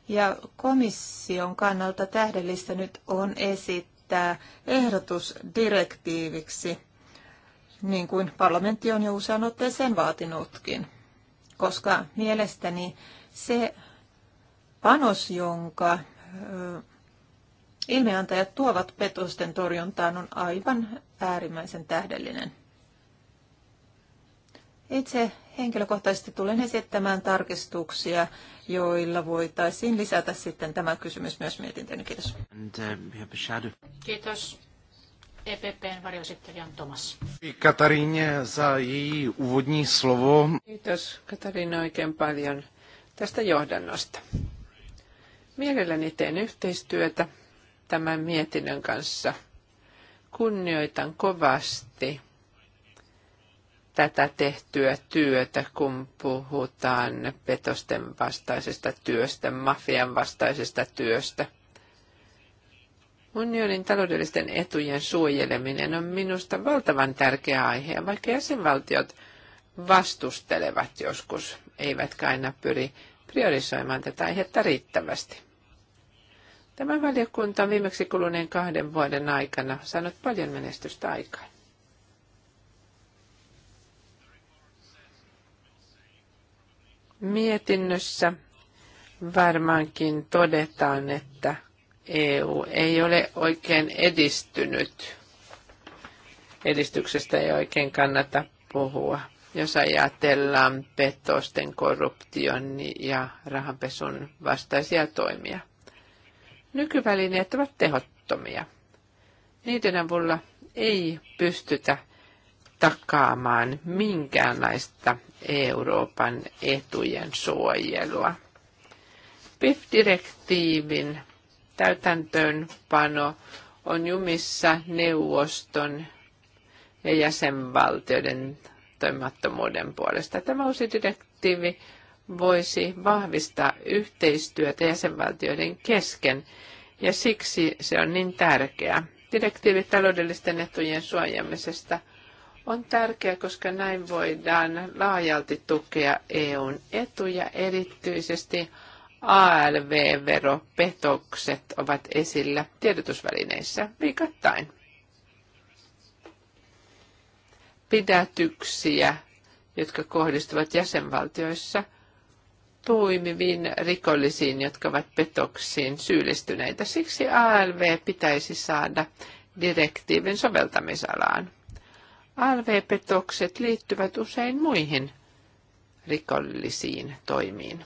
Ja komission kannalta tähdellistä nyt on esittää ehdotus direktiiviksi, niin kuin parlamentti on jo usein otteeseen vaatinutkin koska mielestäni se panos, jonka ilmeantajat tuovat petosten torjuntaan, on aivan äärimmäisen tähdellinen. Itse henkilökohtaisesti tulen esittämään tarkistuksia, joilla voitaisiin lisätä sitten tämä kysymys myös mietintöön. Kiitos. And, uh, Kiitos. EPPn Tomas. za její úvodní slovo. Kiitos oikein paljon tästä johdannosta. Mielelläni teen yhteistyötä tämän mietinnön kanssa. Kunnioitan kovasti tätä tehtyä työtä, kun puhutaan petosten vastaisesta työstä, mafian vastaisesta työstä – Unionin taloudellisten etujen suojeleminen on minusta valtavan tärkeä aihe, vaikka jäsenvaltiot vastustelevat joskus, eivätkä aina pyri priorisoimaan tätä aihetta riittävästi. Tämä valiokunta on viimeksi kuluneen kahden vuoden aikana saanut paljon menestystä aikaan. Mietinnössä varmaankin todetaan, että EU ei ole oikein edistynyt. Edistyksestä ei oikein kannata puhua. Jos ajatellaan petosten, korruption ja rahanpesun vastaisia toimia. Nykyvälineet ovat tehottomia. Niiden avulla ei pystytä takaamaan minkäänlaista Euroopan etujen suojelua. PIF-direktiivin täytäntöönpano on jumissa neuvoston ja jäsenvaltioiden toimattomuuden puolesta. Tämä uusi direktiivi voisi vahvistaa yhteistyötä jäsenvaltioiden kesken ja siksi se on niin tärkeää. Direktiivi taloudellisten etujen suojamisesta on tärkeä, koska näin voidaan laajalti tukea EUn etuja erityisesti ALV-veropetokset ovat esillä tiedotusvälineissä viikoittain. Pidätyksiä, jotka kohdistuvat jäsenvaltioissa toimiviin rikollisiin, jotka ovat petoksiin syyllistyneitä. Siksi ALV pitäisi saada direktiivin soveltamisalaan. ALV-petokset liittyvät usein muihin rikollisiin toimiin.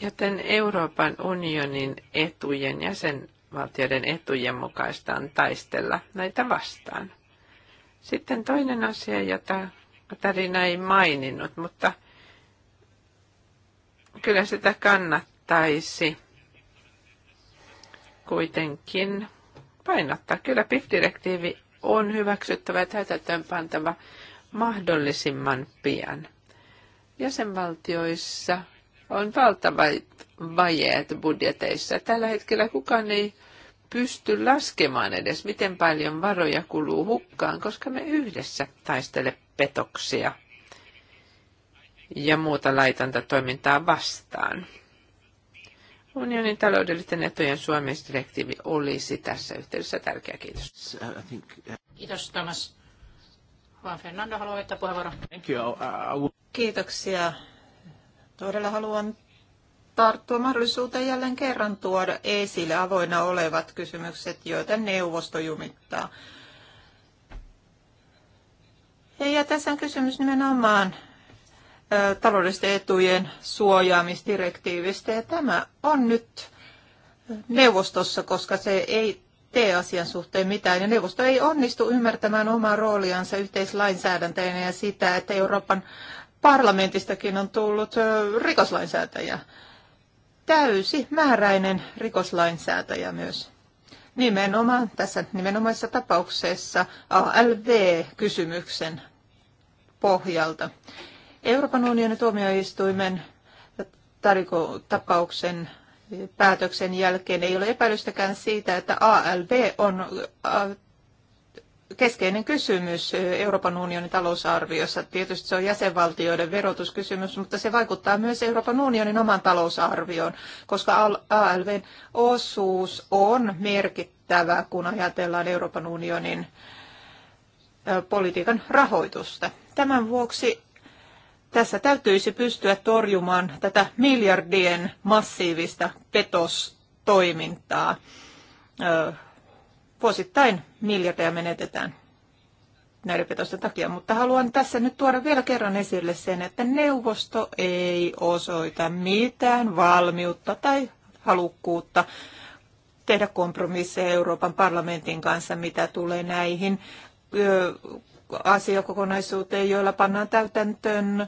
Joten Euroopan unionin etujen jäsenvaltioiden etujen mukaista on taistella näitä vastaan. Sitten toinen asia, jota Katarina ei maininnut, mutta kyllä sitä kannattaisi kuitenkin painottaa. Kyllä PIF-direktiivi on hyväksyttävä ja täytäntöön pantava mahdollisimman pian. Jäsenvaltioissa on valtavat vajeet budjeteissa. Tällä hetkellä kukaan ei pysty laskemaan edes, miten paljon varoja kuluu hukkaan, koska me yhdessä taistele petoksia ja muuta laitonta toimintaa vastaan. Unionin taloudellisten etujen suomisdirektiivi olisi tässä yhteydessä tärkeä. Kiitos. Kiitos Thomas. Juan Fernando haluaa ottaa puheenvuoron. Kiitoksia. Todella haluan tarttua mahdollisuuteen jälleen kerran tuoda esille avoinna olevat kysymykset, joita neuvosto jumittaa. Ja tässä on kysymys nimenomaan taloudellisten etujen suojaamisdirektiivistä. Ja tämä on nyt neuvostossa, koska se ei tee asian suhteen mitään. Ja neuvosto ei onnistu ymmärtämään omaa rooliansa yhteislainsäädäntäjänä ja sitä, että Euroopan parlamentistakin on tullut rikoslainsäätäjä. Täysi määräinen rikoslainsäätäjä myös. Nimenomaan tässä nimenomaisessa tapauksessa ALV-kysymyksen pohjalta. Euroopan unionin tuomioistuimen tapauksen päätöksen jälkeen ei ole epäilystäkään siitä, että ALV on keskeinen kysymys Euroopan unionin talousarviossa. Tietysti se on jäsenvaltioiden verotuskysymys, mutta se vaikuttaa myös Euroopan unionin oman talousarvioon, koska ALVn osuus on merkittävä, kun ajatellaan Euroopan unionin politiikan rahoitusta. Tämän vuoksi tässä täytyisi pystyä torjumaan tätä miljardien massiivista petostoimintaa vuosittain miljardeja menetetään näiden petosten takia, mutta haluan tässä nyt tuoda vielä kerran esille sen, että neuvosto ei osoita mitään valmiutta tai halukkuutta tehdä kompromisseja Euroopan parlamentin kanssa, mitä tulee näihin asiakokonaisuuteen, joilla pannaan täytäntöön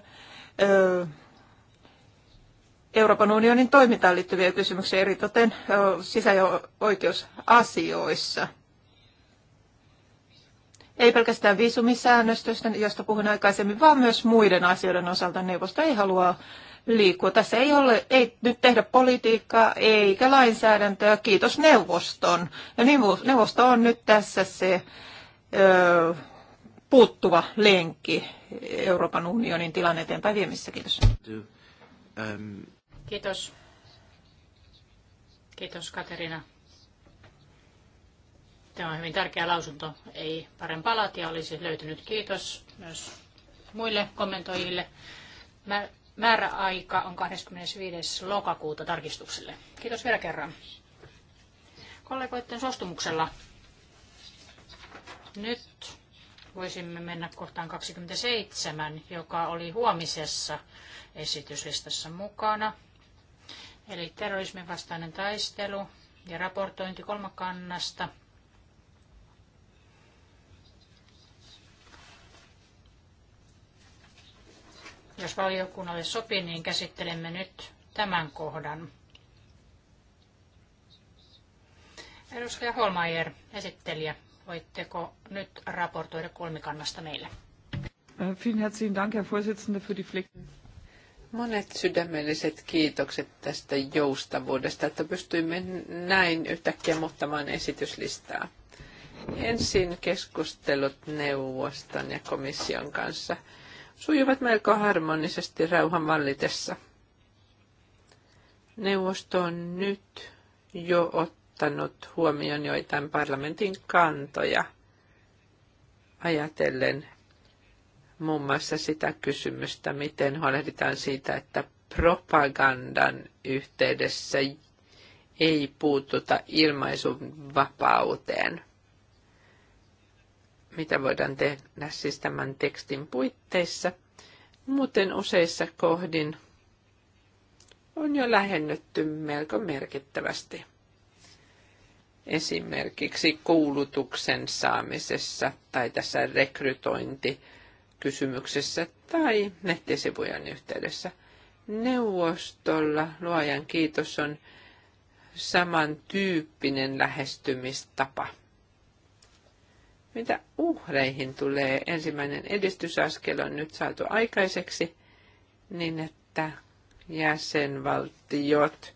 Euroopan unionin toimintaan liittyviä kysymyksiä, eritoten sisä- ja oikeusasioissa ei pelkästään viisumisäännöstöstä, josta puhun aikaisemmin, vaan myös muiden asioiden osalta neuvosto ei halua liikkua. Tässä ei, ole, ei nyt tehdä politiikkaa eikä lainsäädäntöä, kiitos neuvoston. Ja neuvosto on nyt tässä se ö, puuttuva lenkki Euroopan unionin tilanne eteenpäin viemissä. Kiitos. Um, kiitos. Kiitos Katerina. Tämä on hyvin tärkeä lausunto. Ei parempaa laatia olisi löytynyt. Kiitos myös muille kommentoijille. Määräaika on 25. lokakuuta tarkistukselle. Kiitos vielä kerran. Kollegoiden suostumuksella nyt voisimme mennä kohtaan 27, joka oli huomisessa esityslistassa mukana. Eli terrorismin vastainen taistelu ja raportointi kolmakannasta – Jos valiokunnalle sopii, niin käsittelemme nyt tämän kohdan. Edustaja Holmaier, esittelijä, voitteko nyt raportoida kolmikannasta meille? Äh, vielen herzlichen Dank, Herr für die Monet sydämelliset kiitokset tästä joustavuudesta, että pystyimme näin yhtäkkiä muuttamaan esityslistaa. Ensin keskustelut neuvoston ja komission kanssa – sujuvat melko harmonisesti rauhan vallitessa. Neuvosto on nyt jo ottanut huomioon joitain parlamentin kantoja ajatellen muun muassa sitä kysymystä, miten huolehditaan siitä, että propagandan yhteydessä ei puututa ilmaisun vapauteen mitä voidaan tehdä siis tämän tekstin puitteissa. Muuten useissa kohdin on jo lähennytty melko merkittävästi. Esimerkiksi kuulutuksen saamisessa tai tässä rekrytointikysymyksessä tai nettisivujen yhteydessä. Neuvostolla luojan kiitos on samantyyppinen lähestymistapa – mitä uhreihin tulee, ensimmäinen edistysaskel on nyt saatu aikaiseksi niin, että jäsenvaltiot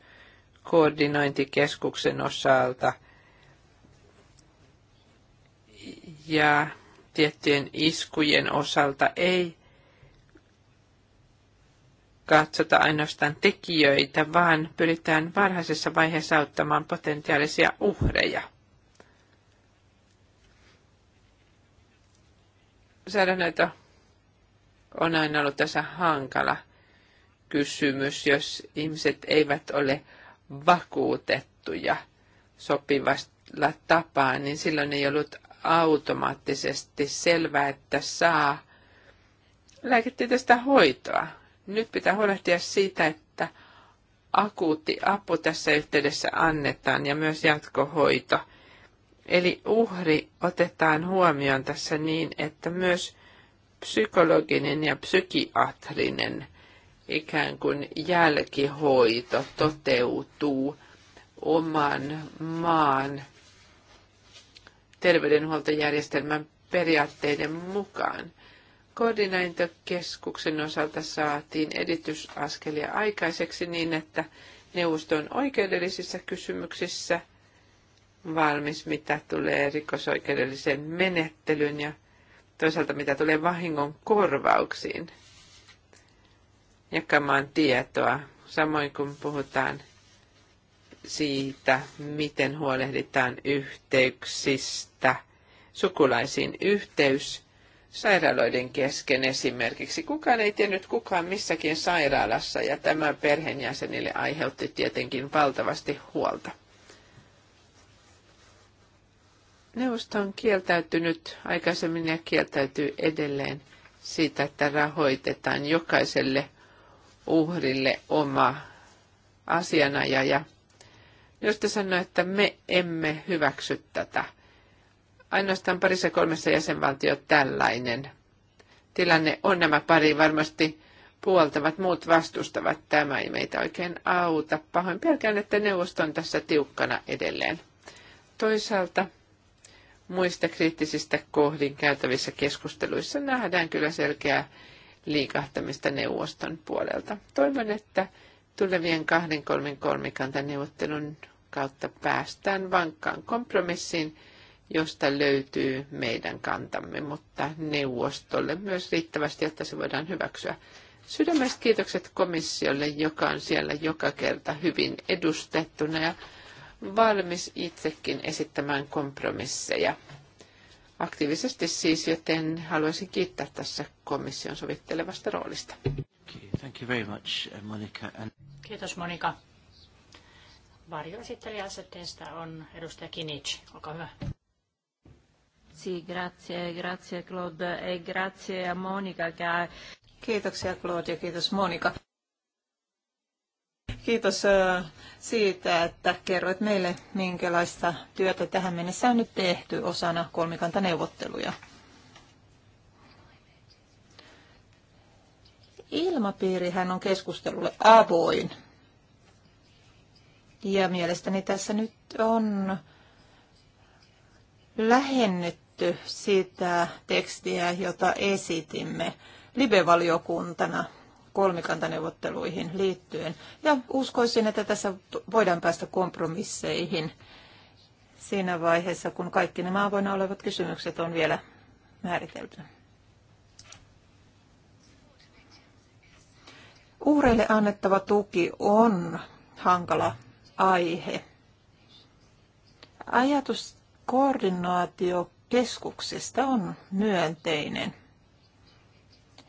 koordinointikeskuksen osalta ja tiettyjen iskujen osalta ei katsota ainoastaan tekijöitä, vaan pyritään varhaisessa vaiheessa auttamaan potentiaalisia uhreja. säädännöitä on aina ollut tässä hankala kysymys, jos ihmiset eivät ole vakuutettuja sopivalla tapaa, niin silloin ei ollut automaattisesti selvää, että saa lääketieteestä hoitoa. Nyt pitää huolehtia siitä, että akuutti apu tässä yhteydessä annetaan ja myös jatkohoito – Eli uhri otetaan huomioon tässä niin, että myös psykologinen ja psykiatrinen ikään kuin jälkihoito toteutuu oman maan terveydenhuoltojärjestelmän periaatteiden mukaan. Koordinointikeskuksen osalta saatiin edistysaskelia aikaiseksi niin, että neuvoston oikeudellisissa kysymyksissä – valmis, mitä tulee rikosoikeudelliseen menettelyyn ja toisaalta mitä tulee vahingon korvauksiin jakamaan tietoa, samoin kun puhutaan siitä, miten huolehditaan yhteyksistä, sukulaisiin yhteys sairaaloiden kesken esimerkiksi. Kukaan ei tiennyt kukaan missäkin sairaalassa ja tämä perheenjäsenille aiheutti tietenkin valtavasti huolta. Neuvosto on kieltäytynyt aikaisemmin ja kieltäytyy edelleen siitä, että rahoitetaan jokaiselle uhrille oma asianajaja. Neuvosto sanoi, sanoo, että me emme hyväksy tätä, ainoastaan parissa kolmessa jäsenvaltio tällainen tilanne on. Nämä pari varmasti puoltavat, muut vastustavat. Tämä ei meitä oikein auta. Pahoin pelkään, että neuvosto on tässä tiukkana edelleen. Toisaalta muista kriittisistä kohdin käytävissä keskusteluissa nähdään kyllä selkeää liikahtamista neuvoston puolelta. Toivon, että tulevien kahden kolmen kolmikantaneuvottelun kautta päästään vankkaan kompromissiin, josta löytyy meidän kantamme, mutta neuvostolle myös riittävästi, jotta se voidaan hyväksyä. Sydämestä kiitokset komissiolle, joka on siellä joka kerta hyvin edustettuna ja valmis itsekin esittämään kompromisseja. Aktiivisesti siis, joten haluaisin kiittää tässä komission sovittelevasta roolista. Thank you very much, uh, Monica. Kiitos Monika. Varjoesittelijä STstä on edustaja Kinic. Olkaa hyvä. Sì, grazie, grazie Claude e grazie a Monica che Kiitoksia Claude ja kiitos Monika. Kiitos siitä, että kerroit meille, minkälaista työtä tähän mennessä on nyt tehty osana kolmikantaneuvotteluja. Ilmapiirihän on keskustelulle avoin. Ja mielestäni tässä nyt on lähennytty sitä tekstiä, jota esitimme live-valiokuntana kolmikantaneuvotteluihin liittyen. Ja uskoisin, että tässä voidaan päästä kompromisseihin siinä vaiheessa, kun kaikki nämä avoinna olevat kysymykset on vielä määritelty. Uhreille annettava tuki on hankala aihe. Ajatus koordinaatiokeskuksesta on myönteinen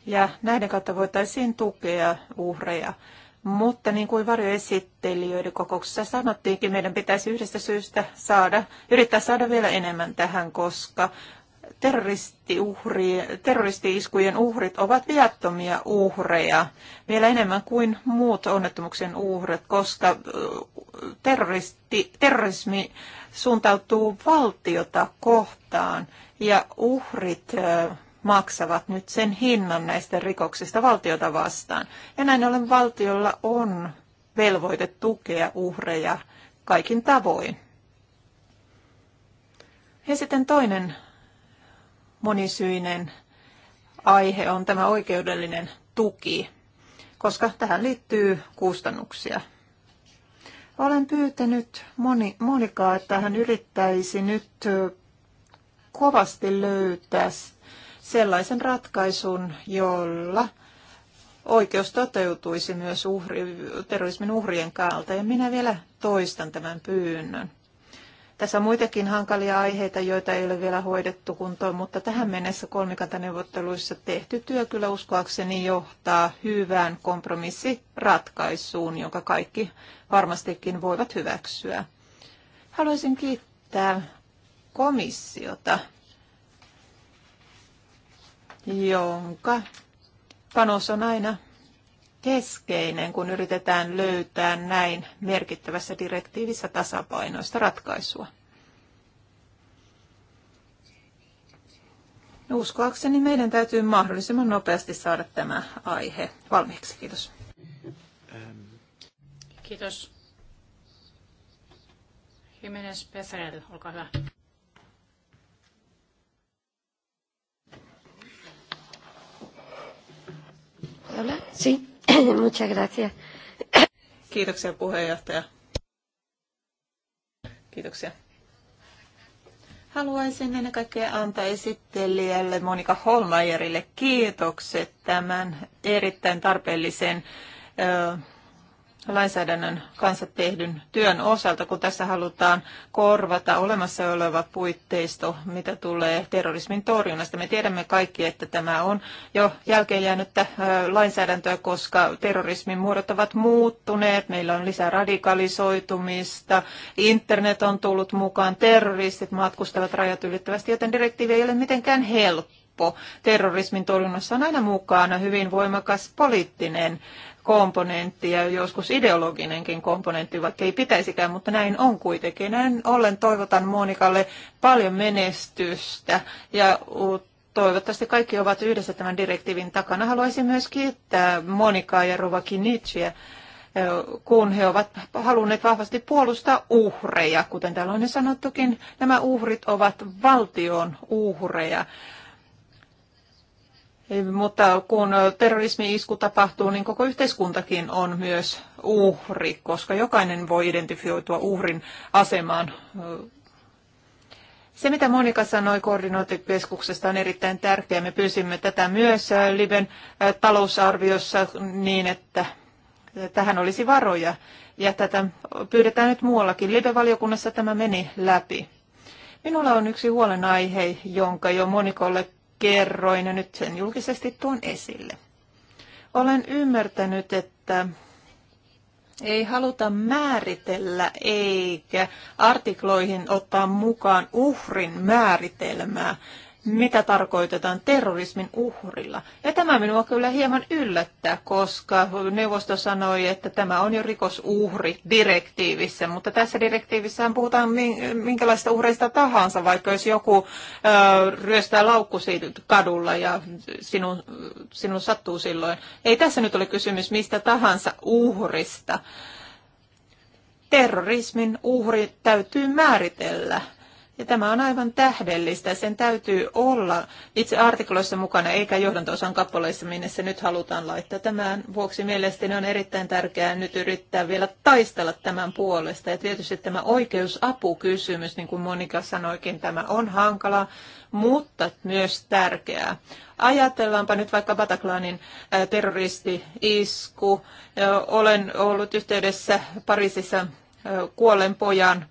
ja näiden kautta voitaisiin tukea uhreja. Mutta niin kuin varjoesittelijöiden kokouksessa sanottiinkin, meidän pitäisi yhdestä syystä saada, yrittää saada vielä enemmän tähän, koska terroristi-iskujen uhrit ovat viattomia uhreja, vielä enemmän kuin muut onnettomuuksien uhret, koska terroristi, terrorismi suuntautuu valtiota kohtaan ja uhrit maksavat nyt sen hinnan näistä rikoksista valtiota vastaan. Ja näin ollen valtiolla on velvoite tukea uhreja kaikin tavoin. Ja sitten toinen monisyinen aihe on tämä oikeudellinen tuki, koska tähän liittyy kustannuksia. Olen pyytänyt Moni, Monikaa, että hän yrittäisi nyt kovasti löytää sellaisen ratkaisun, jolla oikeus toteutuisi myös uhri, terrorismin uhrien kaalta. Ja minä vielä toistan tämän pyynnön. Tässä on muitakin hankalia aiheita, joita ei ole vielä hoidettu kuntoon, mutta tähän mennessä kolmikantaneuvotteluissa tehty työ kyllä uskoakseni johtaa hyvään kompromissiratkaisuun, jonka kaikki varmastikin voivat hyväksyä. Haluaisin kiittää komissiota jonka panos on aina keskeinen, kun yritetään löytää näin merkittävässä direktiivissä tasapainoista ratkaisua. Uskoakseni meidän täytyy mahdollisimman nopeasti saada tämä aihe valmiiksi. Kiitos. Ähm. Kiitos. Jimenez Pesarel, olkaa hyvä. Hola. Sí. Muchas gracias. Kiitoksia puheenjohtaja. Kiitoksia. Haluaisin ennen kaikkea antaa esittelijälle Monika Holmajerille kiitokset tämän erittäin tarpeellisen ö, lainsäädännön kanssa tehdyn työn osalta, kun tässä halutaan korvata olemassa oleva puitteisto, mitä tulee terrorismin torjunnasta. Me tiedämme kaikki, että tämä on jo jälkeen jäänyttä lainsäädäntöä, koska terrorismin muodot ovat muuttuneet, meillä on lisää radikalisoitumista, internet on tullut mukaan, terroristit matkustavat rajat ylittävästi, joten direktiivi ei ole mitenkään helppo helppo. Terrorismin torjunnassa on aina mukana hyvin voimakas poliittinen komponentti ja joskus ideologinenkin komponentti, vaikka ei pitäisikään, mutta näin on kuitenkin. Näin ollen toivotan Monikalle paljon menestystä ja toivottavasti kaikki ovat yhdessä tämän direktiivin takana. Haluaisin myös kiittää Monikaa ja Rova kun he ovat halunneet vahvasti puolustaa uhreja. Kuten täällä on jo sanottukin, nämä uhrit ovat valtion uhreja. Mutta kun terrorismi-isku tapahtuu, niin koko yhteiskuntakin on myös uhri, koska jokainen voi identifioitua uhrin asemaan. Se, mitä Monika sanoi koordinointikeskuksesta, on erittäin tärkeää. Me pyysimme tätä myös äh, Liben äh, talousarviossa niin, että tähän olisi varoja. Ja tätä pyydetään nyt muuallakin. Libe-valiokunnassa tämä meni läpi. Minulla on yksi huolenaihe, jonka jo monikolle kerroin ja nyt sen julkisesti tuon esille. Olen ymmärtänyt, että ei haluta määritellä eikä artikloihin ottaa mukaan uhrin määritelmää mitä tarkoitetaan terrorismin uhrilla. Ja tämä minua kyllä hieman yllättää, koska neuvosto sanoi, että tämä on jo rikosuhri direktiivissä, mutta tässä direktiivissähän puhutaan minkälaista uhreista tahansa, vaikka jos joku ö, ryöstää laukku kadulla ja sinun, sinun sattuu silloin. Ei tässä nyt ole kysymys mistä tahansa uhrista terrorismin uhri täytyy määritellä. Ja tämä on aivan tähdellistä. Sen täytyy olla itse artikloissa mukana, eikä johdanto-osan kappaleissa, minne se nyt halutaan laittaa. Tämän vuoksi mielestäni on erittäin tärkeää nyt yrittää vielä taistella tämän puolesta. Ja tietysti tämä oikeusapukysymys, niin kuin Monika sanoikin, tämä on hankala, mutta myös tärkeää. Ajatellaanpa nyt vaikka Bataclanin terroristi-isku. Olen ollut yhteydessä Pariisissa kuolen pojan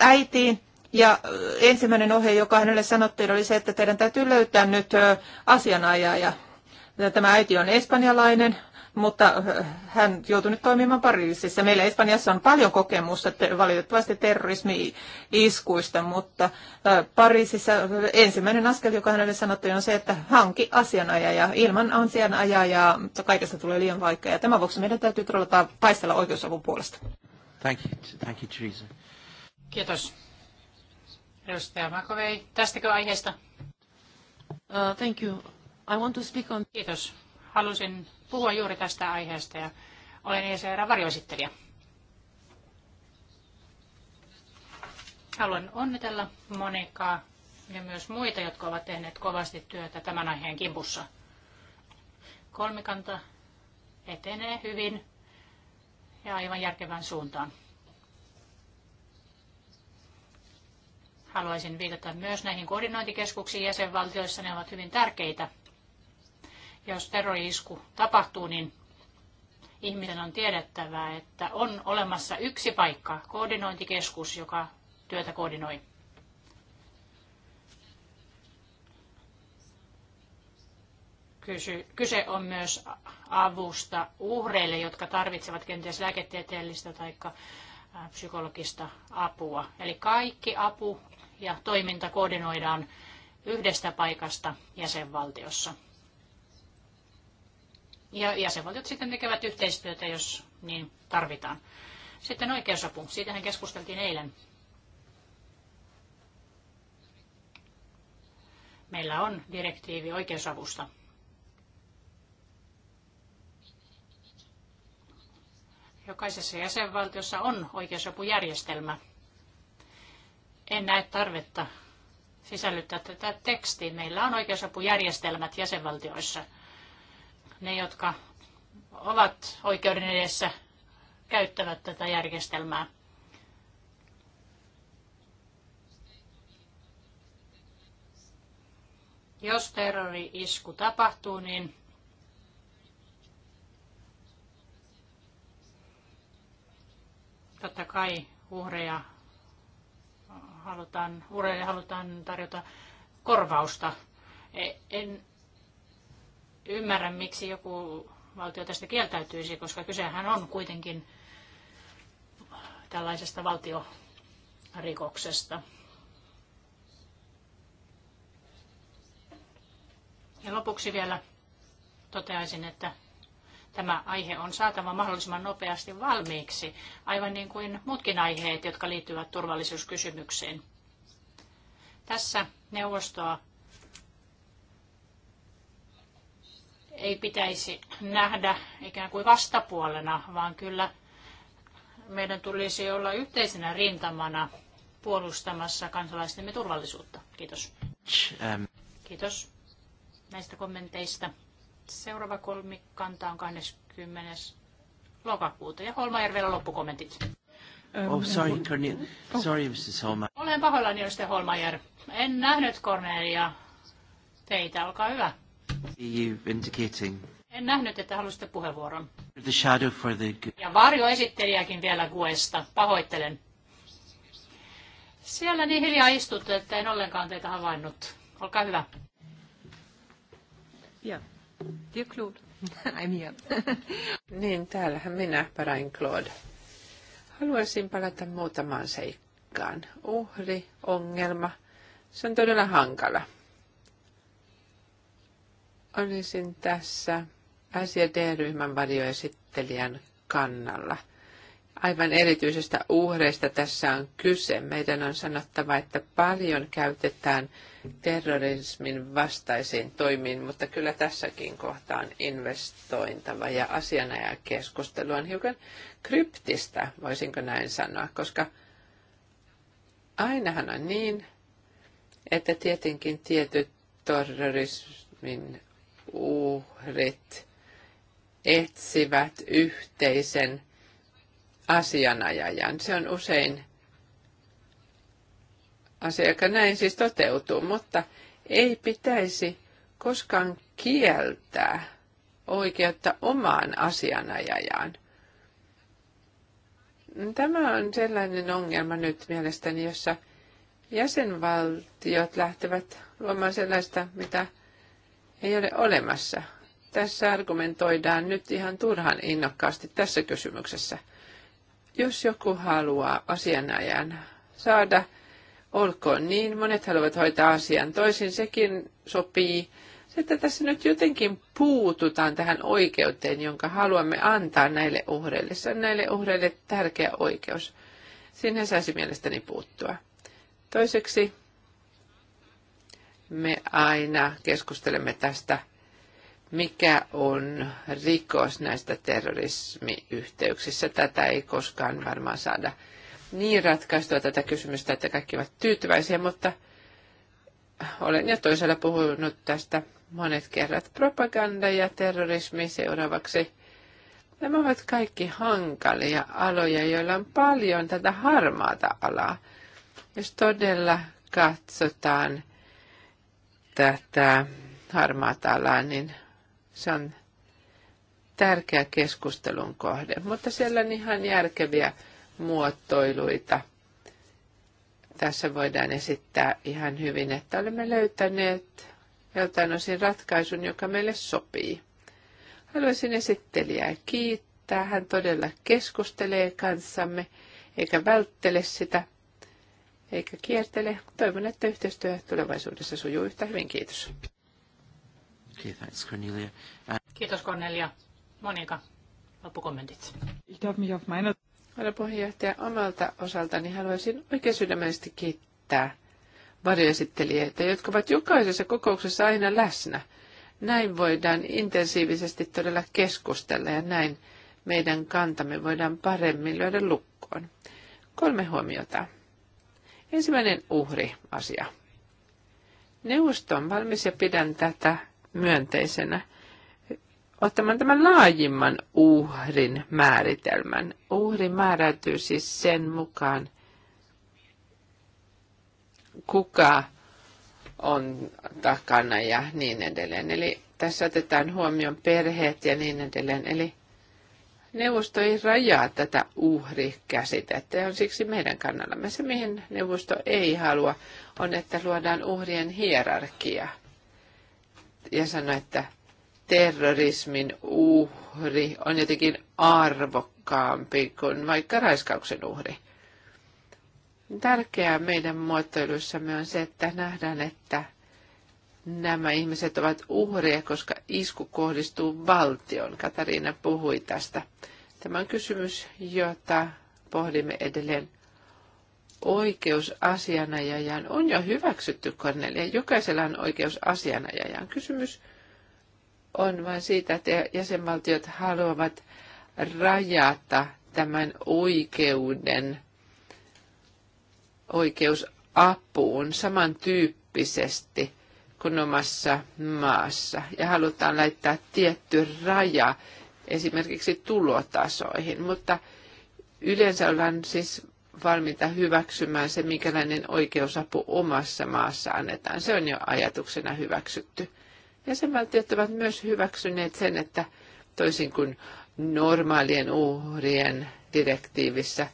äitiin. Ja ensimmäinen ohje, joka hänelle sanottiin, oli se, että teidän täytyy löytää nyt asianajaja. Tämä äiti on espanjalainen, mutta hän joutui nyt toimimaan Pariisissa. Meillä Espanjassa on paljon kokemusta valitettavasti terrorismi-iskuista, mutta Pariisissa ensimmäinen askel, joka hänelle sanottiin, on se, että hanki asianajaja. Ilman asianajajaa kaikesta tulee liian vaikeaa. Tämän vuoksi meidän täytyy todella taistella oikeusavun puolesta. Thank you, thank you Teresa. Kiitos. Edustaja Makovei, tästäkö aiheesta? Uh, thank you. I want to speak on... Kiitos. Halusin puhua juuri tästä aiheesta ja olen esr varjoesittelijä. Haluan onnitella Monikaa ja myös muita, jotka ovat tehneet kovasti työtä tämän aiheen kimpussa. Kolmikanta etenee hyvin ja aivan järkevään suuntaan. Haluaisin viitata myös näihin koordinointikeskuksiin jäsenvaltioissa. Ne ovat hyvin tärkeitä. Jos terrori-isku tapahtuu, niin ihmisen on tiedettävää, että on olemassa yksi paikka, koordinointikeskus, joka työtä koordinoi. kyse on myös avusta uhreille, jotka tarvitsevat kenties lääketieteellistä tai psykologista apua. Eli kaikki apu ja toiminta koordinoidaan yhdestä paikasta jäsenvaltiossa. Ja jäsenvaltiot sitten tekevät yhteistyötä, jos niin tarvitaan. Sitten oikeusapu. Siitähän keskusteltiin eilen. Meillä on direktiivi oikeusavusta. Jokaisessa jäsenvaltiossa on oikeusapujärjestelmä en näe tarvetta sisällyttää tätä tekstiin. Meillä on oikeusapujärjestelmät jäsenvaltioissa. Ne, jotka ovat oikeuden edessä, käyttävät tätä järjestelmää. Jos terrori-isku tapahtuu, niin totta kai uhreja halutaan, urheilijalle halutaan tarjota korvausta. E, en ymmärrä, miksi joku valtio tästä kieltäytyisi, koska kysehän on kuitenkin tällaisesta valtiorikoksesta. Ja lopuksi vielä toteaisin, että Tämä aihe on saatava mahdollisimman nopeasti valmiiksi, aivan niin kuin muutkin aiheet, jotka liittyvät turvallisuuskysymyksiin. Tässä neuvostoa ei pitäisi nähdä ikään kuin vastapuolena, vaan kyllä meidän tulisi olla yhteisenä rintamana puolustamassa kansalaistemme turvallisuutta. Kiitos. Ähm. Kiitos näistä kommenteista. Seuraava kolmikanta on 20. lokakuuta. Ja Holmajärvellä loppukommentit. Oh, sorry, no. Cornel. Oh. Sorry, Mrs. Holma. Olen pahoillani, te Holmajär. En nähnyt Cornelia. Teitä, olkaa hyvä. indicating. En nähnyt, että halusitte puheenvuoron. The shadow for the... Ja varjo esittelijäkin vielä Guesta. Pahoittelen. Siellä niin hiljaa istutte, että en ollenkaan teitä havainnut. Olkaa hyvä. Yeah. Dear Claude, I'm here. niin, täällähän minä, parain Claude. Haluaisin palata muutamaan seikkaan. Uhri, ongelma, se on todella hankala. Olisin tässä d ryhmän varjoesittelijän kannalla – aivan erityisestä uhreista tässä on kyse. Meidän on sanottava, että paljon käytetään terrorismin vastaisiin toimiin, mutta kyllä tässäkin kohtaan investointava ja asianajakeskustelu on hiukan kryptistä, voisinko näin sanoa, koska ainahan on niin, että tietenkin tietyt terrorismin uhrit etsivät yhteisen – asianajajan. Se on usein asia, joka näin siis toteutuu, mutta ei pitäisi koskaan kieltää oikeutta omaan asianajajaan. Tämä on sellainen ongelma nyt mielestäni, jossa jäsenvaltiot lähtevät luomaan sellaista, mitä ei ole olemassa. Tässä argumentoidaan nyt ihan turhan innokkaasti tässä kysymyksessä – jos joku haluaa asianajan saada, olkoon niin. Monet haluavat hoitaa asian toisin, sekin sopii. Se, että tässä nyt jotenkin puututaan tähän oikeuteen, jonka haluamme antaa näille uhreille. Se on näille uhreille tärkeä oikeus. Sinne saisi mielestäni puuttua. Toiseksi me aina keskustelemme tästä mikä on rikos näistä terrorismiyhteyksissä. Tätä ei koskaan varmaan saada niin ratkaistua tätä kysymystä, että kaikki ovat tyytyväisiä, mutta olen jo toisella puhunut tästä monet kerrat. Propaganda ja terrorismi seuraavaksi. Nämä ovat kaikki hankalia aloja, joilla on paljon tätä harmaata alaa. Jos todella katsotaan tätä harmaata alaa, niin se on tärkeä keskustelun kohde, mutta siellä on ihan järkeviä muotoiluita. Tässä voidaan esittää ihan hyvin, että olemme löytäneet joltain osin ratkaisun, joka meille sopii. Haluaisin esittelijää kiittää. Hän todella keskustelee kanssamme, eikä välttele sitä, eikä kiertele. Toivon, että yhteistyö tulevaisuudessa sujuu yhtä hyvin. Kiitos. Okay, thanks Cornelia. Kiitos Cornelia. Monika, loppukommentit. Herra puheenjohtaja, omalta osaltani haluaisin oikein sydämellisesti kiittää varjoesittelijöitä, jotka ovat jokaisessa kokouksessa aina läsnä. Näin voidaan intensiivisesti todella keskustella ja näin meidän kantamme voidaan paremmin lyödä lukkoon. Kolme huomiota. Ensimmäinen uhri-asia. Neuvosto on valmis ja pidän tätä myönteisenä ottamaan tämän laajimman uhrin määritelmän. Uhri määräytyy siis sen mukaan, kuka on takana ja niin edelleen. Eli tässä otetaan huomioon perheet ja niin edelleen. Eli neuvosto ei rajaa tätä uhrikäsitettä ja on siksi meidän kannallamme. Se, mihin neuvosto ei halua, on, että luodaan uhrien hierarkia – ja sanoi, että terrorismin uhri on jotenkin arvokkaampi kuin vaikka raiskauksen uhri. Tärkeää meidän muotoilussamme on se, että nähdään, että nämä ihmiset ovat uhreja, koska isku kohdistuu valtioon. Katariina puhui tästä. Tämä on kysymys, jota pohdimme edelleen oikeusasianajajan on jo hyväksytty, Kornelia. Jokaisella on oikeusasianajajan. Kysymys on vain siitä, että jäsenvaltiot haluavat rajata tämän oikeuden oikeusapuun samantyyppisesti kuin omassa maassa. Ja halutaan laittaa tietty raja esimerkiksi tulotasoihin, mutta yleensä ollaan siis valmiita hyväksymään se, minkälainen oikeusapu omassa maassa annetaan. Se on jo ajatuksena hyväksytty. Jäsenvaltiot ovat myös hyväksyneet sen, että toisin kuin normaalien uhrien direktiivissä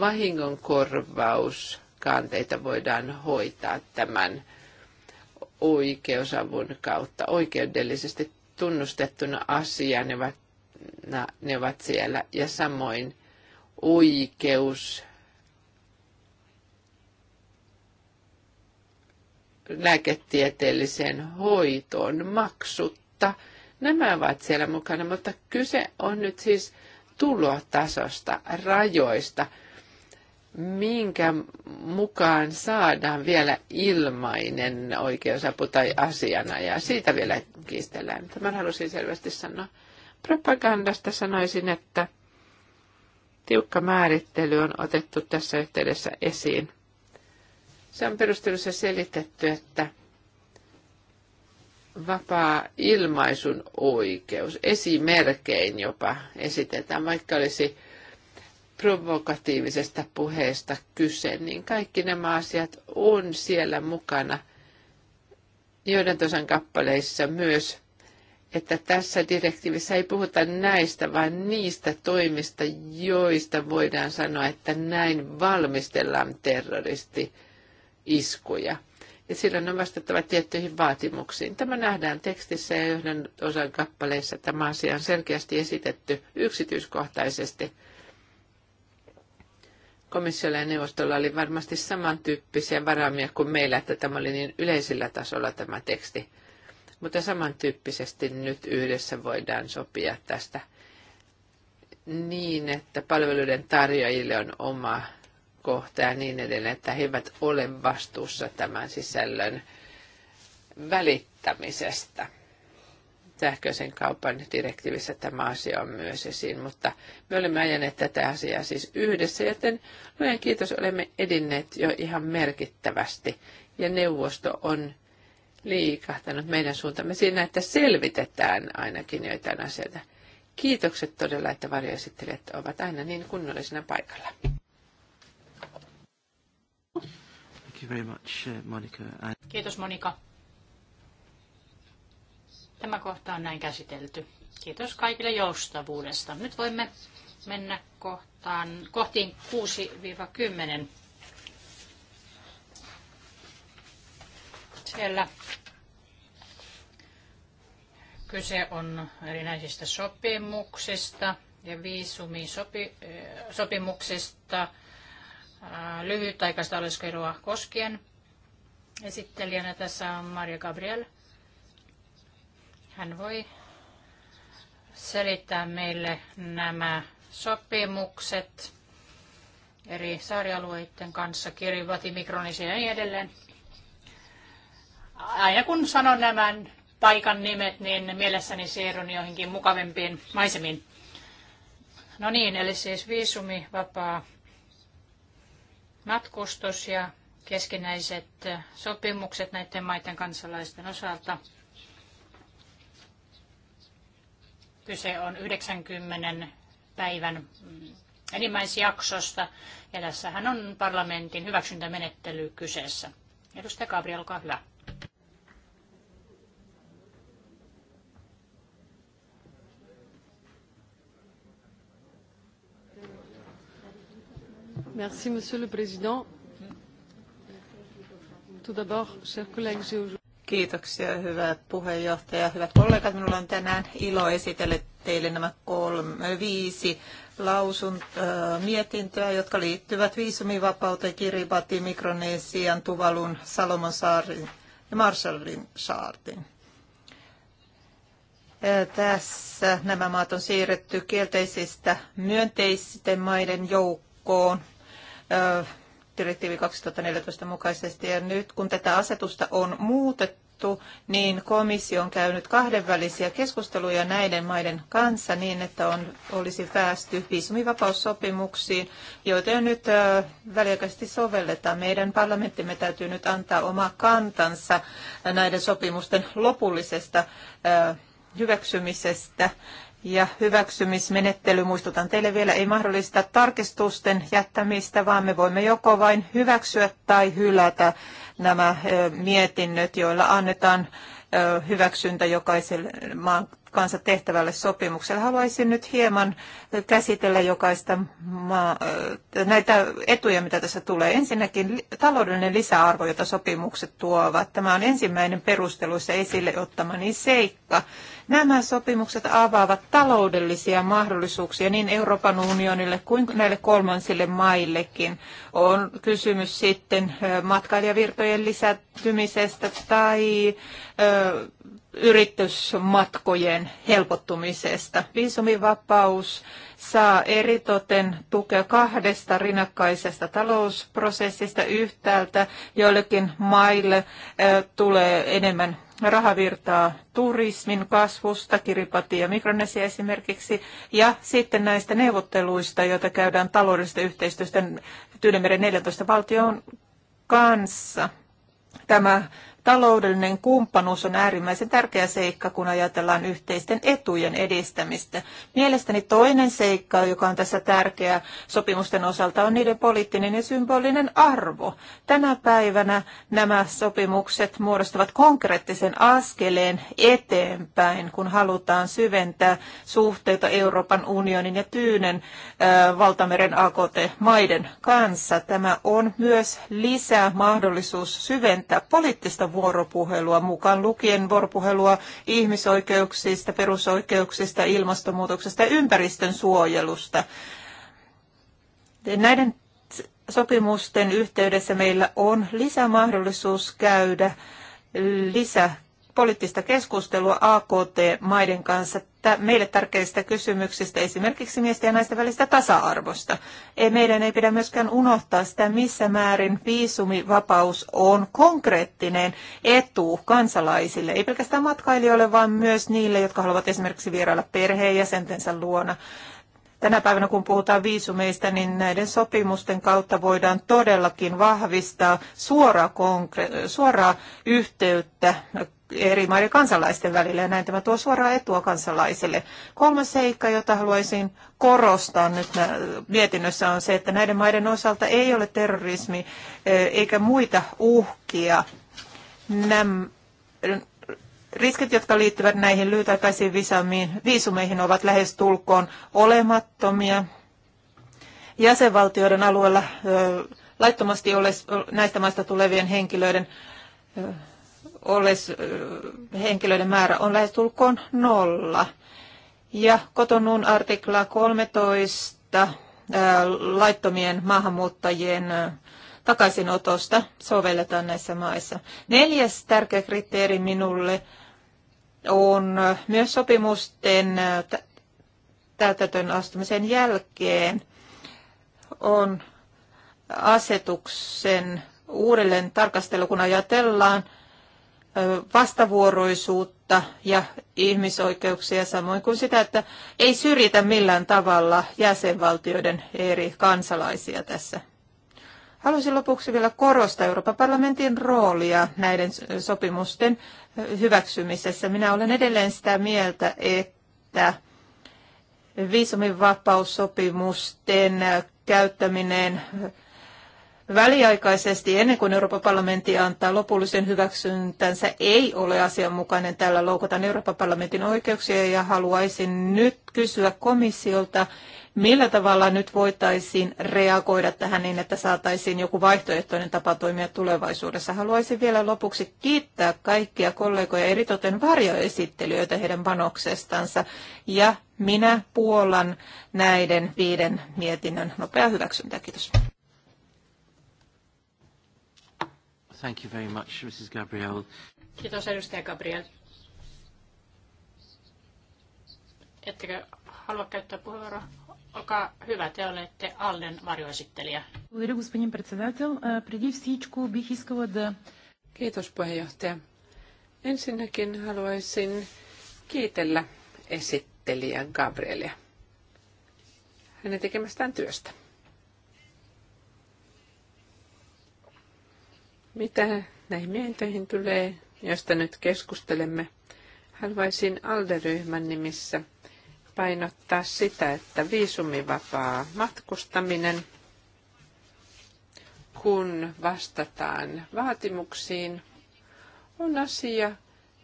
vahingonkorvauskanteita voidaan hoitaa tämän oikeusavun kautta oikeudellisesti tunnustettuna asia, Ne ovat, ne ovat siellä ja samoin oikeus lääketieteelliseen hoitoon maksutta. Nämä ovat siellä mukana, mutta kyse on nyt siis tulotasosta, rajoista, minkä mukaan saadaan vielä ilmainen oikeusapu tai asiana, ja siitä vielä kiistellään. Tämän halusin selvästi sanoa. Propagandasta sanoisin, että tiukka määrittely on otettu tässä yhteydessä esiin. Se on perustelussa selitetty, että vapaa ilmaisun oikeus, esimerkein jopa esitetään, vaikka olisi provokatiivisesta puheesta kyse, niin kaikki nämä asiat on siellä mukana joiden tosan kappaleissa myös, että tässä direktiivissä ei puhuta näistä, vaan niistä toimista, joista voidaan sanoa, että näin valmistellaan terroristi iskuja. Ja silloin on vastattava tiettyihin vaatimuksiin. Tämä nähdään tekstissä ja yhden osan kappaleissa tämä asia on selkeästi esitetty yksityiskohtaisesti. Komissiolla ja neuvostolla oli varmasti samantyyppisiä varaamia kuin meillä, että tämä oli niin yleisellä tasolla tämä teksti. Mutta samantyyppisesti nyt yhdessä voidaan sopia tästä niin, että palveluiden tarjoajille on oma kohta ja niin edelleen, että he eivät ole vastuussa tämän sisällön välittämisestä. Sähköisen kaupan direktiivissä tämä asia on myös esiin, mutta me olemme ajaneet tätä asiaa siis yhdessä, joten luojan kiitos olemme edinneet jo ihan merkittävästi ja neuvosto on liikahtanut meidän suuntamme siinä, että selvitetään ainakin joitain asioita. Kiitokset todella, että varjoesittelijät ovat aina niin kunnollisena paikalla. you very much, uh, Monica. Kiitos Monika. Tämä kohta on näin käsitelty. Kiitos kaikille joustavuudesta. Nyt voimme mennä kohtaan, kohtiin 6-10. Siellä kyse on erinäisistä sopimuksista ja viisumisopimuksista. Eh, Sopi, Äh, lyhytaikaista oleskelua koskien. Esittelijänä tässä on Maria Gabriel. Hän voi selittää meille nämä sopimukset eri saarialueiden kanssa, Kiribati, Mikronisia ja niin edelleen. Aina kun sanon nämä paikan nimet, niin mielessäni siirryn johonkin mukavempiin maisemiin. No niin, eli siis vapaa matkustus ja keskinäiset sopimukset näiden maiden kansalaisten osalta. Kyse on 90 päivän enimmäisjaksosta ja tässähän on parlamentin hyväksyntämenettely kyseessä. Edustaja Gabriel, olkaa hyvä. Merci, Monsieur le Président. Tout d'abord, chers collègues, j'ai aujourd'hui... Kiitoksia, hyvä puheenjohtaja. Hyvät kollegat, minulla on tänään ilo esitellä teille nämä kolme, viisi lausunt, äh, mietintöä, jotka liittyvät viisumivapauteen Kiribati, Mikronesian, Tuvalun, Salomon ja Marshallin saartin. Tässä nämä maat on siirretty kielteisistä myönteisten maiden joukkoon direktiivi 2014 mukaisesti. Ja nyt kun tätä asetusta on muutettu, niin komissio on käynyt kahdenvälisiä keskusteluja näiden maiden kanssa niin, että on, olisi päästy viisumivapaussopimuksiin, joita jo nyt ö, väliaikaisesti sovelletaan. Meidän parlamenttimme täytyy nyt antaa oma kantansa näiden sopimusten lopullisesta ö, hyväksymisestä ja hyväksymismenettely, muistutan teille vielä, ei mahdollista tarkistusten jättämistä, vaan me voimme joko vain hyväksyä tai hylätä nämä mietinnöt, joilla annetaan hyväksyntä jokaiselle maan kanssa tehtävälle sopimukselle. Haluaisin nyt hieman käsitellä jokaista maa, näitä etuja, mitä tässä tulee. Ensinnäkin taloudellinen lisäarvo, jota sopimukset tuovat. Tämä on ensimmäinen perusteluissa esille ottamani seikka. Nämä sopimukset avaavat taloudellisia mahdollisuuksia niin Euroopan unionille kuin näille kolmansille maillekin. On kysymys sitten matkailijavirtojen lisääntymisestä tai ö, yritysmatkojen helpottumisesta. Viisumivapaus saa eritoten tukea kahdesta rinnakkaisesta talousprosessista yhtäältä. Joillekin maille tulee enemmän rahavirtaa turismin kasvusta, Kiripati ja Mikronesia esimerkiksi, ja sitten näistä neuvotteluista, joita käydään taloudellisesta yhteistyöstä Tyynemeren 14 valtion kanssa. Tämä Taloudellinen kumppanuus on äärimmäisen tärkeä seikka, kun ajatellaan yhteisten etujen edistämistä. Mielestäni toinen seikka, joka on tässä tärkeä sopimusten osalta, on niiden poliittinen ja symbolinen arvo. Tänä päivänä nämä sopimukset muodostavat konkreettisen askeleen eteenpäin, kun halutaan syventää suhteita Euroopan unionin ja Tyynen äh, valtameren AKT-maiden kanssa. Tämä on myös lisää mahdollisuus syventää poliittista vuoropuhelua, mukaan lukien vuoropuhelua ihmisoikeuksista, perusoikeuksista, ilmastonmuutoksesta ja ympäristön suojelusta. Näiden sopimusten yhteydessä meillä on lisämahdollisuus käydä lisä poliittista keskustelua AKT-maiden kanssa meille tärkeistä kysymyksistä, esimerkiksi miesten ja naisten välistä tasa-arvosta. Ei, meidän ei pidä myöskään unohtaa sitä, missä määrin viisumivapaus on konkreettinen etu kansalaisille, ei pelkästään matkailijoille, vaan myös niille, jotka haluavat esimerkiksi vierailla perheenjäsentensä luona. Tänä päivänä, kun puhutaan viisumeista, niin näiden sopimusten kautta voidaan todellakin vahvistaa suoraa, konkre- suoraa yhteyttä eri maiden kansalaisten välillä ja näin tämä tuo suoraa etua kansalaisille. Kolmas seikka, jota haluaisin korostaa nyt mietinnössä on se, että näiden maiden osalta ei ole terrorismi e, eikä muita uhkia. Nämä riskit, jotka liittyvät näihin lyhytaikaisiin viisumeihin, ovat lähes tulkoon olemattomia. Jäsenvaltioiden alueella laittomasti näistä maista tulevien henkilöiden olles henkilöiden määrä on lähestulkoon nolla. Ja kotonun artikla 13 laittomien maahanmuuttajien takaisinotosta sovelletaan näissä maissa. Neljäs tärkeä kriteeri minulle on myös sopimusten täytetön astumisen jälkeen on asetuksen uudelleen tarkastelu, kun ajatellaan vastavuoroisuutta ja ihmisoikeuksia, samoin kuin sitä, että ei syrjitä millään tavalla jäsenvaltioiden eri kansalaisia tässä. Haluaisin lopuksi vielä korostaa Euroopan parlamentin roolia näiden sopimusten hyväksymisessä. Minä olen edelleen sitä mieltä, että viisumivapaussopimusten käyttäminen väliaikaisesti ennen kuin Euroopan parlamentti antaa lopullisen hyväksyntänsä ei ole asianmukainen. Tällä loukataan Euroopan parlamentin oikeuksia ja haluaisin nyt kysyä komissiolta, millä tavalla nyt voitaisiin reagoida tähän niin, että saataisiin joku vaihtoehtoinen tapa toimia tulevaisuudessa. Haluaisin vielä lopuksi kiittää kaikkia kollegoja eritoten varjoesittelijöitä heidän panoksestansa ja minä puolan näiden viiden mietinnön nopea hyväksyntää. Kiitos. Thank you very much, Mrs. Gabriel. Kiitos edustaja Gabriel. Ettekö halua käyttää puheenvuoroa? Olkaa hyvä, te olette Alden varjoesittelijä. Kiitos puheenjohtaja. Ensinnäkin haluaisin kiitellä esittelijän Gabrielia hänen tekemästään työstä. Mitä näihin mietintöihin tulee, josta nyt keskustelemme, haluaisin Alderyhmän nimissä painottaa sitä, että viisumivapaa matkustaminen, kun vastataan vaatimuksiin, on asia,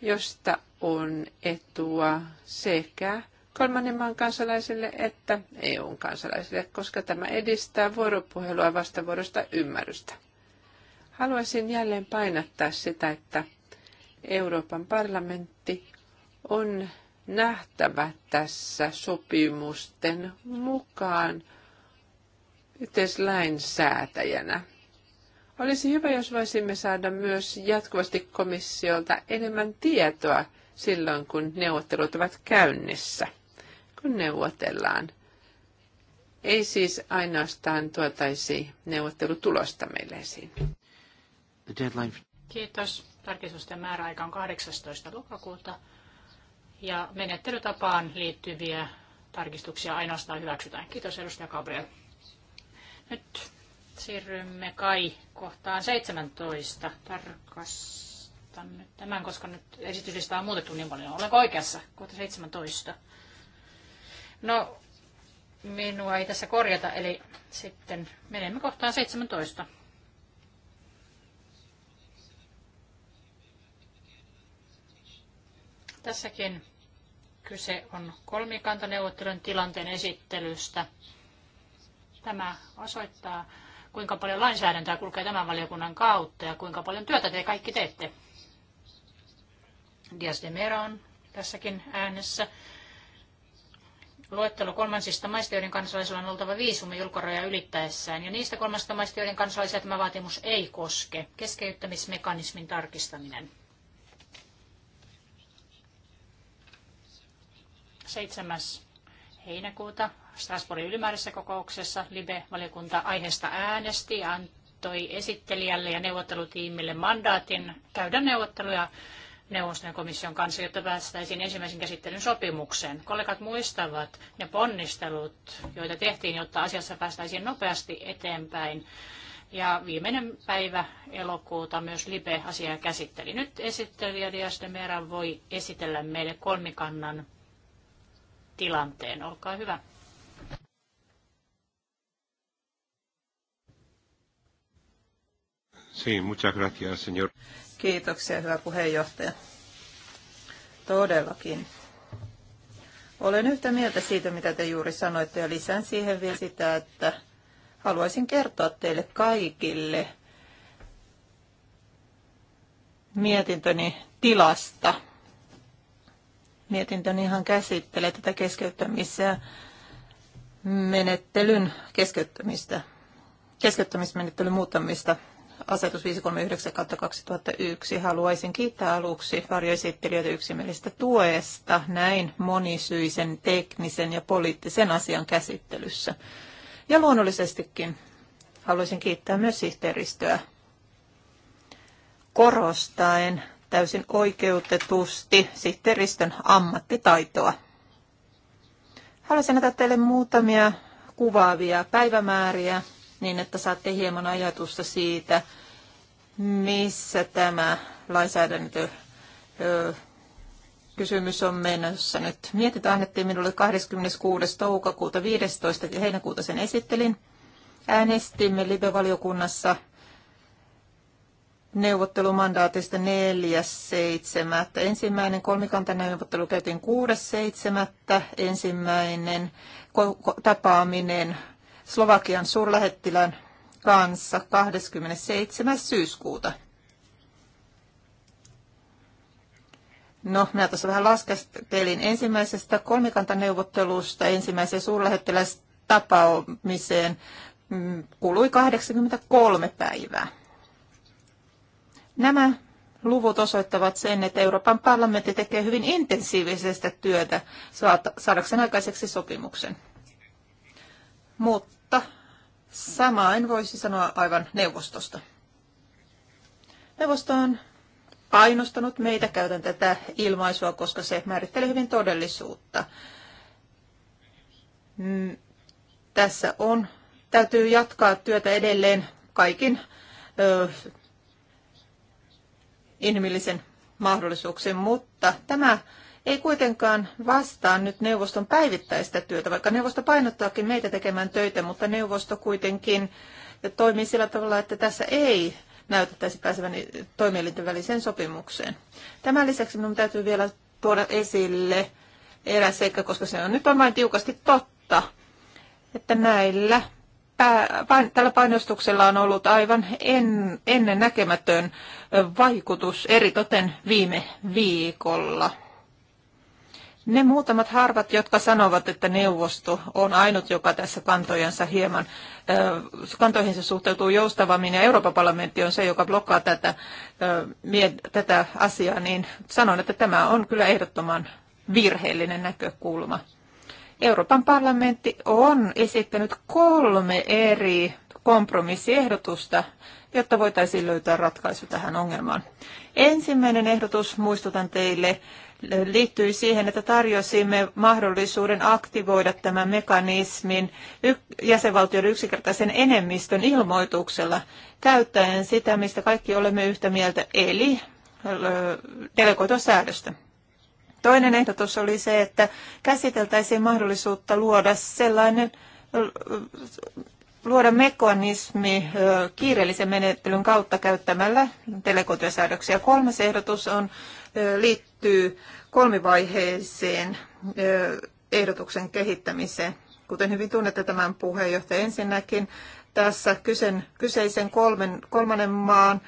josta on etua sekä kolmannen maan kansalaisille että EUn kansalaisille, koska tämä edistää vuoropuhelua vastavuorosta ymmärrystä. Haluaisin jälleen painottaa sitä, että Euroopan parlamentti on nähtävä tässä sopimusten mukaan yhteislainsäätäjänä. Olisi hyvä, jos voisimme saada myös jatkuvasti komissiolta enemmän tietoa silloin, kun neuvottelut ovat käynnissä, kun neuvotellaan. Ei siis ainoastaan tuotaisi neuvottelutulosta meille esiin. The deadline... Kiitos. Tarkistusten määräaika on 18. lokakuuta. Ja menettelytapaan liittyviä tarkistuksia ainoastaan hyväksytään. Kiitos edustaja Gabriel. Nyt siirrymme kai kohtaan 17. Tarkastan nyt tämän, koska nyt esityslista on muutettu niin paljon. Olenko oikeassa? Kohta 17. No, minua ei tässä korjata, eli sitten menemme kohtaan 17. Tässäkin kyse on kolmikantaneuvottelun tilanteen esittelystä. Tämä osoittaa, kuinka paljon lainsäädäntöä kulkee tämän valiokunnan kautta ja kuinka paljon työtä te kaikki teette. Dias de Mera on tässäkin äänessä. Luettelo kolmansista maista, joiden kansalaisilla on oltava viisumi ulkoraja ylittäessään, ja niistä kolmansista maista, joiden kansalaisia tämä vaatimus ei koske. Keskeyttämismekanismin tarkistaminen. 7. heinäkuuta Strasbourgin ylimääräisessä kokouksessa Libe-valiokunta aiheesta äänesti ja antoi esittelijälle ja neuvottelutiimille mandaatin käydä neuvotteluja neuvoston ja komission kanssa, jotta päästäisiin ensimmäisen käsittelyn sopimukseen. Kollegat muistavat ne ponnistelut, joita tehtiin, jotta asiassa päästäisiin nopeasti eteenpäin. Ja viimeinen päivä elokuuta myös Libe-asiaa käsitteli. Nyt esittelijä Dias de Mera voi esitellä meille kolmikannan tilanteen. Olkaa hyvä. Sí, muchas gracias, señor. Kiitoksia, hyvä puheenjohtaja. Todellakin. Olen yhtä mieltä siitä, mitä te juuri sanoitte, ja lisään siihen vielä sitä, että haluaisin kertoa teille kaikille mietintöni tilasta mietintö ihan niin käsittelee tätä keskeyttämistä, menettelyn keskeyttämistä, keskeyttämismenettelyn muuttamista asetus 539-2001. Haluaisin kiittää aluksi varjoesittelijöitä yksimielisestä tuesta näin monisyisen teknisen ja poliittisen asian käsittelyssä. Ja luonnollisestikin haluaisin kiittää myös sihteeristöä korostaen täysin oikeutetusti sihteeristön ammattitaitoa. Haluaisin antaa teille muutamia kuvaavia päivämääriä niin, että saatte hieman ajatusta siitä, missä tämä lainsäädäntö kysymys on menossa nyt. Mietitä annettiin minulle 26. toukokuuta 15. heinäkuuta sen esittelin. Äänestimme live-valiokunnassa neuvottelumandaatista 4.7. Ensimmäinen kolmikantaneuvottelu käytiin 6.7. Ensimmäinen tapaaminen Slovakian suurlähettilän kanssa 27. syyskuuta. No, minä tuossa vähän laskestelin ensimmäisestä kolmikantaneuvottelusta ensimmäiseen suurlähettilästapaamiseen mm, kului 83 päivää. Nämä luvut osoittavat sen, että Euroopan parlamentti tekee hyvin intensiivisestä työtä saadakseen aikaiseksi sopimuksen. Mutta samaa en voisi sanoa aivan neuvostosta. Neuvosto on painostanut meitä, käytän tätä ilmaisua, koska se määrittelee hyvin todellisuutta. Mm, tässä on, täytyy jatkaa työtä edelleen kaikin inhimillisen mahdollisuuksien, mutta tämä ei kuitenkaan vastaa nyt neuvoston päivittäistä työtä, vaikka neuvosto painottaakin meitä tekemään töitä, mutta neuvosto kuitenkin toimii sillä tavalla, että tässä ei näytettäisi pääsevän toimielinten väliseen sopimukseen. Tämän lisäksi minun täytyy vielä tuoda esille eräs seikka, koska se on nyt on vain tiukasti totta, että näillä tällä painostuksella on ollut aivan en, ennen näkemätön vaikutus eritoten viime viikolla. Ne muutamat harvat, jotka sanovat, että neuvosto on ainut, joka tässä kantojensa hieman, kantoihinsa suhteutuu joustavammin ja Euroopan parlamentti on se, joka blokkaa tätä, tätä asiaa, niin sanon, että tämä on kyllä ehdottoman virheellinen näkökulma. Euroopan parlamentti on esittänyt kolme eri kompromissiehdotusta, jotta voitaisiin löytää ratkaisu tähän ongelmaan. Ensimmäinen ehdotus, muistutan teille, liittyy siihen, että tarjosimme mahdollisuuden aktivoida tämän mekanismin jäsenvaltioiden yksinkertaisen enemmistön ilmoituksella, käyttäen sitä, mistä kaikki olemme yhtä mieltä, eli delegoitua säädöstä. Toinen ehdotus oli se, että käsiteltäisiin mahdollisuutta luoda sellainen luoda mekanismi kiireellisen menettelyn kautta käyttämällä delegointisäädöksiä. Kolmas ehdotus on, liittyy kolmivaiheeseen ehdotuksen kehittämiseen. Kuten hyvin tunnette tämän puheenjohtaja, ensinnäkin tässä kysen, kyseisen kolmen, kolmannen maan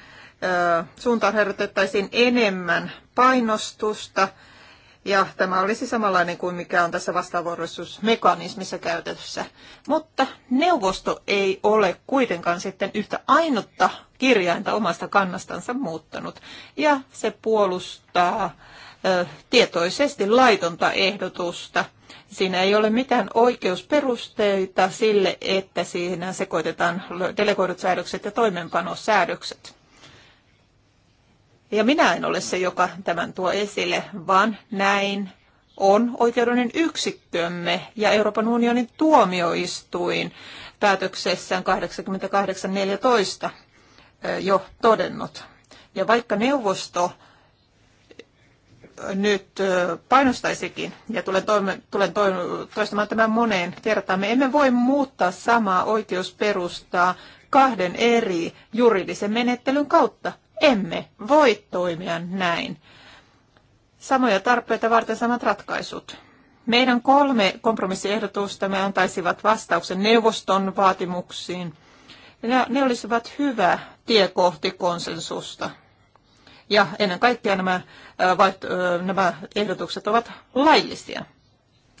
suuntaan herätettäisiin enemmän painostusta – ja tämä olisi samanlainen kuin mikä on tässä vastaavuoroisuusmekanismissa käytössä. Mutta neuvosto ei ole kuitenkaan sitten yhtä ainutta kirjainta omasta kannastansa muuttanut. Ja se puolustaa ö, tietoisesti laitonta ehdotusta. Siinä ei ole mitään oikeusperusteita sille, että siinä sekoitetaan delegoidut säädökset ja toimeenpanosäädökset. Ja minä en ole se, joka tämän tuo esille, vaan näin on oikeudellinen yksikkömme ja Euroopan unionin tuomioistuin päätöksessään 88.14 jo todennut. Ja vaikka neuvosto nyt painostaisikin, ja tulen, toime, tulen toistamaan tämän moneen kertaan, me emme voi muuttaa samaa oikeusperustaa kahden eri juridisen menettelyn kautta emme voi toimia näin. Samoja tarpeita varten samat ratkaisut. Meidän kolme me antaisivat vastauksen neuvoston vaatimuksiin. Ne, ne olisivat hyvä tie kohti konsensusta. Ja ennen kaikkea nämä, vaat nämä ehdotukset ovat laillisia.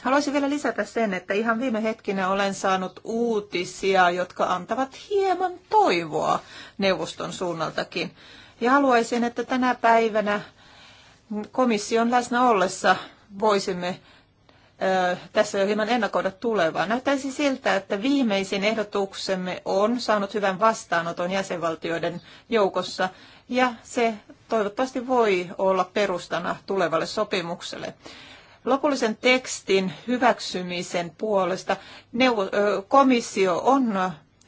Haluaisin vielä lisätä sen, että ihan viime hetkinä olen saanut uutisia, jotka antavat hieman toivoa neuvoston suunnaltakin. Ja haluaisin, että tänä päivänä komission läsnä ollessa voisimme tässä jo hieman ennakoida tulevaa. Näyttäisi siltä, että viimeisin ehdotuksemme on saanut hyvän vastaanoton jäsenvaltioiden joukossa ja se toivottavasti voi olla perustana tulevalle sopimukselle. Lopullisen tekstin hyväksymisen puolesta komissio on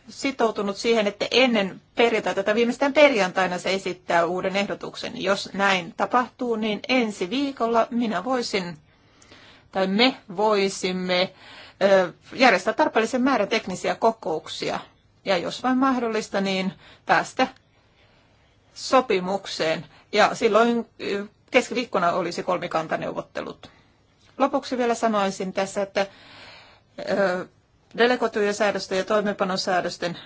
sitoutunut siihen, että ennen perjantaita tai viimeistään perjantaina se esittää uuden ehdotuksen. Jos näin tapahtuu, niin ensi viikolla minä voisin tai me voisimme järjestää tarpeellisen määrän teknisiä kokouksia ja jos vain mahdollista, niin päästä sopimukseen. Ja silloin keskiviikkona olisi kolmikantaneuvottelut. Lopuksi vielä sanoisin tässä, että delegoitujen säädösten ja toimeenpanosäädösten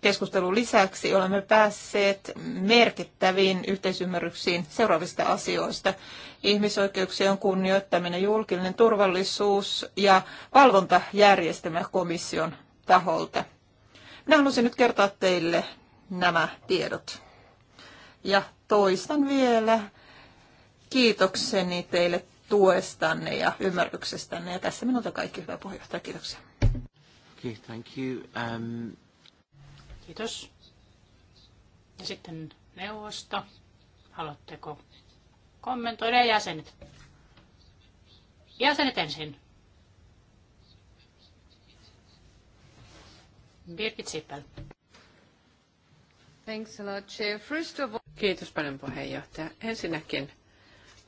keskustelun lisäksi olemme päässeet merkittäviin yhteisymmärryksiin seuraavista asioista. Ihmisoikeuksien kunnioittaminen, julkinen turvallisuus ja valvontajärjestelmä komission taholta. Minä haluaisin nyt kertoa teille nämä tiedot. Ja toistan vielä kiitokseni teille tuestanne ja ymmärryksestänne. Ja tässä minulta kaikki hyvää puheenjohtaja. Kiitoksia. Okay, thank you. Um... Kiitos. Ja sitten neuvosto. Haluatteko kommentoida jäsenet? Jäsenet ensin. Birgit Sippel. Thanks a lot, Chair. First of all... Kiitos paljon puheenjohtaja. Ensinnäkin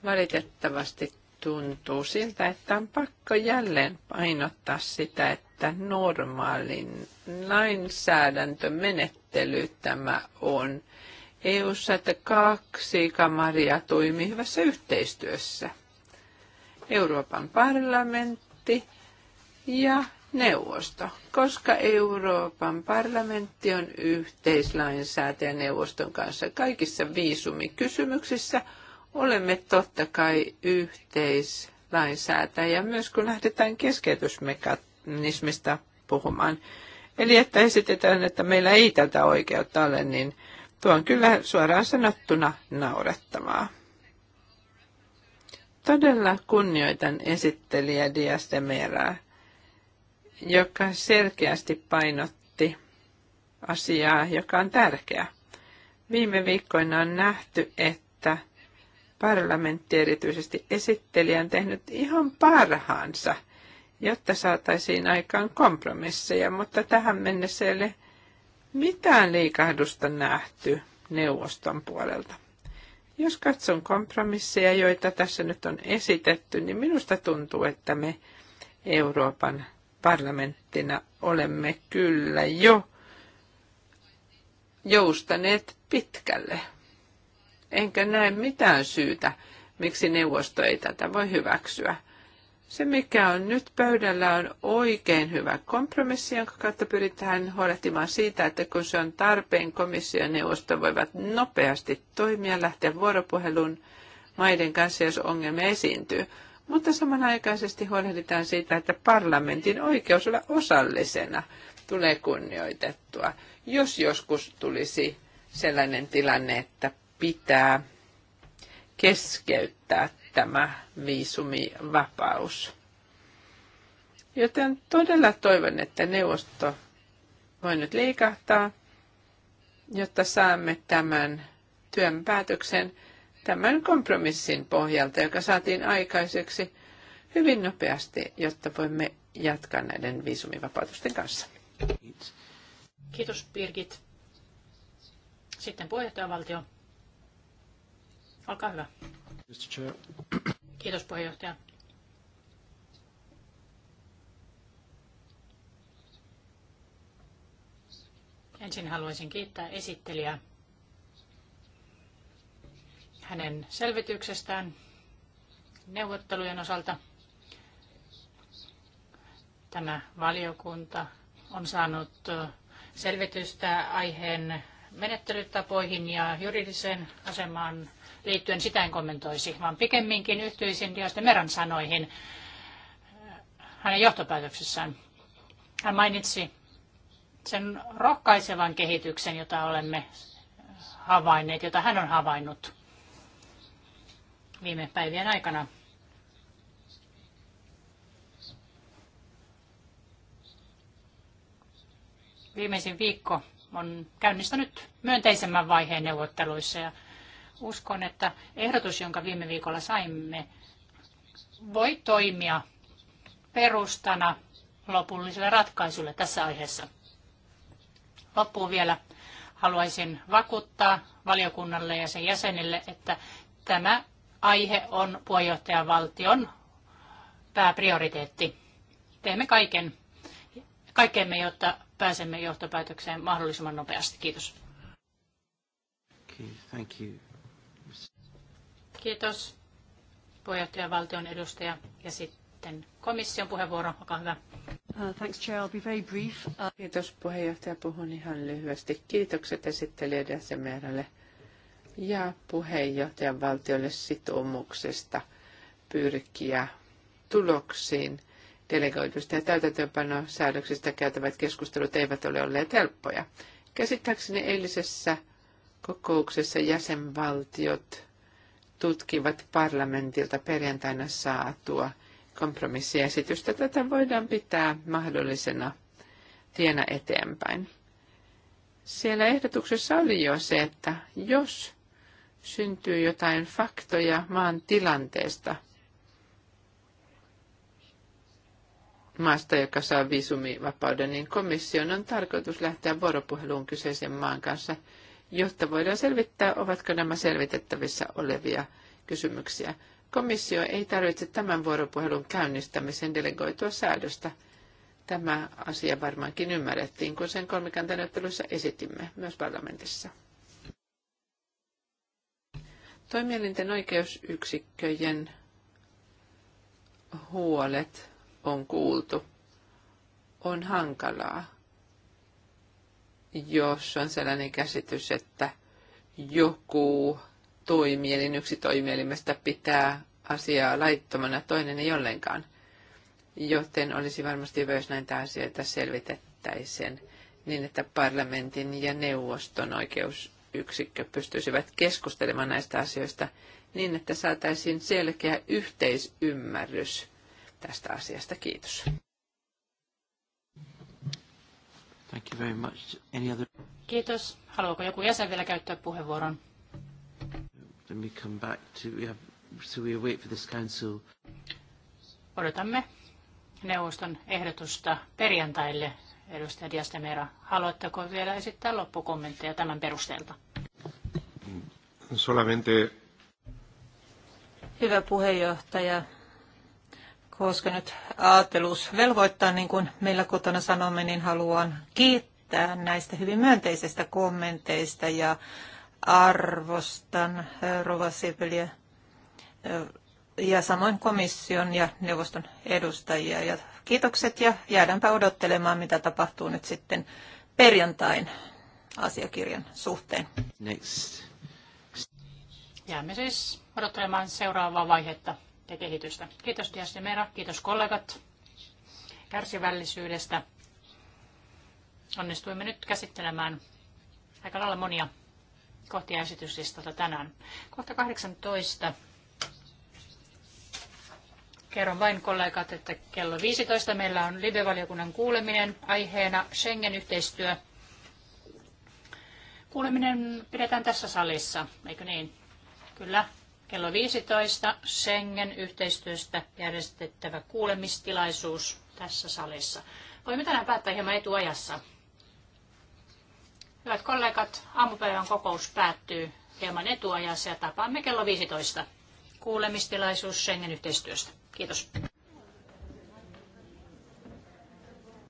valitettavasti tuntuu siltä, että on pakko jälleen painottaa sitä, että normaalin lainsäädäntömenettely tämä on. EU-ssa, että kaksi kamaria toimii hyvässä yhteistyössä. Euroopan parlamentti ja neuvosto, koska Euroopan parlamentti on yhteislainsäätäjä neuvoston kanssa kaikissa viisumikysymyksissä – olemme totta kai yhteislainsäätäjä, myös kun lähdetään keskeytysmekanismista puhumaan. Eli että esitetään, että meillä ei tätä oikeutta ole, niin tuo on kyllä suoraan sanottuna naurettavaa. Todella kunnioitan esittelijä Dias de Merää, joka selkeästi painotti asiaa, joka on tärkeä. Viime viikkoina on nähty, että parlamentti erityisesti esittelijä on tehnyt ihan parhaansa, jotta saataisiin aikaan kompromisseja, mutta tähän mennessä ei ole mitään liikahdusta nähty neuvoston puolelta. Jos katson kompromisseja, joita tässä nyt on esitetty, niin minusta tuntuu, että me Euroopan parlamenttina olemme kyllä jo joustaneet pitkälle enkä näe mitään syytä, miksi neuvosto ei tätä voi hyväksyä. Se, mikä on nyt pöydällä, on oikein hyvä kompromissi, jonka kautta pyritään huolehtimaan siitä, että kun se on tarpeen, komissio ja neuvosto voivat nopeasti toimia, lähteä vuoropuheluun maiden kanssa, jos ongelmia esiintyy. Mutta samanaikaisesti huolehditaan siitä, että parlamentin oikeus olla osallisena tulee kunnioitettua, jos joskus tulisi sellainen tilanne, että pitää keskeyttää tämä viisumivapaus. Joten todella toivon, että neuvosto voi nyt liikahtaa, jotta saamme tämän työn päätöksen tämän kompromissin pohjalta, joka saatiin aikaiseksi hyvin nopeasti, jotta voimme jatkaa näiden viisumivapautusten kanssa. Kiitos Birgit. Sitten puheenjohtajavaltio. Olkaa hyvä. Mr. Chair. Kiitos puheenjohtaja. Ensin haluaisin kiittää esittelijää hänen selvityksestään neuvottelujen osalta. Tämä valiokunta on saanut selvitystä aiheen menettelytapoihin ja juridiseen asemaan liittyen sitä en kommentoisi, vaan pikemminkin yhtyisin Diaste Meran sanoihin hänen johtopäätöksessään. Hän mainitsi sen rohkaisevan kehityksen, jota olemme havainneet, jota hän on havainnut viime päivien aikana. Viimeisin viikko on käynnistänyt myönteisemmän vaiheen neuvotteluissa ja Uskon, että ehdotus, jonka viime viikolla saimme, voi toimia perustana lopulliselle ratkaisulle tässä aiheessa. Loppuun vielä haluaisin vakuuttaa valiokunnalle ja sen jäsenille, että tämä aihe on puheenjohtajavaltion pääprioriteetti. Teemme kaiken, kaikkemme, jotta pääsemme johtopäätökseen mahdollisimman nopeasti. Kiitos. Okay, thank you. Kiitos puheenjohtaja, valtion edustaja ja sitten komission puheenvuoro, olkaa hyvä. Uh, thanks, Chair. I'll be very brief. Uh... Kiitos puheenjohtaja, puhun ihan lyhyesti. Kiitokset esittelijöiden jäsenmäärälle ja puheenjohtajan valtiolle sitoumuksesta pyrkiä tuloksiin. Delegoidusta ja täytäntöönpanosäädöksistä käytävät keskustelut eivät ole olleet helppoja. Käsittääkseni eilisessä kokouksessa jäsenvaltiot tutkivat parlamentilta perjantaina saatua kompromissiesitystä. Tätä voidaan pitää mahdollisena tienä eteenpäin. Siellä ehdotuksessa oli jo se, että jos syntyy jotain faktoja maan tilanteesta, maasta, joka saa viisumivapauden, niin komission on tarkoitus lähteä vuoropuheluun kyseisen maan kanssa – jotta voidaan selvittää, ovatko nämä selvitettävissä olevia kysymyksiä. Komissio ei tarvitse tämän vuoropuhelun käynnistämisen delegoitua säädöstä. Tämä asia varmaankin ymmärrettiin, kun sen kolmikantaneuvottelussa esitimme myös parlamentissa. Toimielinten oikeusyksikköjen huolet on kuultu. On hankalaa jos on sellainen käsitys, että joku toimielin, yksi toimielimestä pitää asiaa laittomana, toinen ei ollenkaan. Joten olisi varmasti hyvä, jos näitä asioita selvitettäisiin niin, että parlamentin ja neuvoston oikeusyksikkö pystyisivät keskustelemaan näistä asioista niin, että saataisiin selkeä yhteisymmärrys tästä asiasta. Kiitos. Thank you very much. Any other... Kiitos. Haluaako joku jäsen vielä käyttää puheenvuoron? Then we come back to, we have, so we wait for this council. Odotamme neuvoston ehdotusta perjantaille. Edustaja Diastemera, haluatteko vielä esittää loppukommentteja tämän perusteelta? Solamente. Hyvä puheenjohtaja, koska nyt aatelus velvoittaa, niin kuin meillä kotona sanomme, niin haluan kiittää näistä hyvin myönteisistä kommenteista ja arvostan eh, Rova Sipeliä eh, ja samoin komission ja neuvoston edustajia. Ja kiitokset ja jäädäänpä odottelemaan, mitä tapahtuu nyt sitten perjantain asiakirjan suhteen. Next. Jäämme siis odottelemaan seuraavaa vaihetta ja kehitystä. Kiitos Dias ja Mera, kiitos kollegat kärsivällisyydestä. Onnistuimme nyt käsittelemään aika lailla monia kohtia esityslistalta tänään. Kohta 18. Kerron vain kollegat, että kello 15 meillä on live-valiokunnan kuuleminen aiheena Schengen-yhteistyö. Kuuleminen pidetään tässä salissa, eikö niin? Kyllä, kello 15 Schengen yhteistyöstä järjestettävä kuulemistilaisuus tässä salissa. Voimme tänään päättää hieman etuajassa. Hyvät kollegat, aamupäivän kokous päättyy hieman etuajassa ja tapaamme kello 15. Kuulemistilaisuus Schengen yhteistyöstä. Kiitos.